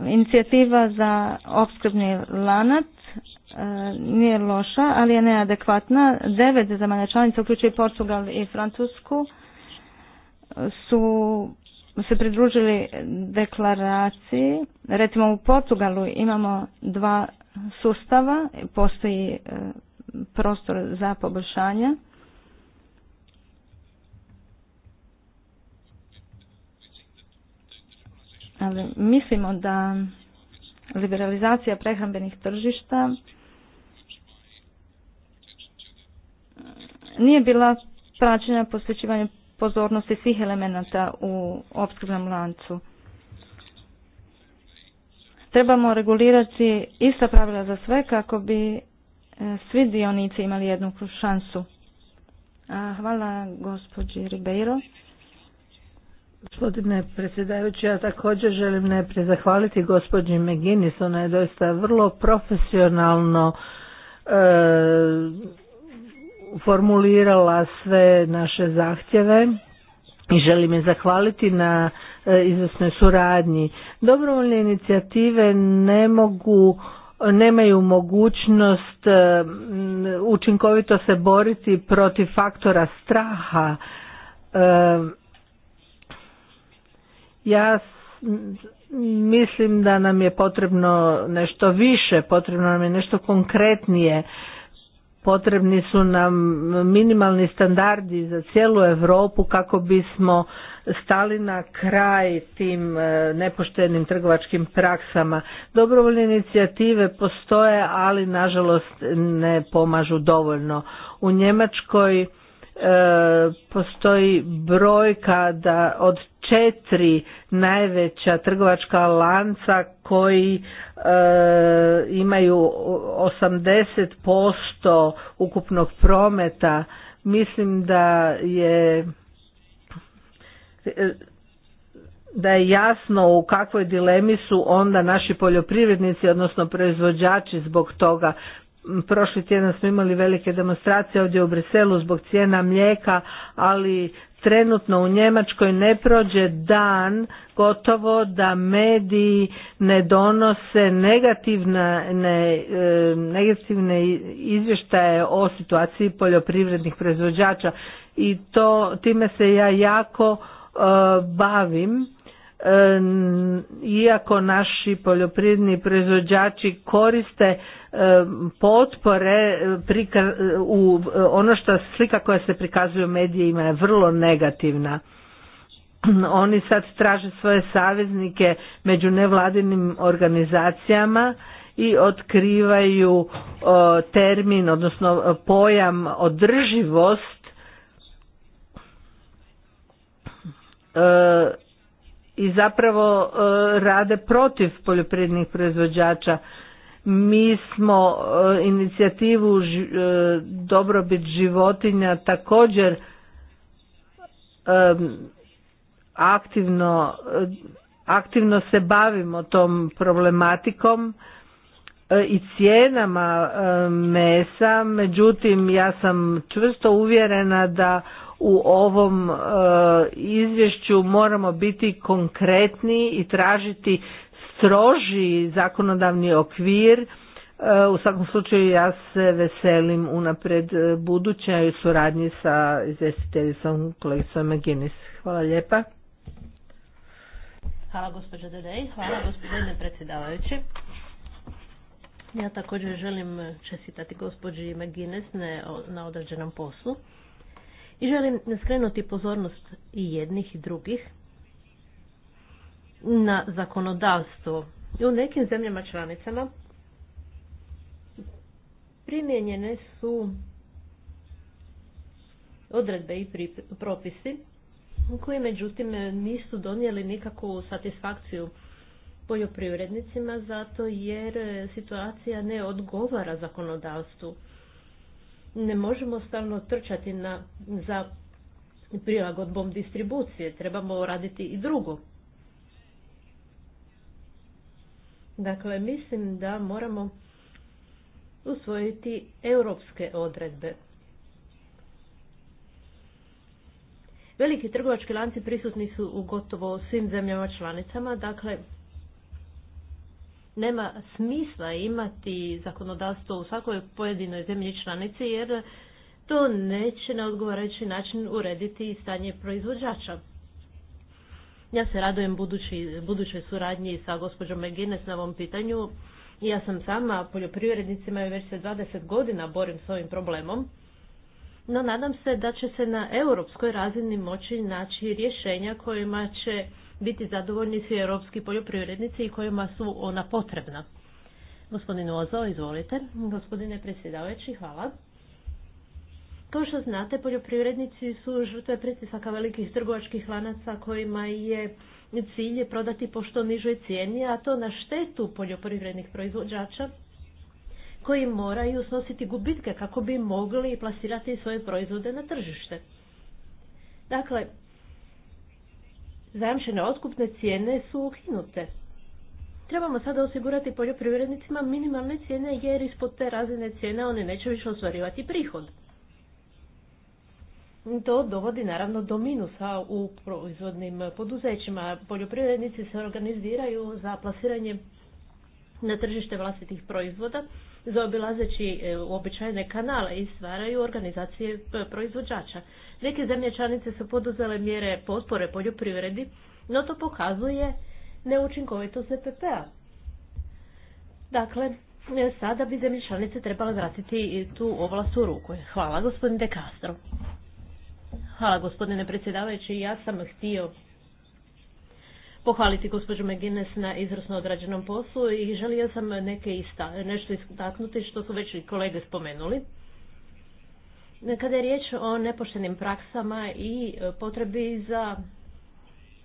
Inicijativa za opskrbni lanac E, nije loša, ali je neadekvatna. Devet zemalja članica, uključuje Portugal i Francusku, su se pridružili deklaraciji. Recimo u Portugalu imamo dva sustava, postoji e, prostor za poboljšanje. Ali mislimo da liberalizacija prehrambenih tržišta nije bila praćena posvećivanju pozornosti svih elemenata u opskrbnom lancu. Trebamo regulirati ista pravila za sve kako bi e, svi dionici imali jednu šansu. Hvala gospođi Ribeiro. Gospodine predsjedavajući, ja također želim najprije zahvaliti gospođi Meginis, ona je doista vrlo profesionalno e, formulirala sve naše zahtjeve i želim je zahvaliti na e, izvrsnoj suradnji. Dobrovoljne inicijative ne mogu nemaju mogućnost e, učinkovito se boriti protiv faktora straha. E, ja mislim da nam je potrebno nešto više, potrebno nam je nešto konkretnije potrebni su nam minimalni standardi za cijelu Europu kako bismo stali na kraj tim e, nepoštenim trgovačkim praksama. Dobrovoljne inicijative postoje, ali nažalost ne pomažu dovoljno. U Njemačkoj postoji brojka da od četiri najveća trgovačka lanca koji e, imaju 80% ukupnog prometa mislim da je e, da je jasno u kakvoj dilemi su onda naši poljoprivrednici odnosno proizvođači zbog toga prošli tjedan smo imali velike demonstracije ovdje u Briselu zbog cijena mlijeka, ali trenutno u Njemačkoj ne prođe dan gotovo da mediji ne donose negativne, ne, e, negativne izvještaje o situaciji poljoprivrednih proizvođača i to time se ja jako e, bavim e, iako naši poljoprivredni proizvođači koriste potpore e, e, u e, ono što slika koja se prikazuje u medijima je vrlo negativna. Oni sad traže svoje saveznike među nevladinim organizacijama i otkrivaju termin, odnosno pojam održivost i zapravo rade protiv poljoprivrednih proizvođača mi smo e, inicijativu e, dobrobit životinja također aktivno e, aktivno se bavimo tom problematikom i cijenama mesa, međutim ja sam čvrsto uvjerena da u ovom izvješću moramo biti konkretni i tražiti stroži zakonodavni okvir. E, u svakom slučaju ja se veselim unapred e, budućoj suradnji sa izvjestiteljicom kolegicom McGinnis. Hvala lijepa. Hvala gospođo Dedej, hvala gospodine predsjedavajući. Ja također želim čestitati gospođi ne na određenom poslu i želim skrenuti pozornost i jednih i drugih na zakonodavstvo. U nekim zemljama članicama primjenjene su odredbe i propisi koji međutim nisu donijeli nikakvu satisfakciju poljoprivrednicima zato jer situacija ne odgovara zakonodavstvu. Ne možemo stalno trčati na, za prilagodbom distribucije, trebamo raditi i drugo. Dakle, mislim da moramo usvojiti europske odredbe. Veliki trgovački lanci prisutni su u gotovo svim zemljama članicama, dakle nema smisla imati zakonodavstvo u svakoj pojedinoj zemlji članici jer to neće na odgovarajući način urediti stanje proizvođača. Ja se radujem budući, budućoj suradnji sa gospođom Megines na ovom pitanju. Ja sam sama poljoprivrednicima i već se 20 godina borim s ovim problemom. No nadam se da će se na europskoj razini moći naći rješenja kojima će biti zadovoljni svi europski poljoprivrednici i kojima su ona potrebna. Gospodin Ozo, izvolite. Gospodine predsjedavajući, hvala. Kao što znate, poljoprivrednici su žrtve pritisaka velikih trgovačkih lanaca kojima je cilj je prodati po što nižoj cijeni, a to na štetu poljoprivrednih proizvođača koji moraju snositi gubitke kako bi mogli plasirati svoje proizvode na tržište. Dakle, zajamčene otkupne cijene su ukinute. Trebamo sada osigurati poljoprivrednicima minimalne cijene jer ispod te razine cijene oni neće više osvarivati prihod to dovodi naravno do minusa u proizvodnim poduzećima. Poljoprivrednici se organiziraju za plasiranje na tržište vlastitih proizvoda, zaobilazeći e, uobičajene kanale i stvaraju organizacije e, proizvođača. Neke zemlje članice su poduzele mjere potpore poljoprivredi, no to pokazuje neučinkovitost ZPP-a. E dakle, sada bi zemlje članice trebale vratiti tu ovlast u ruku. Hvala, gospodin De Castro. Hvala gospodine predsjedavajući. Ja sam htio pohvaliti gospođu McGuinness na izvrsno odrađenom poslu i želio sam neke ista, nešto istaknuti što su već i kolege spomenuli. Kada je riječ o nepoštenim praksama i potrebi za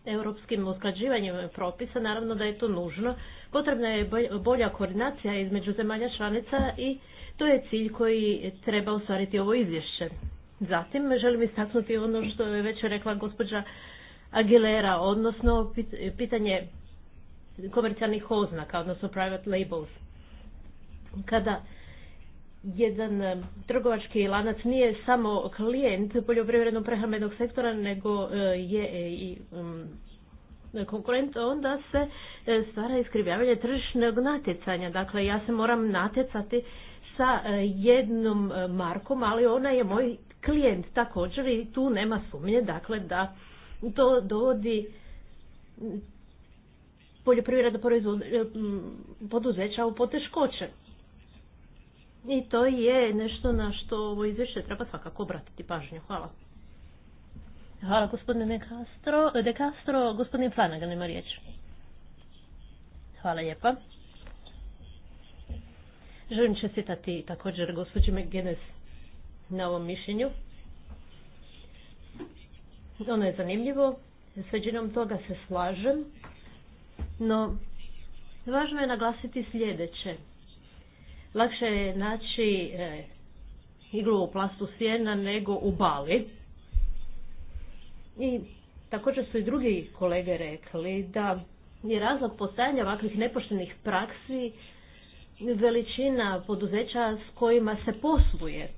europskim usklađivanjem propisa, naravno da je to nužno. Potrebna je bolja koordinacija između zemalja članica i to je cilj koji treba ostvariti ovo izvješće. Zatim želim istaknuti ono što je već rekla gospođa Aguilera, odnosno pitanje komercijalnih oznaka, odnosno private labels. Kada jedan trgovački lanac nije samo klijent poljoprivrednog prehrambenog sektora, nego e, je i konkurent, onda se e, stvara iskrivljavanje tržišnog natjecanja. Dakle, ja se moram natjecati sa e, jednom markom, ali ona je moj klijent također i tu nema sumnje dakle da to dovodi poljoprivredno eh, poduzeća u poteškoće. I to je nešto na što ovo izvješće treba svakako obratiti pažnju. Hvala. Hvala gospodine De Castro. De Castro, gospodin Flanagan ima riječ. Hvala lijepa. Želim čestitati također gospođi McGuinness na ovom mišljenju. Ono je zanimljivo, s toga se slažem, no važno je naglasiti sljedeće. Lakše je naći e, iglu u plastu sjena nego u bali. I također su i drugi kolege rekli da je razlog postajanja ovakvih nepoštenih praksi veličina poduzeća s kojima se posluje.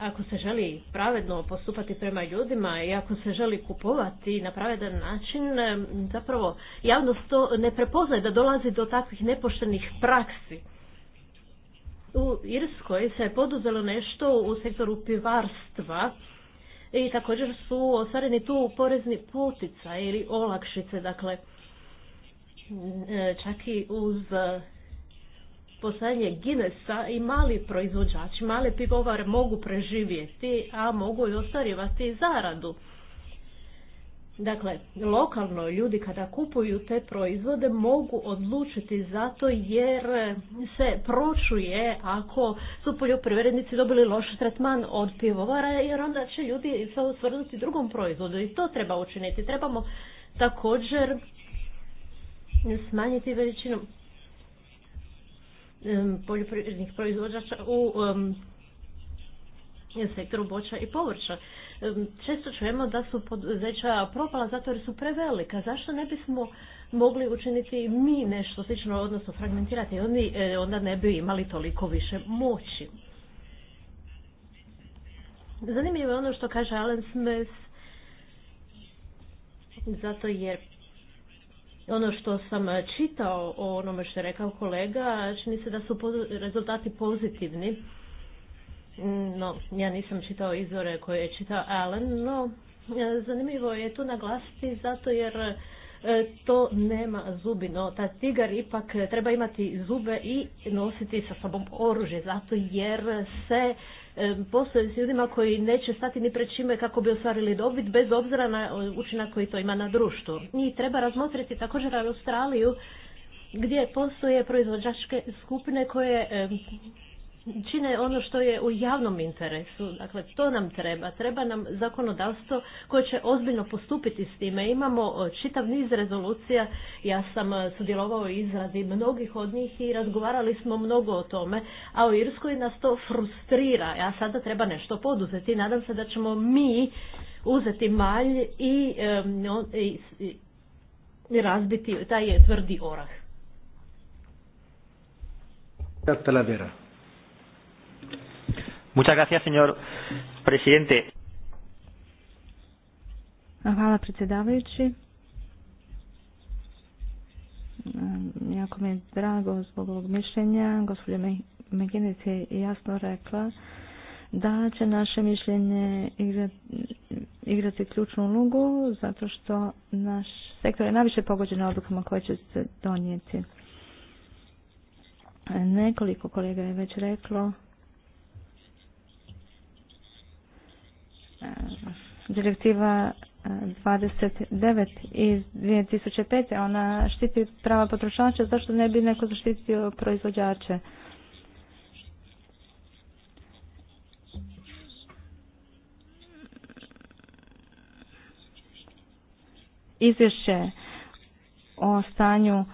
Ako se želi pravedno postupati prema ljudima i ako se želi kupovati na pravedan način, zapravo javnost to ne prepoznaje da dolazi do takvih nepoštenih praksi. U Irskoj se je poduzelo nešto u sektoru pivarstva i također su ostvareni tu porezni potica ili olakšice, dakle e, čak i uz poslanje Guinnessa i mali proizvođači, male pivovare mogu preživjeti, a mogu i ostvarivati zaradu. Dakle, lokalno ljudi kada kupuju te proizvode mogu odlučiti zato jer se pročuje ako su poljoprivrednici dobili loš tretman od pivovara jer onda će ljudi se osvrnuti drugom proizvodu i to treba učiniti. Trebamo također smanjiti veličinu poljoprivrednih proizvođača u sektoru boća i povrća. Često čujemo da su poduzeća propala zato jer su prevelika. Zašto ne bismo mogli učiniti mi nešto slično, odnosno fragmentirati? Oni e, onda ne bi imali toliko više moći. Zanimljivo je ono što kaže Alan Smith, zato jer ono što sam e, čitao o onome što je rekao kolega, čini se da su rezultati pozitivni. Mm, no, ja nisam čitao izvore koje je čitao Alan, no e, zanimljivo je tu naglasiti zato jer e, to nema zubi, no Ta tigar ipak treba imati zube i nositi sa sobom oružje zato jer se E, postoje s ljudima koji neće stati ni pred čime kako bi ostvarili dobit bez obzira na učinak koji to ima na društvo. I treba razmotriti također Australiju gdje postoje proizvođačke skupine koje e, čine ono što je u javnom interesu. Dakle, to nam treba. Treba nam zakonodavstvo koje će ozbiljno postupiti s time. Imamo e, čitav niz rezolucija. Ja sam e, sudjelovao u izradi mnogih od njih i razgovarali smo mnogo o tome, a u Irskoj nas to frustrira. A sada treba nešto poduzeti. Nadam se da ćemo mi uzeti malj i, e, razbiti taj tvrdi orah. Talavera. Muchas gracias, señor Hvala predsjedavajući. Ehm, jako mi je drago zbog ovog mišljenja. Gospođa McGinnis je jasno rekla da će naše mišljenje igrati, ključnu ulogu zato što naš sektor je najviše pogođen odlukama koje će se donijeti. Nekoliko kolega je već reklo direktiva 29 eh, iz 2005. Ona štiti prava potrošača, zašto ne bi neko zaštitio proizvođače? Izvješće o stanju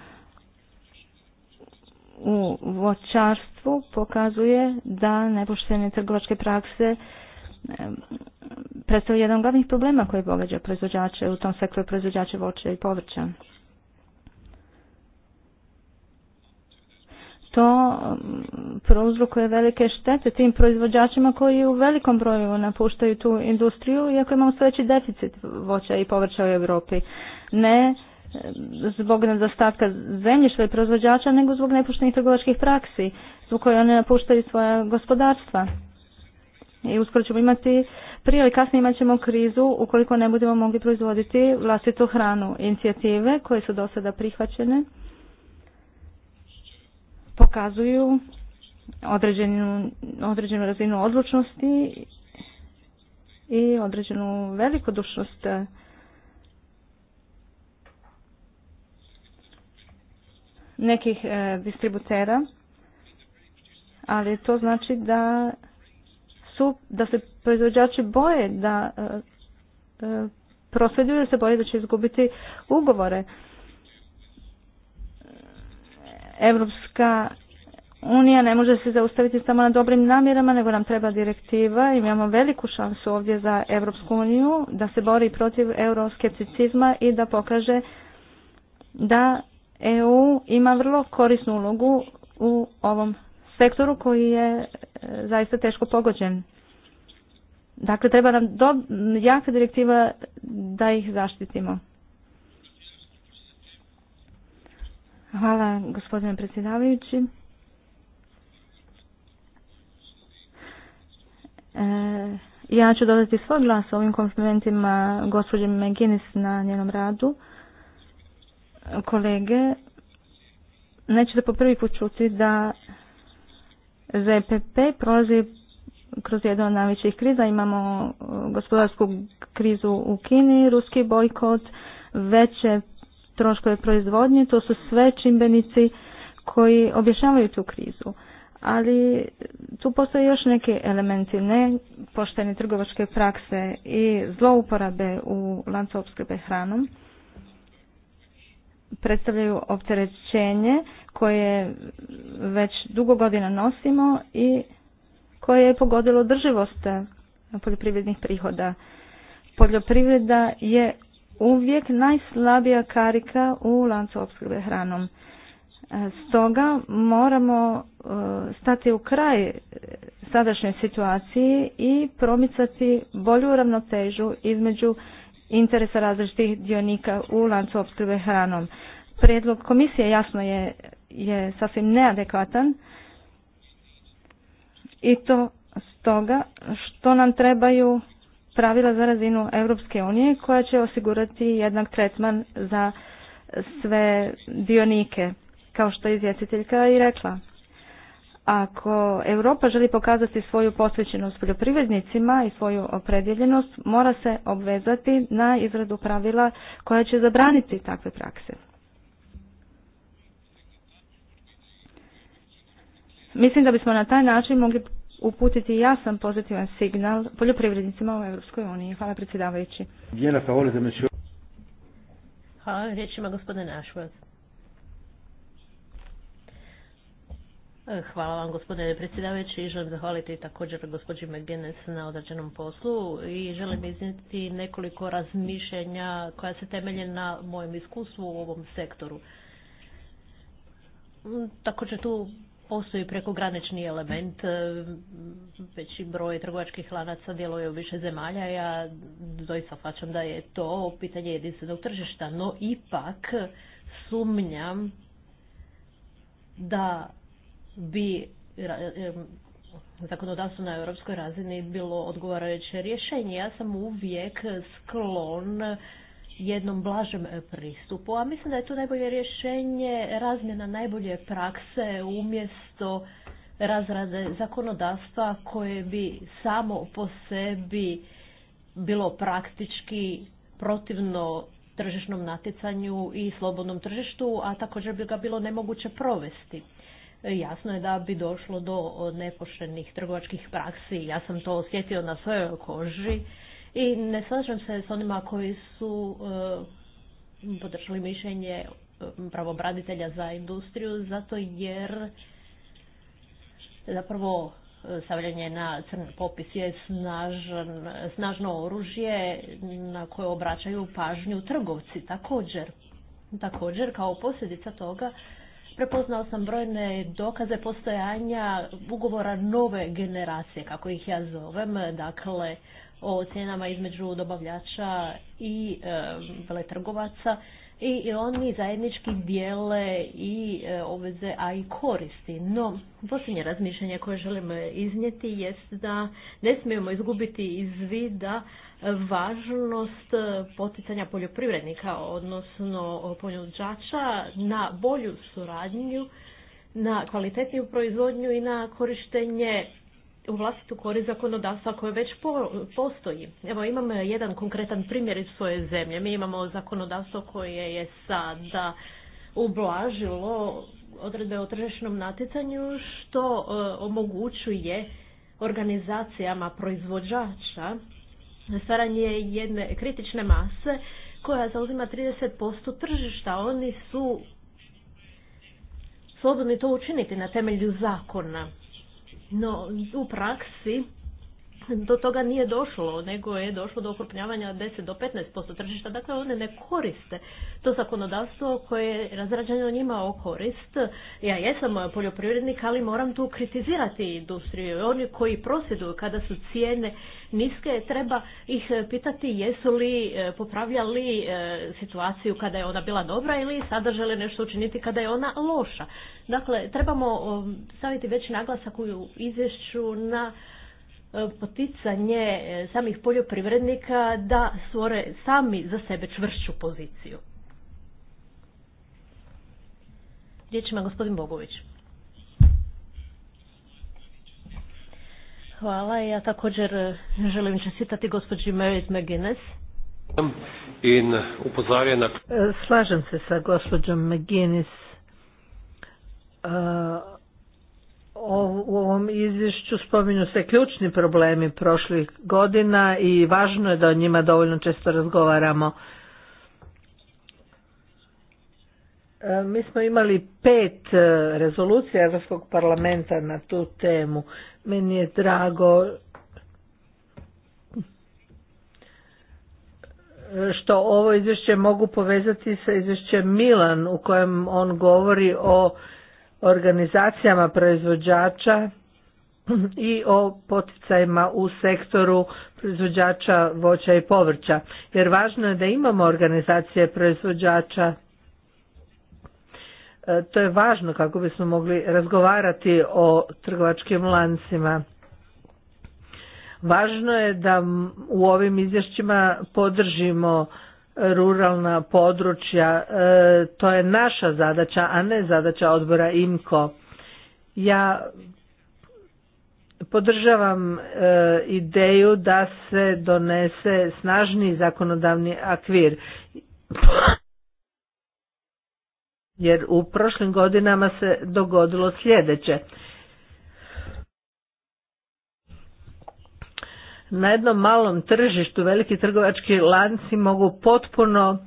u vočarstvu pokazuje da nepoštene trgovačke prakse predstavlja jedan od glavnih problema koji pogađa proizvođače u tom sektoru proizvođače voća i povrća. To mm, prouzrukuje velike štete tim proizvođačima koji u velikom broju napuštaju tu industriju, iako imamo sve veći deficit voća i povrća u Europi. Ne mm, zbog nedostatka zemljišta i proizvođača, nego zbog nepoštenih trgovačkih praksi, zbog koje one napuštaju svoja gospodarstva i uskoro ćemo imati, prije ili kasnije imat ćemo krizu ukoliko ne budemo mogli proizvoditi vlastitu hranu. Inicijative koje su do sada prihvaćene pokazuju određenu, određenu razinu odlučnosti i određenu velikodušnost nekih e, distributera, ali to znači da su, da se proizvođači boje da e, e, prosvjeduju da se boje da će izgubiti ugovore. Evropska Unija ne može se zaustaviti samo na dobrim namjerama, nego nam treba direktiva. Imamo veliku šansu ovdje za Europsku uniju da se bori protiv euroskepticizma i da pokaže da EU ima vrlo korisnu ulogu u ovom sektoru koji je e, zaista teško pogođen. Dakle, treba nam jaka direktiva da ih zaštitimo. Hvala gospodine predsjedavajući. E, ja ću dodati svoj glas ovim komplementima gospođe McGinnis na njenom radu. Kolege, se po prvi put čuti da ZPP e prolazi kroz jednu od najvećih kriza. Imamo uh, gospodarsku krizu u Kini, ruski bojkot, veće troškove proizvodnje. To su sve čimbenici koji objašnjavaju tu krizu. Ali tu postoje još neki elementi, nepoštene trgovačke prakse i zlouporabe u lancu opskrbe hranom predstavljaju opterećenje koje već dugo godina nosimo i koje je pogodilo drživost poljoprivrednih prihoda. Poljoprivreda je uvijek najslabija karika u lancu opskrbe hranom. Stoga moramo e, stati u kraj sadašnjoj situaciji i promicati bolju ravnotežu između interesa različitih dionika u lancu opskrbe hranom. Prijedlog komisije jasno je je sasvim neadekvatan i to stoga što nam trebaju pravila za razinu Europske unije koja će osigurati jednak tretman za sve dionike, kao što je izvjestiteljka i rekla. Ako Europa želi pokazati svoju posvećenost poljoprivrednicima i svoju opredjeljenost, mora se obvezati na izradu pravila koja će zabraniti takve prakse. Mislim da bismo na taj način mogli uputiti jasan pozitivan signal poljoprivrednicima u Europskoj uniji. Hvala predsjedavajući. Hvala, riječ ima gospodine Ašvac. Hvala vam gospodine predsjedavajući i želim zahvaliti također gospođi McGinnis na odrađenom poslu i želim iznijeti nekoliko razmišljenja koja se temelje na mojem iskustvu u ovom sektoru. Također tu postoji prekogranični element, e, veći broj trgovačkih lanaca djeluje u više zemalja, ja doista shvaćam da je to pitanje jedinstvenog tržišta, no ipak sumnjam da bi e, zakonodavstvo na europskoj razini bilo odgovarajuće rješenje. Ja sam uvijek sklon jednom blažem e, pristupu, a mislim da je to najbolje rješenje razmjena najbolje prakse umjesto razrade zakonodavstva koje bi samo po sebi bilo praktički protivno tržišnom natjecanju i slobodnom tržištu, a također bi ga bilo nemoguće provesti. E, jasno je da bi došlo do nepoštenih trgovačkih praksi, ja sam to osjetio na svojoj koži i ne slažem se s onima koji su e, podržali mišljenje e, pravobraditelja za industriju zato jer zapravo e, stavljanje na crni popis je snažan, snažno oružje na koje obraćaju pažnju trgovci također. Također kao posljedica toga prepoznao sam brojne dokaze postojanja ugovora nove generacije, kako ih ja zovem, dakle o cijenama između dobavljača i e, veletrgovaca i oni zajednički dijele i e, obveze, a i koristi. No, posljednje razmišljanje koje želim e, iznijeti jest da ne smijemo izgubiti iz vida važnost poticanja poljoprivrednika, odnosno ponuđača na bolju suradnju, na kvalitetniju proizvodnju i na korištenje u vlastitu korist zakonodavstva koje već postoji. Evo imam jedan konkretan primjer iz svoje zemlje. Mi imamo zakonodavstvo koje je sada ublažilo odredbe o tržišnom natjecanju što e, omogućuje organizacijama proizvođača stvaranje jedne kritične mase koja zauzima 30% tržišta. Oni su slobodni to učiniti na temelju zakona. No, u praksi do toga nije došlo, nego je došlo do okrupnjavanja 10 do 15% tržišta. Dakle, one ne koriste to zakonodavstvo koje je razrađeno njima o korist. Ja jesam poljoprivrednik, ali moram tu kritizirati industriju. Oni koji prosjeduju kada su cijene niske, treba ih pitati jesu li e, popravljali e, situaciju kada je ona bila dobra ili sada žele nešto učiniti kada je ona loša. Dakle, trebamo staviti veći naglasak u izvješću na E, poticanje e, samih poljoprivrednika da stvore sami za sebe čvršću poziciju. Riječ gospodin Bogović. Hvala. Ja također e, želim čestitati gospođi Merit McGuinness. Slažem se sa gospođom McGuinness u ovom izvješću spominju se ključni problemi prošlih godina i važno je da o njima dovoljno često razgovaramo. E, mi smo imali pet e, rezolucija Europskog parlamenta na tu temu. Meni je drago što ovo izvješće mogu povezati sa izvješćem Milan u kojem on govori o organizacijama proizvođača i o poticajima u sektoru proizvođača voća i povrća. Jer važno je da imamo organizacije proizvođača. E, to je važno kako bismo mogli razgovarati o trgovačkim lancima. Važno je da u ovim izvješćima podržimo ruralna područja. E, to je naša zadaća, a ne zadaća odbora IMKO. Ja podržavam e, ideju da se donese snažni zakonodavni akvir. Jer u prošlim godinama se dogodilo sljedeće. na jednom malom tržištu veliki trgovački lanci mogu potpuno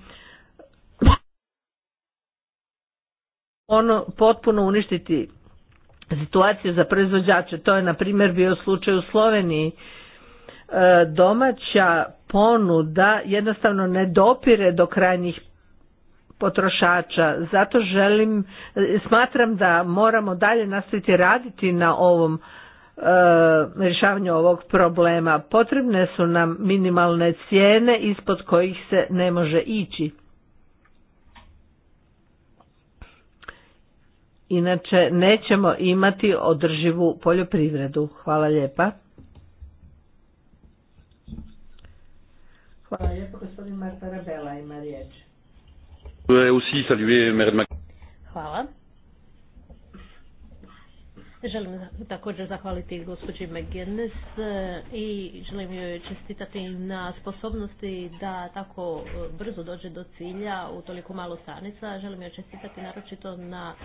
ono potpuno uništiti situaciju za proizvođače. To je na primjer bio slučaj u Sloveniji. E, domaća ponuda jednostavno ne dopire do krajnjih potrošača. Zato želim, e, smatram da moramo dalje nastaviti raditi na ovom E, rješavanju ovog problema. Potrebne su nam minimalne cijene ispod kojih se ne može ići. Inače nećemo imati održivu poljoprivredu. Hvala lijepa. Hvala Marta Rabela Želim također zahvaliti gospođi McGinnis e, i želim joj čestitati na sposobnosti da tako e, brzo dođe do cilja u toliko malo stanica. Želim joj čestitati naročito na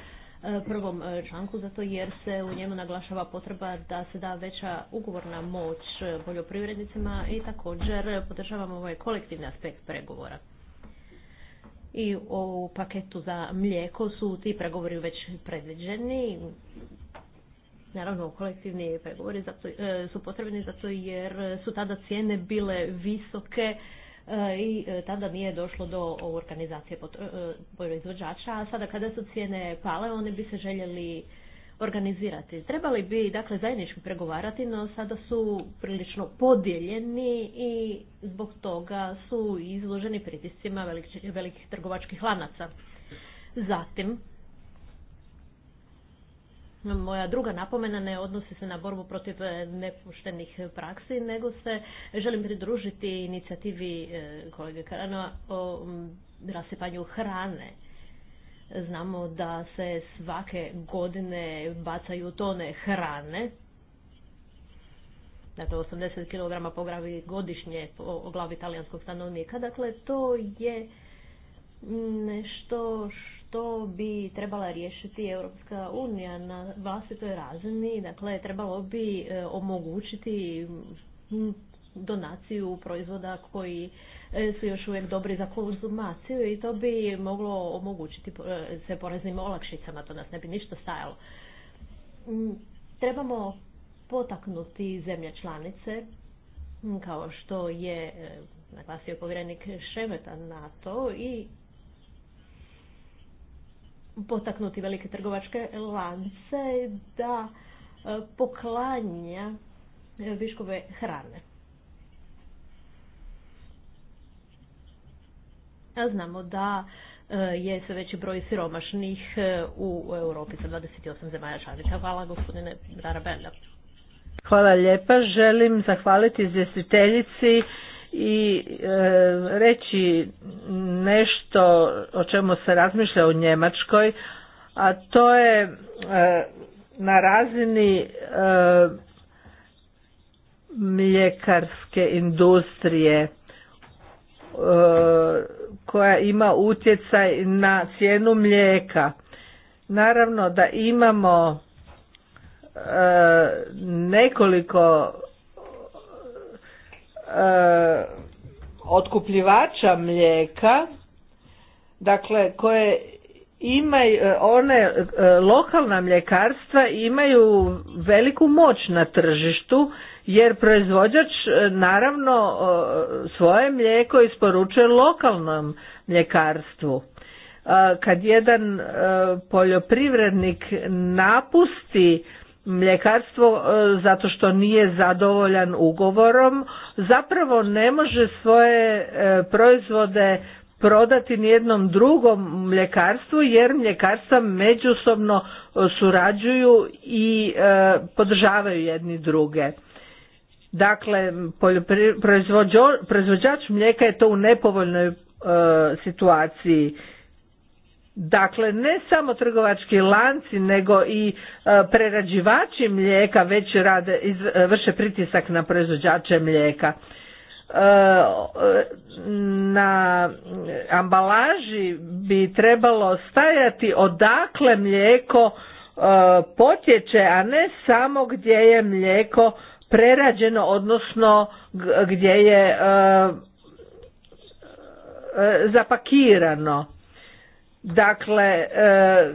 e, prvom članku, zato jer se u njemu naglašava potreba da se da veća ugovorna moć poljoprivrednicima i također podržavamo ovaj kolektivni aspekt pregovora. I u paketu za mlijeko su ti pregovori već predviđeni Naravno, kolektivni pregovori e, su potrebni zato jer su tada cijene bile visoke e, i e, tada nije došlo do organizacije proizvođača, a sada kada su cijene pale, oni bi se željeli organizirati. Trebali bi dakle zajednički pregovarati, no sada su prilično podijeljeni i zbog toga su izloženi pritiscima velikih, velikih trgovačkih lanaca. Zatim, moja druga napomena ne odnosi se na borbu protiv e, nepoštenih praksi, nego se želim pridružiti inicijativi e, kolege Karana o rasipanju hrane. Znamo da se svake godine bacaju tone hrane, dakle 80 kg po glavi godišnje po glavi talijanskog stanovnika. Dakle, to je nešto to bi trebala riješiti Europska unija na vlastitoj razini. Dakle, trebalo bi e, omogućiti donaciju proizvoda koji e, su još uvijek dobri za konzumaciju i to bi moglo omogućiti e, se poreznim olakšicama, to nas ne bi ništa stajalo. Trebamo potaknuti zemlje članice, kao što je naglasio povjerenik Šemeta na to i potaknuti velike trgovačke lance da e, poklanja e, viškove hrane. A znamo da e, je sve veći broj siromašnih u Europi sa 28 zemalja članica. Hvala gospodine Darabella. Hvala lijepa. Želim zahvaliti izvjestiteljici i e, reći nešto o čemu se razmišlja u Njemačkoj, a to je e, na razini e, mljekarske industrije e, koja ima utjecaj na cijenu mlijeka. Naravno da imamo nekoliko Eh, otkupljivača mlijeka, dakle koje imaju eh, one eh, lokalna mljekarstva imaju veliku moć na tržištu jer proizvođač naravno svoje mlijeko isporučuje lokalnom mljekarstvu. Kad jedan poljoprivrednik napusti mljekarstvo e, zato što nije zadovoljan ugovorom zapravo ne može svoje e, proizvode prodati nijednom drugom mljekarstvu jer mljekarstva međusobno e, surađuju i podržavaju jedni druge. Dakle, proizvođač mlijeka je to u nepovoljnoj situaciji Dakle, ne samo trgovački lanci, nego i e, prerađivači mlijeka već rade, e, vrše pritisak na proizvođače mlijeka. E, na ambalaži bi trebalo stajati odakle mlijeko potječe, a ne samo gdje je mlijeko prerađeno, odnosno gdje je zapakirano Dakle, e,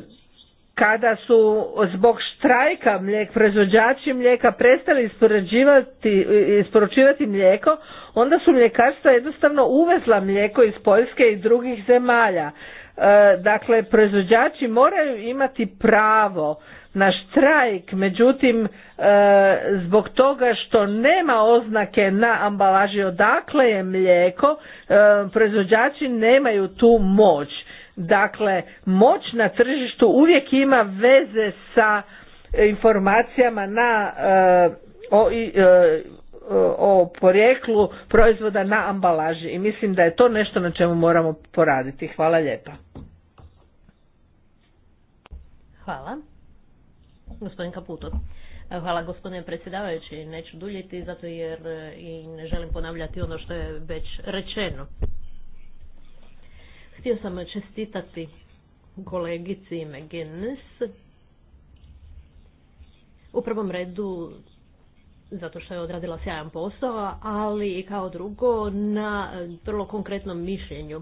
kada su zbog štrajka mlijek, proizvođači mlijeka prestali isporučivati mlijeko, onda su mljekarstva jednostavno uvezla mlijeko iz Poljske i drugih zemalja. E, dakle, proizvođači moraju imati pravo na štrajk, međutim e, zbog toga što nema oznake na ambalaži odakle je mlijeko, proizvođači nemaju tu moć. Dakle, moć na tržištu uvijek ima veze sa e, informacijama na, e, o, e, o porijeklu proizvoda na ambalaži i mislim da je to nešto na čemu moramo poraditi. Hvala lijepa. Hvala. Gospodin Kaputo. Hvala gospodine predsjedavajući. Neću duljiti zato jer i ne želim ponavljati ono što je već rečeno. Htio sam čestitati kolegici McGinnis u prvom redu zato što je odradila sjajan posao, ali i kao drugo na vrlo konkretnom mišljenju.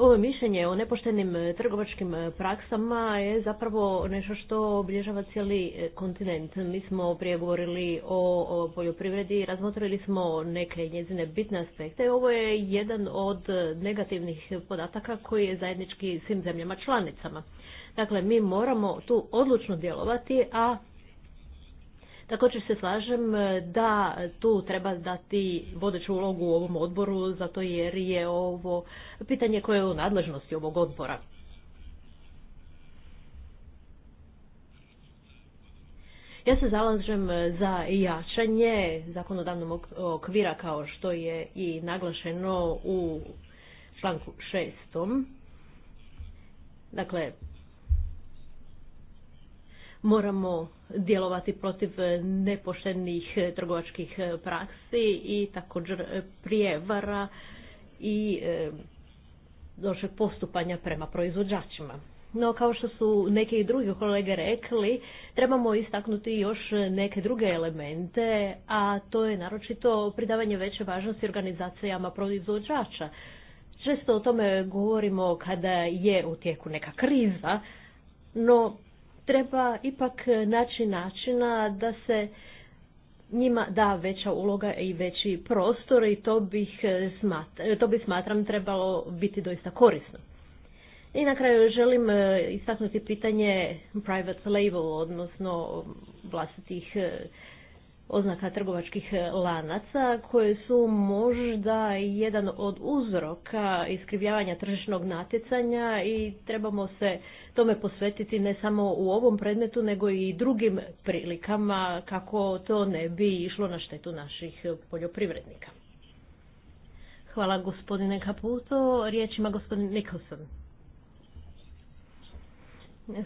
Ovo mišljenje o nepoštenim e, trgovačkim e, praksama je zapravo nešto što obilježava cijeli e, kontinent. Mi smo prije govorili o poljoprivredi, razmotrili smo neke njezine bitne aspekte. Ovo je jedan od negativnih podataka koji je zajednički svim zemljama članicama. Dakle, mi moramo tu odlučno djelovati, a Također se slažem e, da tu treba dati vodeću ulogu u ovom odboru, zato jer je ovo pitanje koje je u nadležnosti ovog odbora. Ja se zalažem e, za jačanje zakonodavnog okvira kao što je i naglašeno u članku šestom. Dakle, moramo djelovati protiv e, nepoštenih e, trgovačkih e, praksi i također prijevara i lošeg postupanja prema proizvođačima. No, kao što su neki i drugi kolege rekli, trebamo istaknuti još neke druge elemente, a to je naročito pridavanje veće važnosti organizacijama proizvođača. Često o tome govorimo kada je u tijeku neka kriza, no treba ipak naći načina da se njima da veća uloga i veći prostor i to, bih to bi smatram trebalo biti doista korisno. I na kraju želim e, istaknuti pitanje private label, odnosno vlastitih e, oznaka trgovačkih e, lanaca koje su možda jedan od uzroka iskrivljavanja tržišnog natjecanja i trebamo se tome posvetiti ne samo u ovom predmetu nego i drugim prilikama kako to ne bi išlo na štetu naših poljoprivrednika. Hvala gospodine Kaputo. Riječ ima gospodin Nikolson.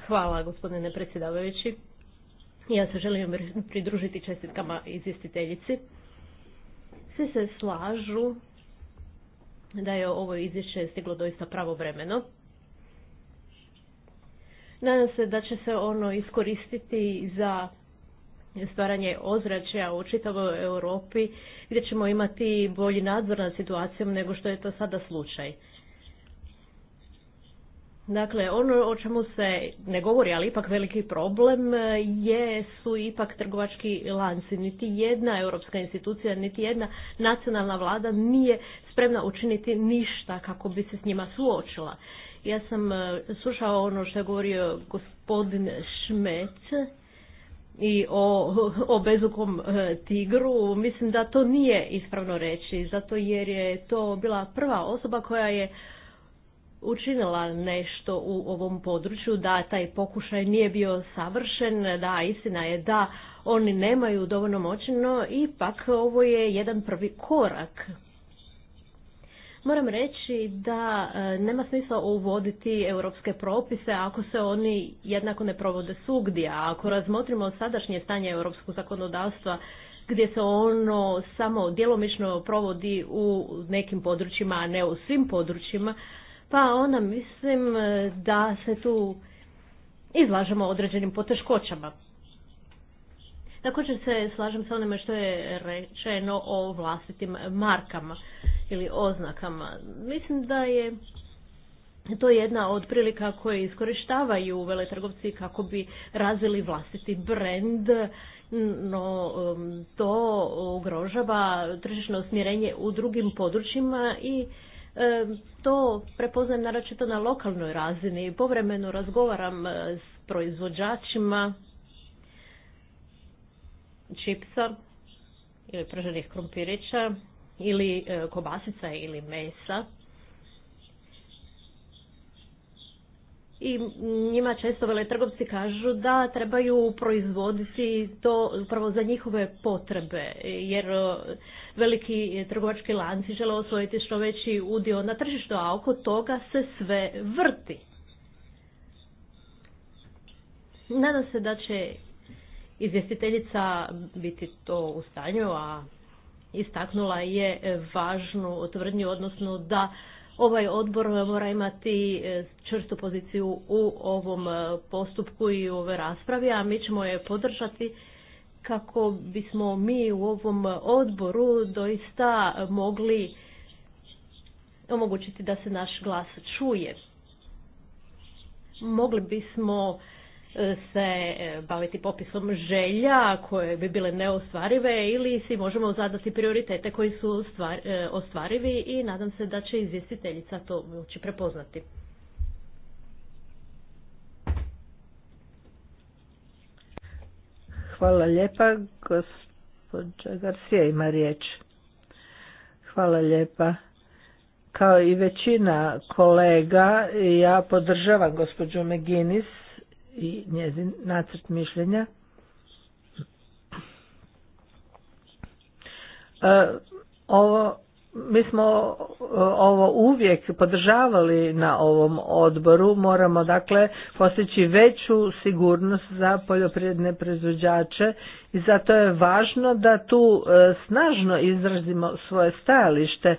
Hvala gospodine predsjedavajući. Ja se želim pridružiti čestitkama izvjestiteljici. Svi se slažu da je ovo izvješće stiglo doista pravovremeno. Nadam se da će se ono iskoristiti za stvaranje ozračja u čitavoj Europi gdje ćemo imati bolji nadzor nad situacijom nego što je to sada slučaj. Dakle, ono o čemu se ne govori, ali ipak veliki problem, e, je, su ipak trgovački lanci. Niti jedna europska institucija, niti jedna nacionalna vlada nije spremna učiniti ništa kako bi se s njima suočila. Ja sam e, slušao ono što je govorio gospodin Šmec i o, o bezukom e, tigru. Mislim da to nije ispravno reći, zato jer je to bila prva osoba koja je učinila nešto u ovom području, da taj pokušaj nije bio savršen, da istina je da oni nemaju dovoljno no ipak ovo je jedan prvi korak. Moram reći da e, nema smisla uvoditi europske propise ako se oni jednako ne provode svugdje. ako razmotrimo sadašnje stanje europskog zakonodavstva gdje se ono samo djelomično provodi u nekim područjima, a ne u svim područjima, pa ona, mislim da se tu izlažemo određenim poteškoćama. Također se slažem sa onime što je rečeno o vlastitim markama ili oznakama. Mislim da je to jedna od prilika koje iskorištavaju veletrgovci kako bi razvili vlastiti brend, no um, to ugrožava tržišno usmjerenje u drugim područjima i um, to prepoznajem naročito na lokalnoj razini. Povremeno razgovaram e, s proizvođačima čipsa ili prženih krumpirića ili e, kobasica ili mesa i njima često veletrgovci kažu da trebaju proizvoditi to upravo za njihove potrebe, jer e, veliki trgovački lanci žele osvojiti što veći udio na tržištu, a oko toga se sve vrti. Nadam se da će izvjestiteljica biti to u stanju, a istaknula je važnu otvrdnju, odnosno da ovaj odbor mora imati e, čvrstu poziciju u ovom e, postupku i u ovoj raspravi, a mi ćemo je podržati kako bismo mi u ovom odboru doista mogli omogućiti da se naš glas čuje. Mogli bismo se e, baviti popisom želja koje bi bile neostvarive ili si možemo zadati prioritete koji su e, ostvarivi i nadam se da će izvjestiteljica to moći prepoznati. Hvala lijepa. Gospođa Garcia ima riječ. Hvala lijepa. Kao i većina kolega, ja podržavam gospođu Meginis i njezin nacrt mišljenja. E, ovo, mi smo e, ovo uvijek podržavali na ovom odboru, moramo dakle postići veću sigurnost za poljoprivredne proizvođače i zato je važno da tu e, snažno izrazimo svoje stajalište.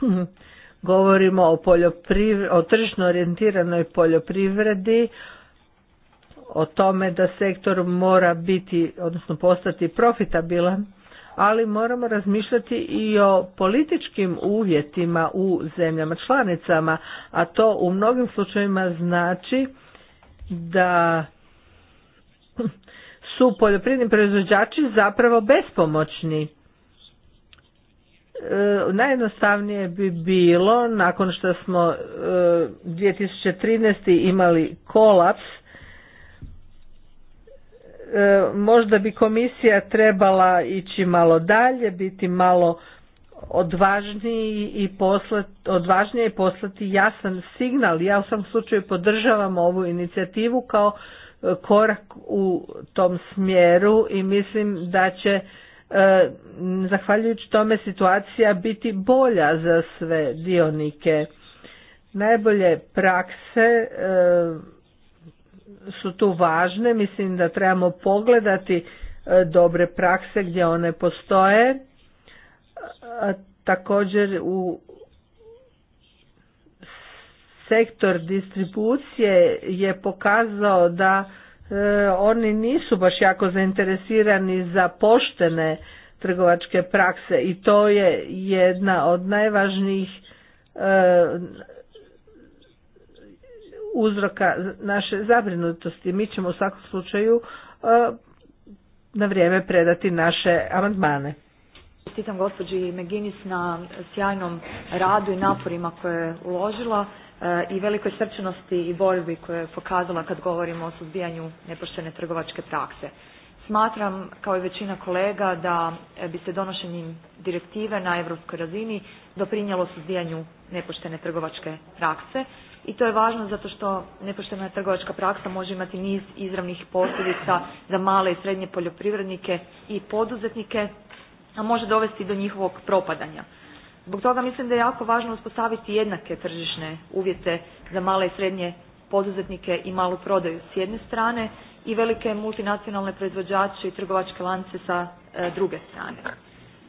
govorimo o, o tržno orijentiranoj poljoprivredi, o tome da sektor mora biti, odnosno postati profitabilan, ali moramo razmišljati i o političkim uvjetima u zemljama članicama, a to u mnogim slučajevima znači da su poljoprivredni proizvođači zapravo bespomoćni E, najjednostavnije bi bilo nakon što smo 2013. E, imali kolaps e, možda bi komisija trebala ići malo dalje, biti malo odvažniji i poslati, odvažnije i poslati jasan signal. Ja u svom slučaju podržavam ovu inicijativu kao korak u tom smjeru i mislim da će E, zahvaljujući tome situacija biti bolja za sve dionike. Najbolje prakse e, su tu važne, mislim da trebamo pogledati e, dobre prakse gdje one postoje. Također u sektor distribucije je pokazao da E, oni nisu baš jako zainteresirani za poštene trgovačke prakse i to je jedna od najvažnijih e, uzroka naše zabrinutosti. Mi ćemo u svakom slučaju e, na vrijeme predati naše amandmane. Čestitam gospođi Meginis na sjajnom radu i naporima koje je uložila i velikoj srčanosti i borbi koju je pokazala kad govorimo o suzbijanju nepoštene trgovačke prakse. Smatram, kao i većina kolega, da bi se donošenjem direktive na europskoj razini doprinjalo suzbijanju nepoštene trgovačke prakse i to je važno zato što nepoštena trgovačka praksa može imati niz izravnih posljedica za male i srednje poljoprivrednike i poduzetnike, a može dovesti do njihovog propadanja. Zbog toga mislim da je jako važno uspostaviti jednake tržišne uvjete za male i srednje poduzetnike i malu prodaju s jedne strane i velike multinacionalne proizvođače i trgovačke lance sa e, druge strane.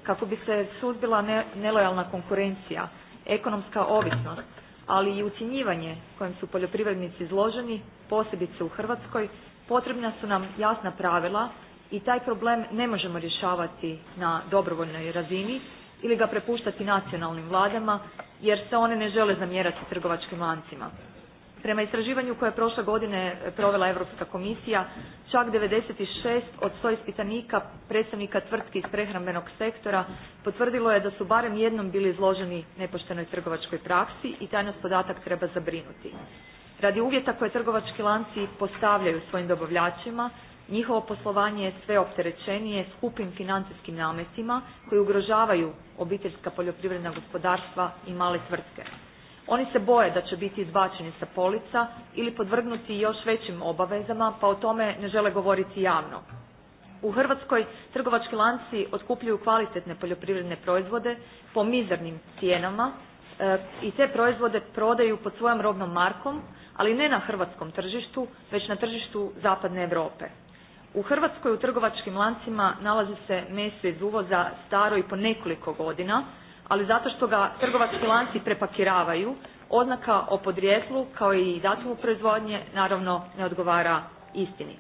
Kako bi se suzbila nelojalna konkurencija, ekonomska ovisnost, ali i ucjenjivanje kojem su poljoprivrednici izloženi, posebice u Hrvatskoj, potrebna su nam jasna pravila i taj problem ne možemo rješavati na dobrovoljnoj razini ili ga prepuštati nacionalnim vladama jer se one ne žele zamjerati trgovačkim lancima. Prema istraživanju koje je prošle godine provela Europska komisija, čak 96 od 100 ispitanika predstavnika tvrtki iz prehrambenog sektora potvrdilo je da su barem jednom bili izloženi nepoštenoj trgovačkoj praksi i taj nas podatak treba zabrinuti. Radi uvjeta koje trgovački lanci postavljaju svojim dobavljačima Njihovo poslovanje je sve opterećenije skupim financijskim nametima koji ugrožavaju obiteljska poljoprivredna gospodarstva i male tvrtke. Oni se boje da će biti izbačeni sa polica ili podvrgnuti još većim obavezama pa o tome ne žele govoriti javno. U Hrvatskoj trgovački lanci otkupljuju kvalitetne poljoprivredne proizvode po mizernim cijenama e, i te proizvode prodaju pod svojom robnom markom, ali ne na hrvatskom tržištu, već na tržištu zapadne Europe. U Hrvatskoj u trgovačkim lancima nalazi se meso iz uvoza staro i po nekoliko godina, ali zato što ga trgovački lanci prepakiravaju oznaka o podrijetlu kao i datumu proizvodnje naravno ne odgovara istini.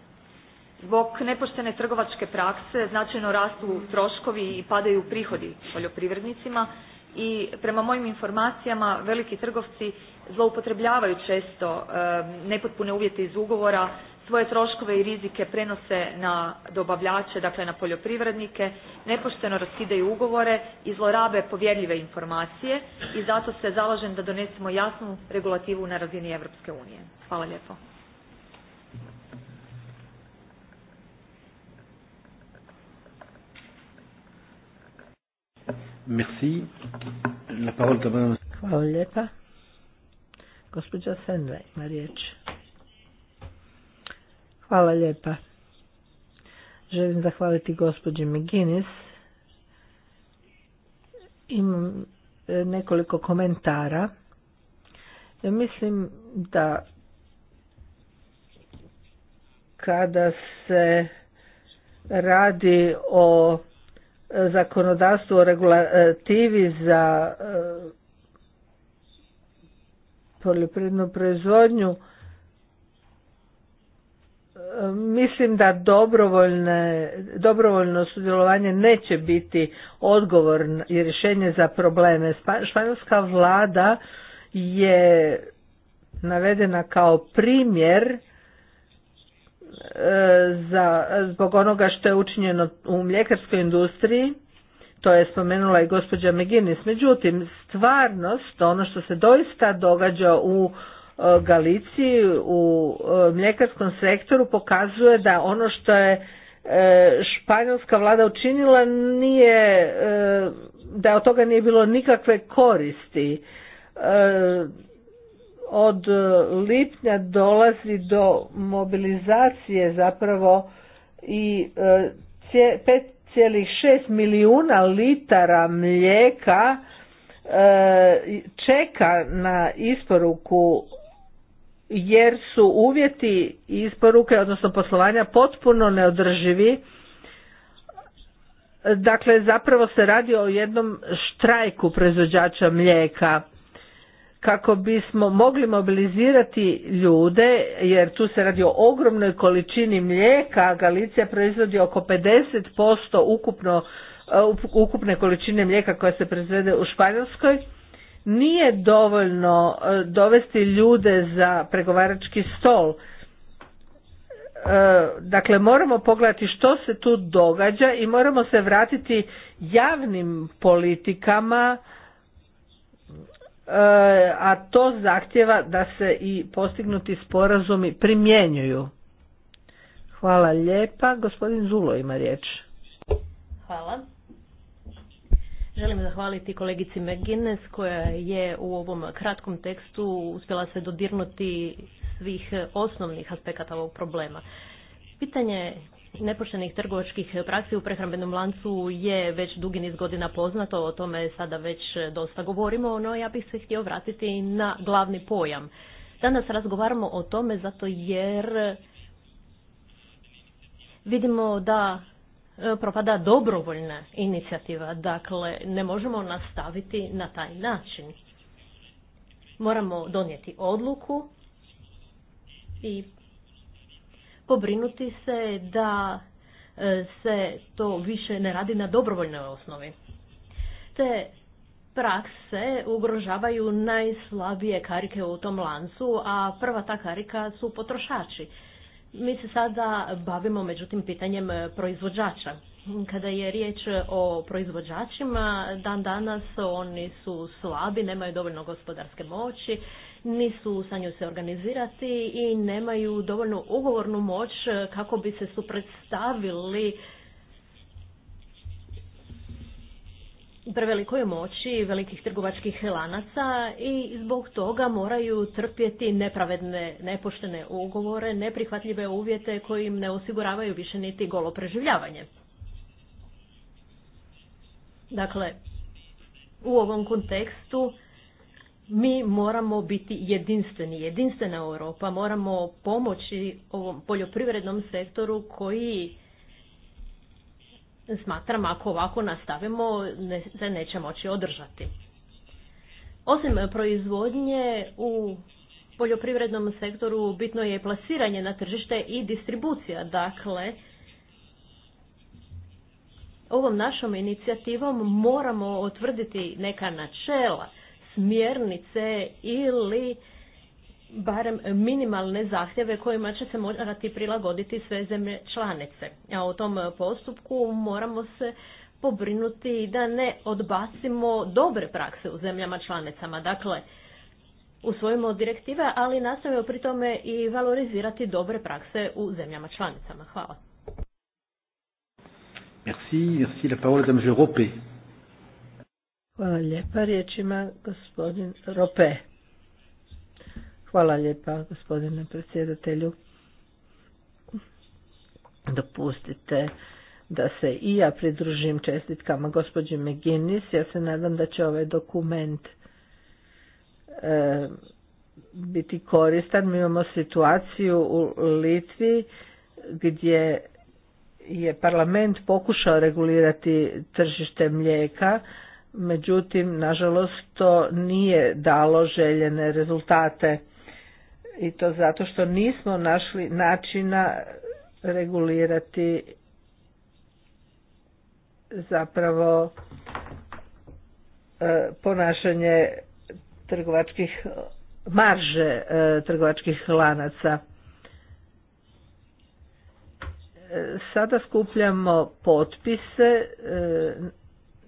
Zbog nepoštene trgovačke prakse značajno rastu troškovi i padaju prihodi poljoprivrednicima i prema mojim informacijama veliki trgovci zloupotrebljavaju često eh, nepotpune uvjete iz ugovora svoje troškove i rizike prenose na dobavljače, dakle na poljoprivrednike, nepošteno raskidaju ugovore i zlorabe povjerljive informacije i zato se zalažem da donesemo jasnu regulativu na razini Europske unije. Hvala lijepo. Hvala lijepa. Hvala lijepa. Želim zahvaliti gospođi McGinnis. Imam e, nekoliko komentara. Ja mislim da kada se radi o zakonodavstvu o regulativi za e, poljoprivrednu proizvodnju mislim da dobrovoljno sudjelovanje neće biti odgovor i rješenje za probleme. Španjolska vlada je navedena kao primjer e, za, zbog onoga što je učinjeno u mljekarskoj industriji, to je spomenula i gospođa McGinnis. Međutim, stvarnost, ono što se doista događa u E, Galiciji u e, mljekarskom sektoru pokazuje da ono što je e, španjolska vlada učinila nije, da od toga nije bilo nikakve koristi. Od lipnja dolazi do mobilizacije zapravo i 5,6 milijuna litara mlijeka čeka na isporuku jer su uvjeti isporuke, odnosno poslovanja, potpuno neodrživi. Dakle, zapravo se radi o jednom štrajku proizvođača mlijeka kako bismo mogli mobilizirati ljude, jer tu se radi o ogromnoj količini mlijeka, Galicija proizvodi oko 50% ukupno, e, ukupne količine mlijeka koja se proizvede u Španjolskoj nije dovoljno e, dovesti ljude za pregovarački stol. E, dakle, moramo pogledati što se tu događa i moramo se vratiti javnim politikama, e, a to zahtjeva da se i postignuti sporazumi primjenjuju. Hvala lijepa. Gospodin Zulo ima riječ. Hvala. Želim zahvaliti kolegici McGuinness koja je u ovom kratkom tekstu uspjela se dodirnuti svih osnovnih aspekata ovog problema. Pitanje nepoštenih trgovačkih praksi u prehrambenom lancu je već dugi niz godina poznato, o tome sada već dosta govorimo, no ja bih se htio vratiti na glavni pojam. Danas razgovaramo o tome zato jer vidimo da E, propada dobrovoljna inicijativa. Dakle, ne možemo nastaviti na taj način. Moramo donijeti odluku i pobrinuti se da e, se to više ne radi na dobrovoljnoj osnovi. Te prakse ugrožavaju najslabije karike u tom lancu, a prva ta karika su potrošači. Mi se sada bavimo međutim pitanjem e, proizvođača. Kada je riječ e, o proizvođačima, dan danas oni su slabi, nemaju dovoljno gospodarske moći, nisu u stanju se organizirati i nemaju dovoljnu ugovornu moć e, kako bi se suprotstavili prevelikoj moći velikih trgovačkih lanaca i zbog toga moraju trpjeti nepravedne, nepoštene ugovore, neprihvatljive uvjete koji im ne osiguravaju više niti golo preživljavanje. Dakle, u ovom kontekstu mi moramo biti jedinstveni, jedinstvena Europa, moramo pomoći ovom poljoprivrednom sektoru koji smatram ako ovako nastavimo ne, se neće moći održati. Osim proizvodnje u poljoprivrednom sektoru bitno je plasiranje na tržište i distribucija. Dakle, ovom našom inicijativom moramo otvrditi neka načela, smjernice ili barem minimalne zahtjeve kojima će se morati prilagoditi sve zemlje članice. A u tom postupku moramo se pobrinuti da ne odbacimo dobre prakse u zemljama članicama. Dakle, usvojimo direktive, ali nastavimo pri tome i valorizirati dobre prakse u zemljama članicama. Hvala. Merci, merci. La parole Hvala lijepa. Riječ ima gospodin Rope. Hvala lijepa gospodine predsjedatelju. Dopustite da se i ja pridružim čestitkama gospođi McGinnis. Ja se nadam da će ovaj dokument e, biti koristan. Mi imamo situaciju u Litvi gdje je parlament pokušao regulirati tržište mlijeka, međutim, nažalost, to nije dalo željene rezultate i to zato što nismo našli načina regulirati zapravo e, ponašanje trgovačkih marže e, trgovačkih lanaca. E, sada skupljamo potpise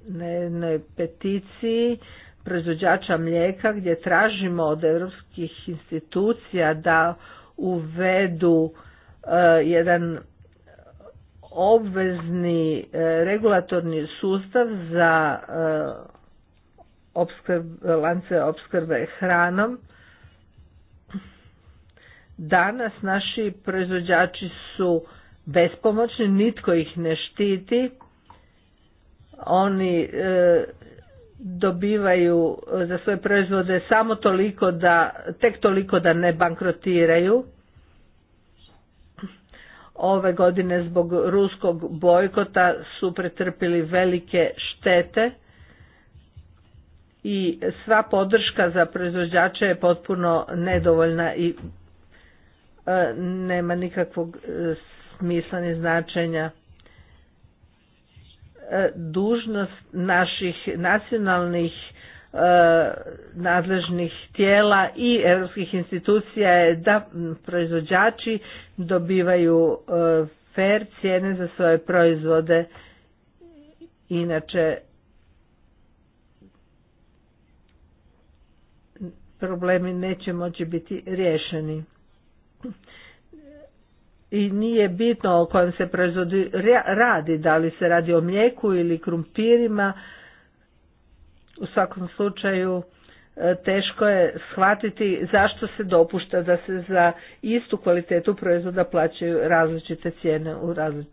na jednoj peticiji proizvođača mlijeka gdje tražimo od europskih institucija da uvedu e, jedan obvezni e, regulatorni sustav za e, lance opskrbe hranom. Danas naši proizvođači su bespomoćni, nitko ih ne štiti. Oni dobivaju e, za svoje proizvode samo toliko da, tek toliko da ne bankrotiraju. Ove godine zbog ruskog bojkota su pretrpili velike štete i sva podrška za proizvođače je potpuno nedovoljna i e, nema nikakvog e, smisla ni značenja. E, dužnost naših nacionalnih e, nadležnih tijela i europskih institucija je da proizvođači dobivaju e, fer cijene za svoje proizvode inače problemi neće moći biti riješeni i nije bitno o kojem se proizvodu radi, da li se radi o mlijeku ili krumpirima. U svakom slučaju e, teško je shvatiti zašto se dopušta da se za istu kvalitetu proizvoda plaćaju različite cijene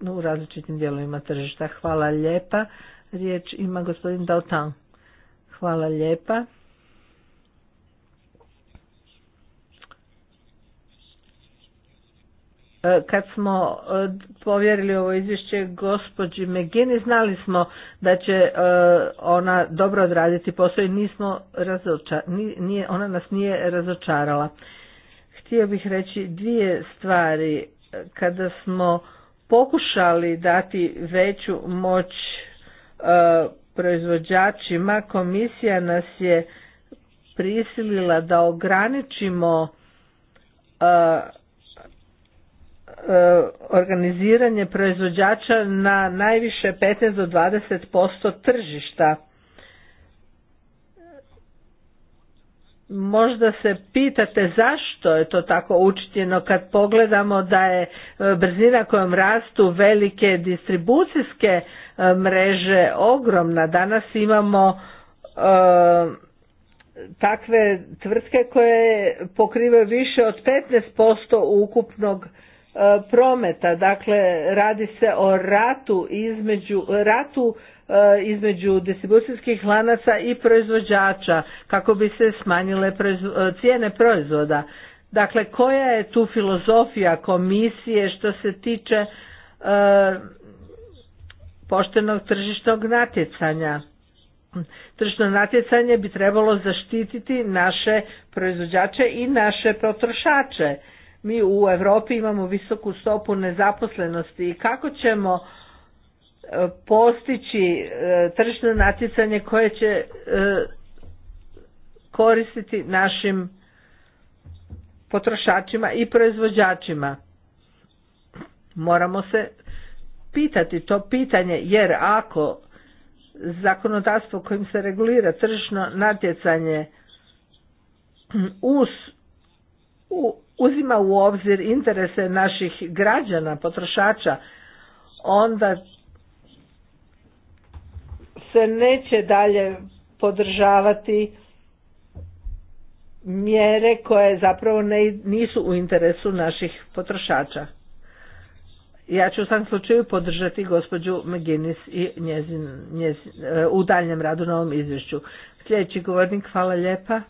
u različitim dijelovima tržišta. Hvala lijepa. Riječ ima gospodin Daltan. Hvala lijepa. E, kad smo e, povjerili ovo izvješće gospođi Megini, znali smo da će e, ona dobro odraditi posao i nismo nije, ona nas nije razočarala. Htio bih reći dvije stvari. Kada smo pokušali dati veću moć proizvođačima, komisija nas je prisilila da ograničimo E, organiziranje proizvođača na najviše 15 do 20% tržišta. Možda se pitate zašto je to tako učinjeno kad pogledamo da je e, brzina kojom rastu velike distribucijske e, mreže ogromna. Danas imamo takve tvrtke koje pokrivaju više od 15% ukupnog E, prometa. Dakle, radi se o ratu između, ratu e, između distribucijskih lanaca i proizvođača kako bi se smanjile e, cijene proizvoda. Dakle, koja je tu filozofija komisije što se tiče poštenog tržišnog natjecanja? Tržišno natjecanje bi trebalo zaštititi naše proizvođače i naše potrošače mi u Europi imamo visoku stopu nezaposlenosti i kako ćemo e, postići e, tržišno natjecanje koje će e, koristiti našim potrošačima i proizvođačima. Moramo se pitati to pitanje jer ako zakonodavstvo kojim se regulira tržišno natjecanje us u uzima u obzir interese naših građana, potrošača, onda se neće dalje podržavati mjere koje zapravo ne, nisu u interesu naših potrošača. Ja ću u svakom slučaju podržati gospođu McGinnis i njezin, njezin, e, u daljem radu na ovom izvješću. Sljedeći govornik, hvala lijepa.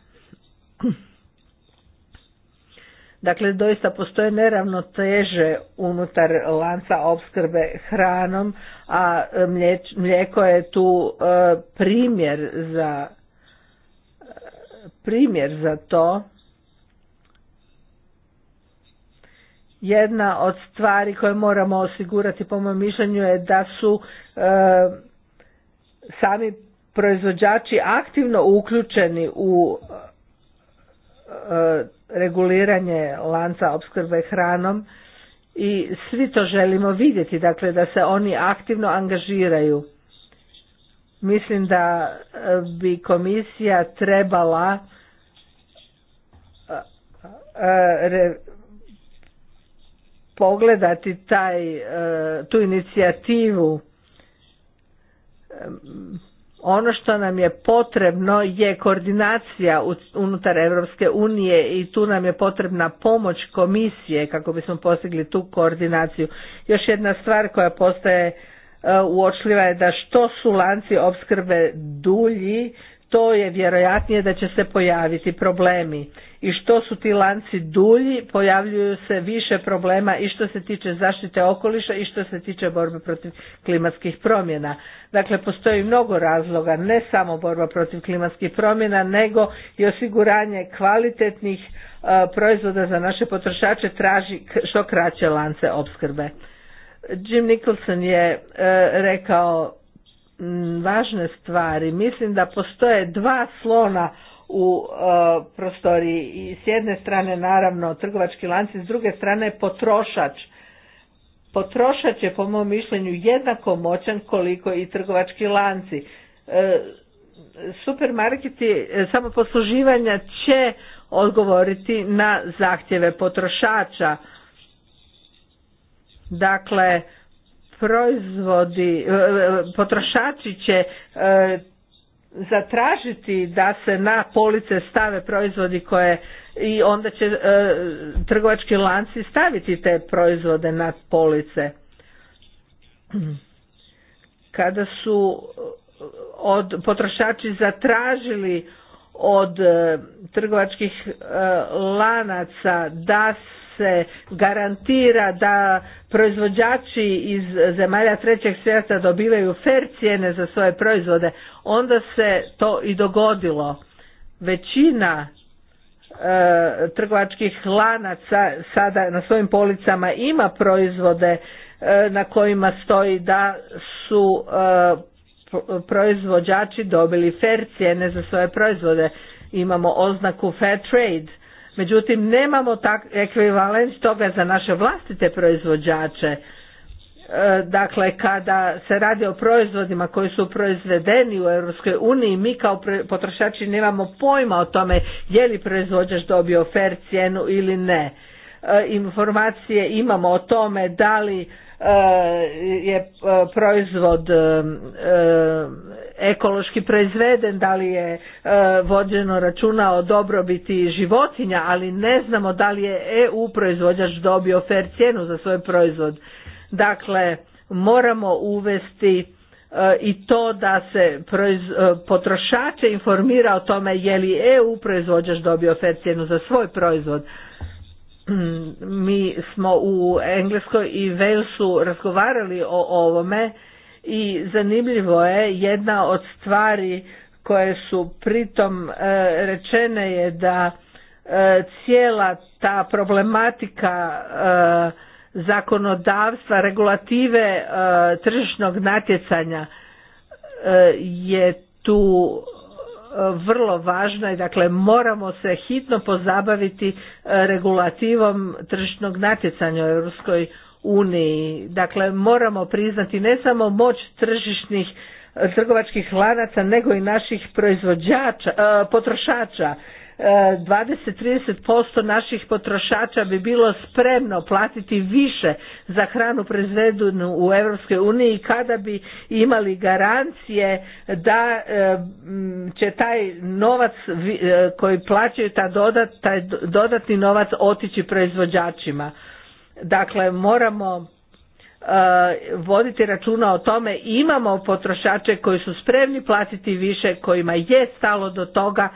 Dakle, doista postoje neravnoteže unutar lanca opskrbe hranom, a e, mlijeko je tu e, primjer za e, primjer za to. Jedna od stvari koje moramo osigurati po mom mišljenju je da su sami proizvođači aktivno uključeni u reguliranje lanca opskrbe hranom i svi to želimo vidjeti, dakle da se oni aktivno angažiraju. Mislim da e, bi komisija trebala e, pogledati taj, e, tu inicijativu ono što nam je potrebno je koordinacija unutar Europske unije i tu nam je potrebna pomoć komisije kako bismo postigli tu koordinaciju. Još jedna stvar koja postaje e, uočljiva je da što su lanci opskrbe dulji, to je vjerojatnije da će se pojaviti problemi. I što su ti lanci dulji, pojavljuju se više problema i što se tiče zaštite okoliša i što se tiče borbe protiv klimatskih promjena. Dakle, postoji mnogo razloga, ne samo borba protiv klimatskih promjena, nego i osiguranje kvalitetnih e, proizvoda za naše potrošače traži što kraće lance opskrbe. Jim Nicholson je e, rekao važne stvari. Mislim da postoje dva slona u e, prostoriji i s jedne strane naravno trgovački lanci, s druge strane potrošač. Potrošač je po mom mišljenju jednako moćan koliko i trgovački lanci. E, samo e, samoposluživanja će odgovoriti na zahtjeve potrošača. Dakle, proizvodi, e, e, potrošači će e, zatražiti da se na police stave proizvodi koje i onda će trgovački lanci staviti te proizvode na police. Kada su od potrošači zatražili od trgovačkih lanaca da se garantira da proizvođači iz zemalja trećeg svijeta dobivaju fer cijene za svoje proizvode, onda se to i dogodilo. Većina e, trgovačkih lanaca sada na svojim policama ima proizvode e, na kojima stoji da su e, proizvođači dobili fer cijene za svoje proizvode. Imamo oznaku fair trade Međutim, nemamo tak ekvivalent toga za naše vlastite proizvođače. E, dakle, kada se radi o proizvodima koji su proizvedeni u Europskoj uniji, mi kao potrošači nemamo pojma o tome je li proizvođač dobio fair cijenu ili ne. E, informacije imamo o tome da li je e, proizvod e, e, ekološki proizveden, da li je vođeno računa o dobrobiti životinja, ali ne znamo da li je EU proizvođač dobio fair cijenu za svoj proizvod. Dakle, moramo uvesti i to da se potrošače informira o tome je li EU proizvođač dobio fair cijenu za svoj proizvod Mm, mi smo u Engleskoj i Walesu razgovarali o ovome i zanimljivo je jedna od stvari koje su pritom e, rečene je da e, cijela ta problematika e, zakonodavstva, regulative tržišnog natjecanja je tu vrlo važna i dakle moramo se hitno pozabaviti e, regulativom tržišnog natjecanja u Europskoj uniji. Dakle moramo priznati ne samo moć tržišnih e, trgovačkih lanaca nego i naših proizvođača, e, potrošača 20-30% naših potrošača bi bilo spremno platiti više za hranu proizvedenu u EU uniji kada bi imali garancije da e, će taj novac e, koji plaćaju ta dodat, taj dodatni novac otići proizvođačima. Dakle, moramo e, voditi računa o tome imamo potrošače koji su spremni platiti više, kojima je stalo do toga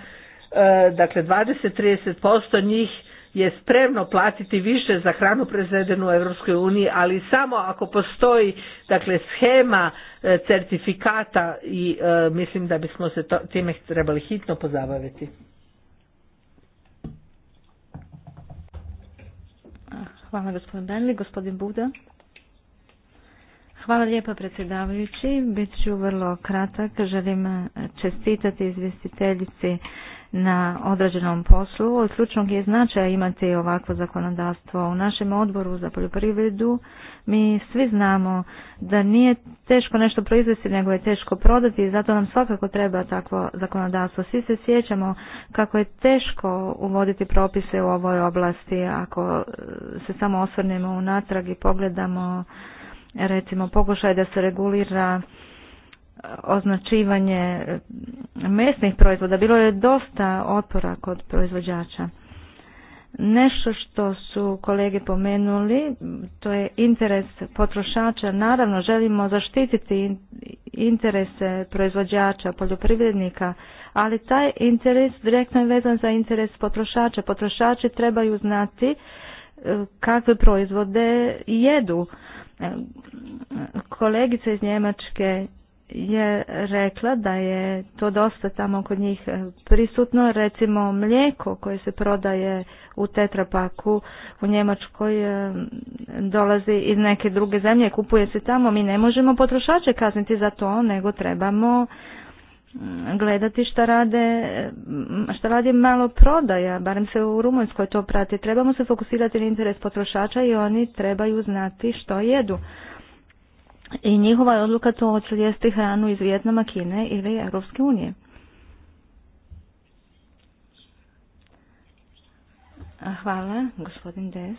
E, dakle 20-30% njih je spremno platiti više za hranu proizvedenu u Europskoj uniji, ali samo ako postoji dakle schema e, certifikata i e, mislim da bismo se to, time trebali hitno pozabaviti. Hvala gospodin Benli, gospodin Buda. Hvala lijepa predsjedavajući, bit ću vrlo kratak, želim čestitati izvjestiteljici na određenom poslu. Od slučnog je značaja imati ovakvo zakonodavstvo. U našem odboru za poljoprivredu mi svi znamo da nije teško nešto proizvesti, nego je teško prodati i zato nam svakako treba takvo zakonodavstvo. Svi se sjećamo kako je teško uvoditi propise u ovoj oblasti ako e, se samo osvrnemo unatrag i pogledamo recimo pokušaj da se regulira označivanje eh, mesnih proizvoda. Bilo je dosta otpora kod proizvođača. Nešto što su kolege pomenuli, to je interes potrošača. Naravno, želimo zaštititi interese proizvođača, poljoprivrednika, ali taj interes direktno je vezan za interes potrošača. Potrošači trebaju znati eh, kakve proizvode jedu. Eh, kolegice iz Njemačke je rekla da je to dosta tamo kod njih e, prisutno. Recimo mlijeko koje se prodaje u tetrapaku u Njemačkoj e, dolazi iz neke druge zemlje, kupuje se tamo. Mi ne možemo potrošače kazniti za to, nego trebamo mm, gledati šta rade, šta radi malo prodaja, barem se u Rumunjskoj to prati. Trebamo se fokusirati na interes potrošača i oni trebaju znati što jedu i njihova je odluka to hoće li jesti hranu iz Vijetnama, Kine ili Europske unije. Hvala, gospodin Des.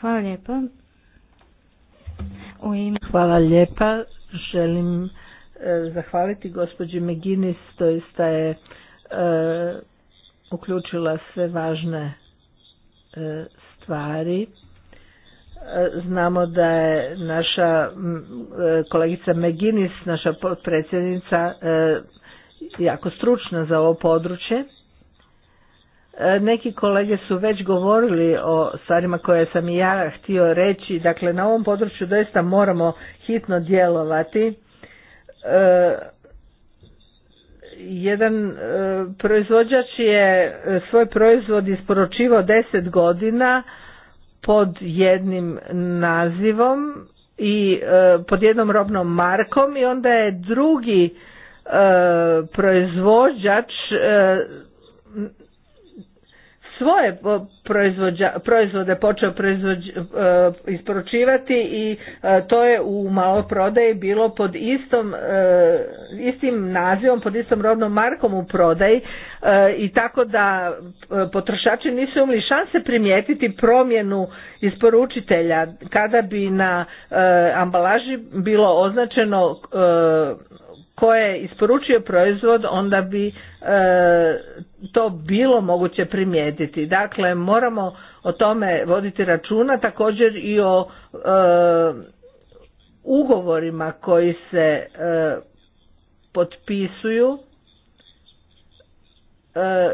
Hvala lijepa. U ime... Hvala lijepa. Želim e, zahvaliti gospođi Meginis, doista je e, uključila sve važne e, stvari. Znamo da je naša e, kolegica Meginis, naša predsjednica, e, jako stručna za ovo područje. E, neki kolege su već govorili o stvarima koje sam i ja htio reći. Dakle, na ovom području doista moramo hitno djelovati. Jedan proizvođač je svoj proizvod isporučivao deset godina, pod jednim nazivom i e, pod jednom robnom markom i onda je drugi e, proizvođač e, svoje proizvode počeo e, isporučivati i e, to je u maloprodaji bilo pod istom, e, istim nazivom, pod istom rodnom markom u prodaji i tako da potrošači nisu imali šanse primijetiti promjenu isporučitelja kada bi na ambalaži bilo označeno ko je isporučio proizvod onda bi to bilo moguće primijetiti. Dakle, moramo o tome voditi računa, također i o e, ugovorima koji se e, potpisuju. E,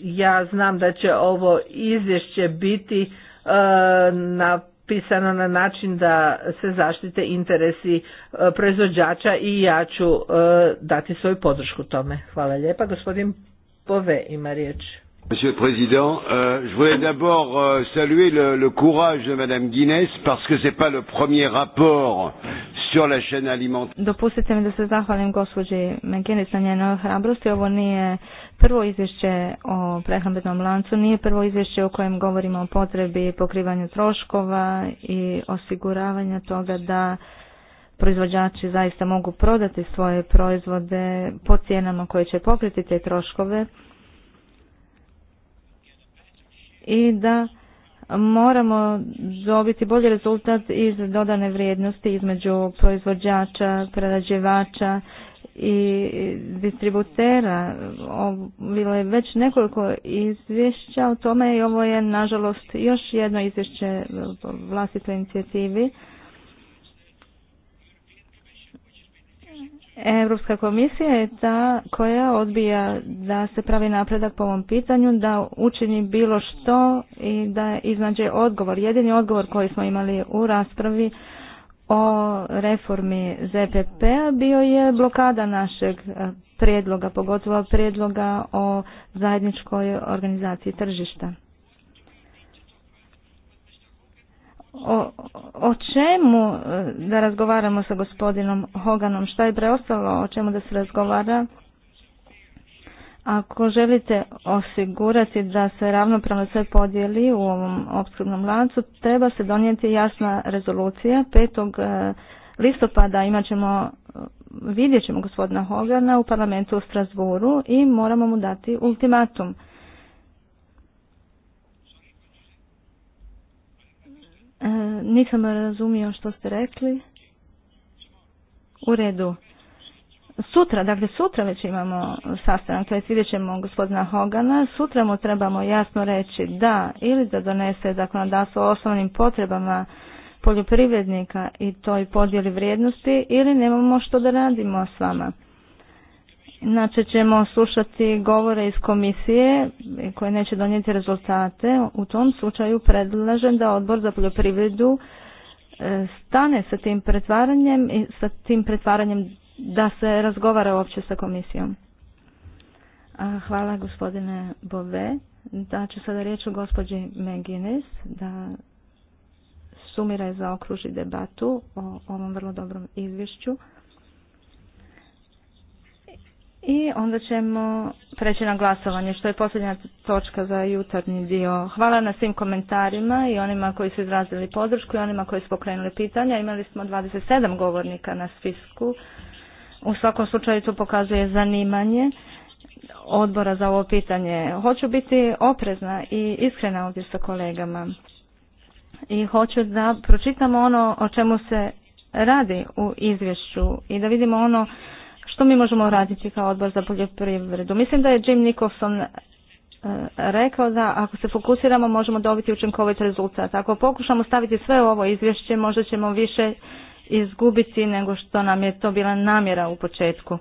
ja znam da će ovo izvješće biti napisano na način da se zaštite interesi proizvođača i ja ću dati svoju podršku tome. Hvala lijepa. Gospodin Pove ima riječ. Monsieur le Président, euh, je voulais d'abord euh, saluer le, le courage de Madame Guinness parce que ce n'est pas le premier rapport sur la chaîne alimentaire. Dopustite mi da se zahvalim gospođi McGuinness na njenoj hrabrosti. Ovo nije prvo izvješće o prehrambenom lancu, nije prvo izvješće o kojem govorimo o potrebi pokrivanju troškova i osiguravanja toga da uh, proizvođači zaista mogu prodati svoje proizvode po cijenama koje će pokriti te troškove i da moramo dobiti bolji rezultat iz dodane vrijednosti između proizvođača, prerađivača i distributera. Bilo je već nekoliko izvješća o tome i ovo je nažalost još jedno izvješće vlastitoj inicijativi Europska komisija je ta koja odbija da se pravi napredak po ovom pitanju, da učini bilo što i da iznađe odgovor. Jedini odgovor koji smo imali u raspravi o reformi ZPP p-a bio je blokada našeg eh, prijedloga, pogotovo prijedloga o zajedničkoj organizaciji tržišta. o, o čemu e, da razgovaramo sa gospodinom Hoganom, šta je preostalo, o čemu da se razgovara. Ako želite osigurati da se ravnopravno sve podijeli u ovom opskrbnom lancu, treba se donijeti jasna rezolucija. 5. E, listopada imat ćemo, e, vidjet ćemo gospodina Hogana u parlamentu u Strasburu i moramo mu dati ultimatum. E, nisam razumio što ste rekli. U redu. Sutra, dakle sutra već imamo sastanak, to je vidjet ćemo gospodina Hogana, sutra mu trebamo jasno reći da ili da donese zakonodavstvo o osnovnim potrebama poljoprivrednika i toj podjeli vrijednosti ili nemamo što da radimo s vama. Znači ćemo slušati govore iz komisije koje neće donijeti rezultate. U tom slučaju predlažem da odbor za poljoprivredu e, stane sa tim pretvaranjem i sa tim pretvaranjem da se razgovara uopće sa komisijom. Hvala gospodine Bove. Da ću sada riječ u gospođi Megines da sumira za okruži debatu o ovom vrlo dobrom izvješću. I onda ćemo preći na glasovanje, što je posljednja točka za jutarnji dio. Hvala na svim komentarima i onima koji su izrazili podršku i onima koji su pokrenuli pitanja. Imali smo 27 govornika na spisku. U svakom slučaju to pokazuje zanimanje odbora za ovo pitanje. Hoću biti oprezna i iskrena ovdje sa kolegama. I hoću da pročitamo ono o čemu se radi u izvješću i da vidimo ono što mi možemo raditi kao odbor za poljoprivredu. Mislim da je Jim Nicholson e, rekao da ako se fokusiramo možemo dobiti učinkovit rezultat. Ako pokušamo staviti sve ovo izvješće možda ćemo više izgubiti nego što nam je to bila namjera u početku.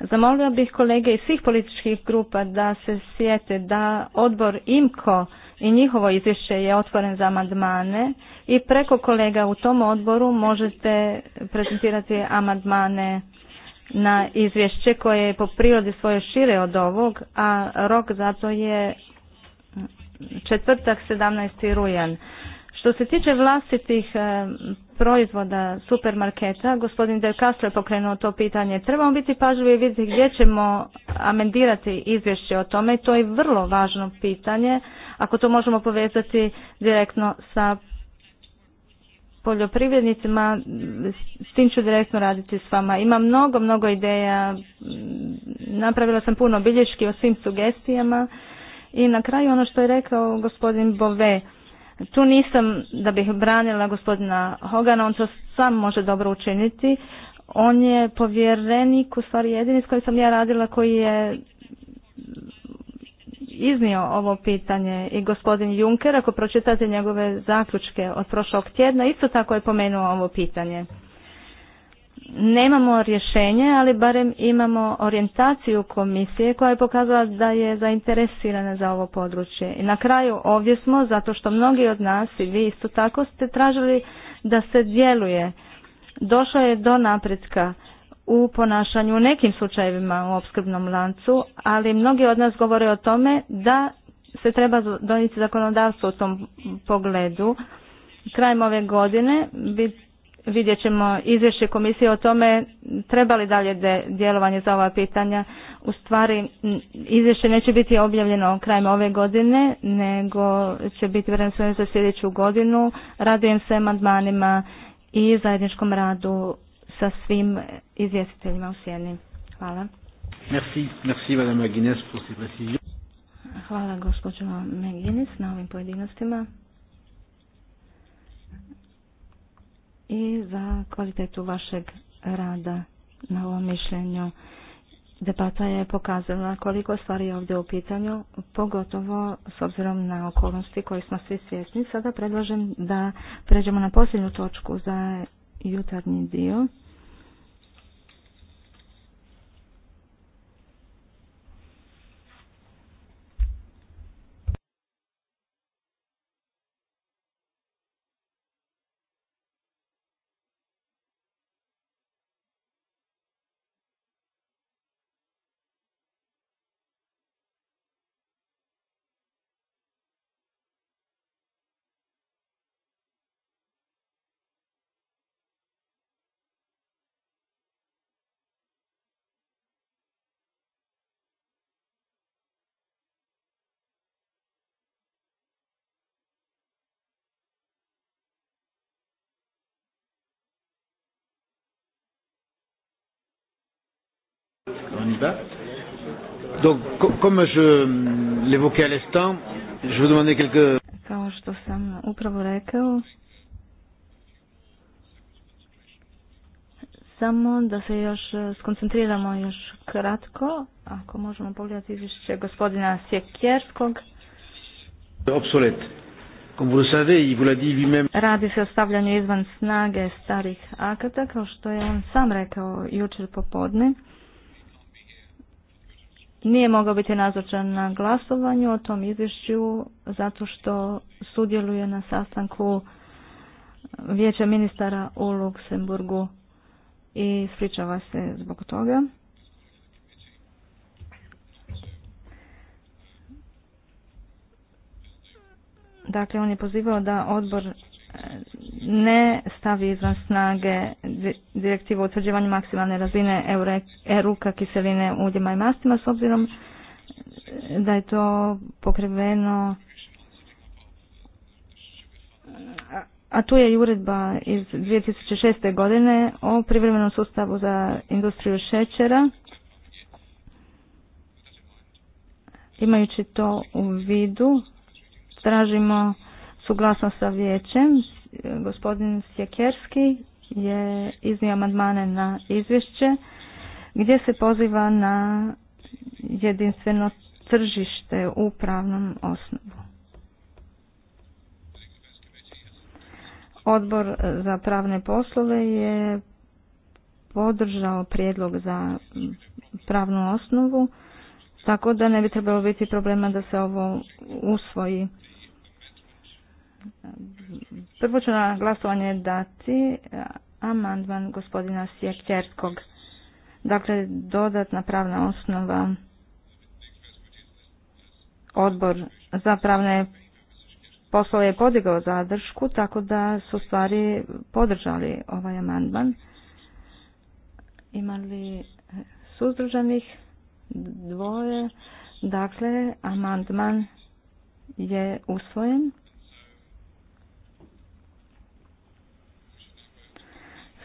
Zamolio bih kolege iz svih političkih grupa da se sjete da odbor IMKO i njihovo izvješće je otvoren za amandmane i preko kolega u tom odboru možete prezentirati amandmane na izvješće koje je po prirodi svoje šire od ovog, a rok za to je četvrtak 17. rujan. Što se tiče vlastitih e, proizvoda supermarketa, gospodin Del Castro je pokrenuo to pitanje. Trebamo biti pažljivi i vidjeti gdje ćemo amendirati izvješće o tome. To je vrlo važno pitanje, ako to možemo povezati direktno sa poljoprivrednicima, s tim ću direktno raditi s vama. Ima mnogo, mnogo ideja, napravila sam puno bilješki o svim sugestijama i na kraju ono što je rekao gospodin Bove, tu nisam da bih branila gospodina Hogana, on to sam može dobro učiniti. On je povjerenik, u stvari jedini s kojim sam ja radila, koji je iznio ovo pitanje i gospodin Juncker, ako pročitate njegove zaključke od prošlog tjedna, isto tako je pomenuo ovo pitanje. Nemamo rješenje, ali barem imamo orijentaciju komisije koja je pokazala da je zainteresirana za ovo područje. I na kraju ovdje smo zato što mnogi od nas i vi isto tako ste tražili da se djeluje. Došlo je do napretka u ponašanju u nekim slučajevima u opskrbnom lancu, ali mnogi od nas govore o tome da se treba donijeti zakonodavstvo u tom pogledu. Krajem ove godine vidjet ćemo izvješće komisije o tome treba li dalje djelovanje za ova pitanja. U stvari izvješće neće biti objavljeno krajem ove godine, nego će biti vremenstveno za sljedeću godinu. Radujem se amandmanima i zajedničkom radu sa svim izvjestiteljima u sjeni. Hvala. Merci, merci Hvala gospođo Meginis na ovim pojedinostima i za kvalitetu vašeg rada na ovom mišljenju. Debata je pokazala koliko stvari je ovdje u pitanju, pogotovo s obzirom na okolnosti koje smo svi svjesni. Sada predlažem da pređemo na posljednju točku za jutarnji dio. Donc, comme je l'évoquais à l'instant, je vous demandais quelques... Kao što sam upravo rekao, samo da se još skoncentriramo još kratko, ako možemo pogledati izvješće gospodina Sjekjerskog. Obsolet. Comme vous le savez, Radi se o stavljanju izvan snage starih akata, kao što je on sam rekao jučer popodne nije mogao biti nazočan na glasovanju o tom izvješću zato što sudjeluje na sastanku vijeća ministara u Luksemburgu i spričava se zbog toga. Dakle, on je pozivao da odbor ne stavi izvan snage direktivu o utvrđivanju maksimalne razine eruka kiseline u i mastima s obzirom da je to pokriveno a tu je i uredba iz 2006. godine o privremenom sustavu za industriju šećera. Imajući to u vidu, tražimo suglasnost sa vijećem gospodin Sjekerski je iznio amandmane na izvješće gdje se poziva na jedinstveno tržište u pravnom osnovu. Odbor za pravne poslove je podržao prijedlog za pravnu osnovu, tako da ne bi trebalo biti problema da se ovo usvoji. Prvo ću na glasovanje dati eh, amandman gospodina Sjećerskog. Dakle, dodatna pravna osnova odbor za pravne poslove je podigao zadršku, tako da su stvari podržali ovaj amandman. Imali eh, suzdržanih dvoje, dakle, amandman je usvojen.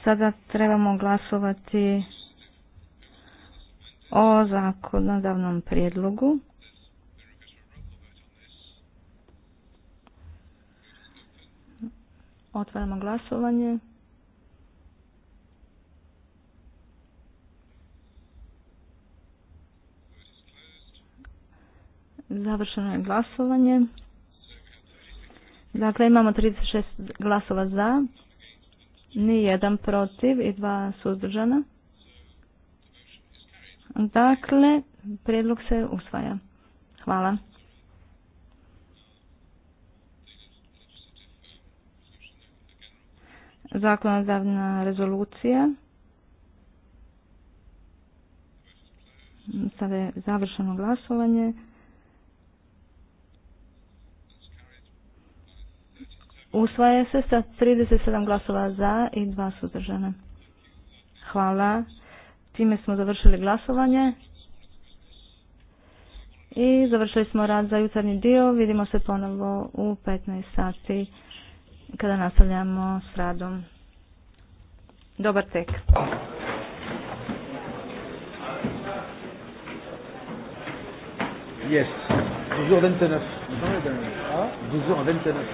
Sada trebamo glasovati o zakonodavnom prijedlogu. Otvaramo glasovanje. Završeno je glasovanje. Dakle, imamo 36 glasova za, ni jedan protiv i dva suzdržana. Dakle, prijedlog se usvaja. Hvala. Zakonodavna rezolucija. Sada je završeno glasovanje. Usvaja se sa 37 glasova za i 2 suzdržana. Hvala. Time smo završili glasovanje. I završili smo rad za jutarnji dio. Vidimo se ponovo u 15 sati kada nastavljamo s radom. Dobar tek. Yes. 12 29 29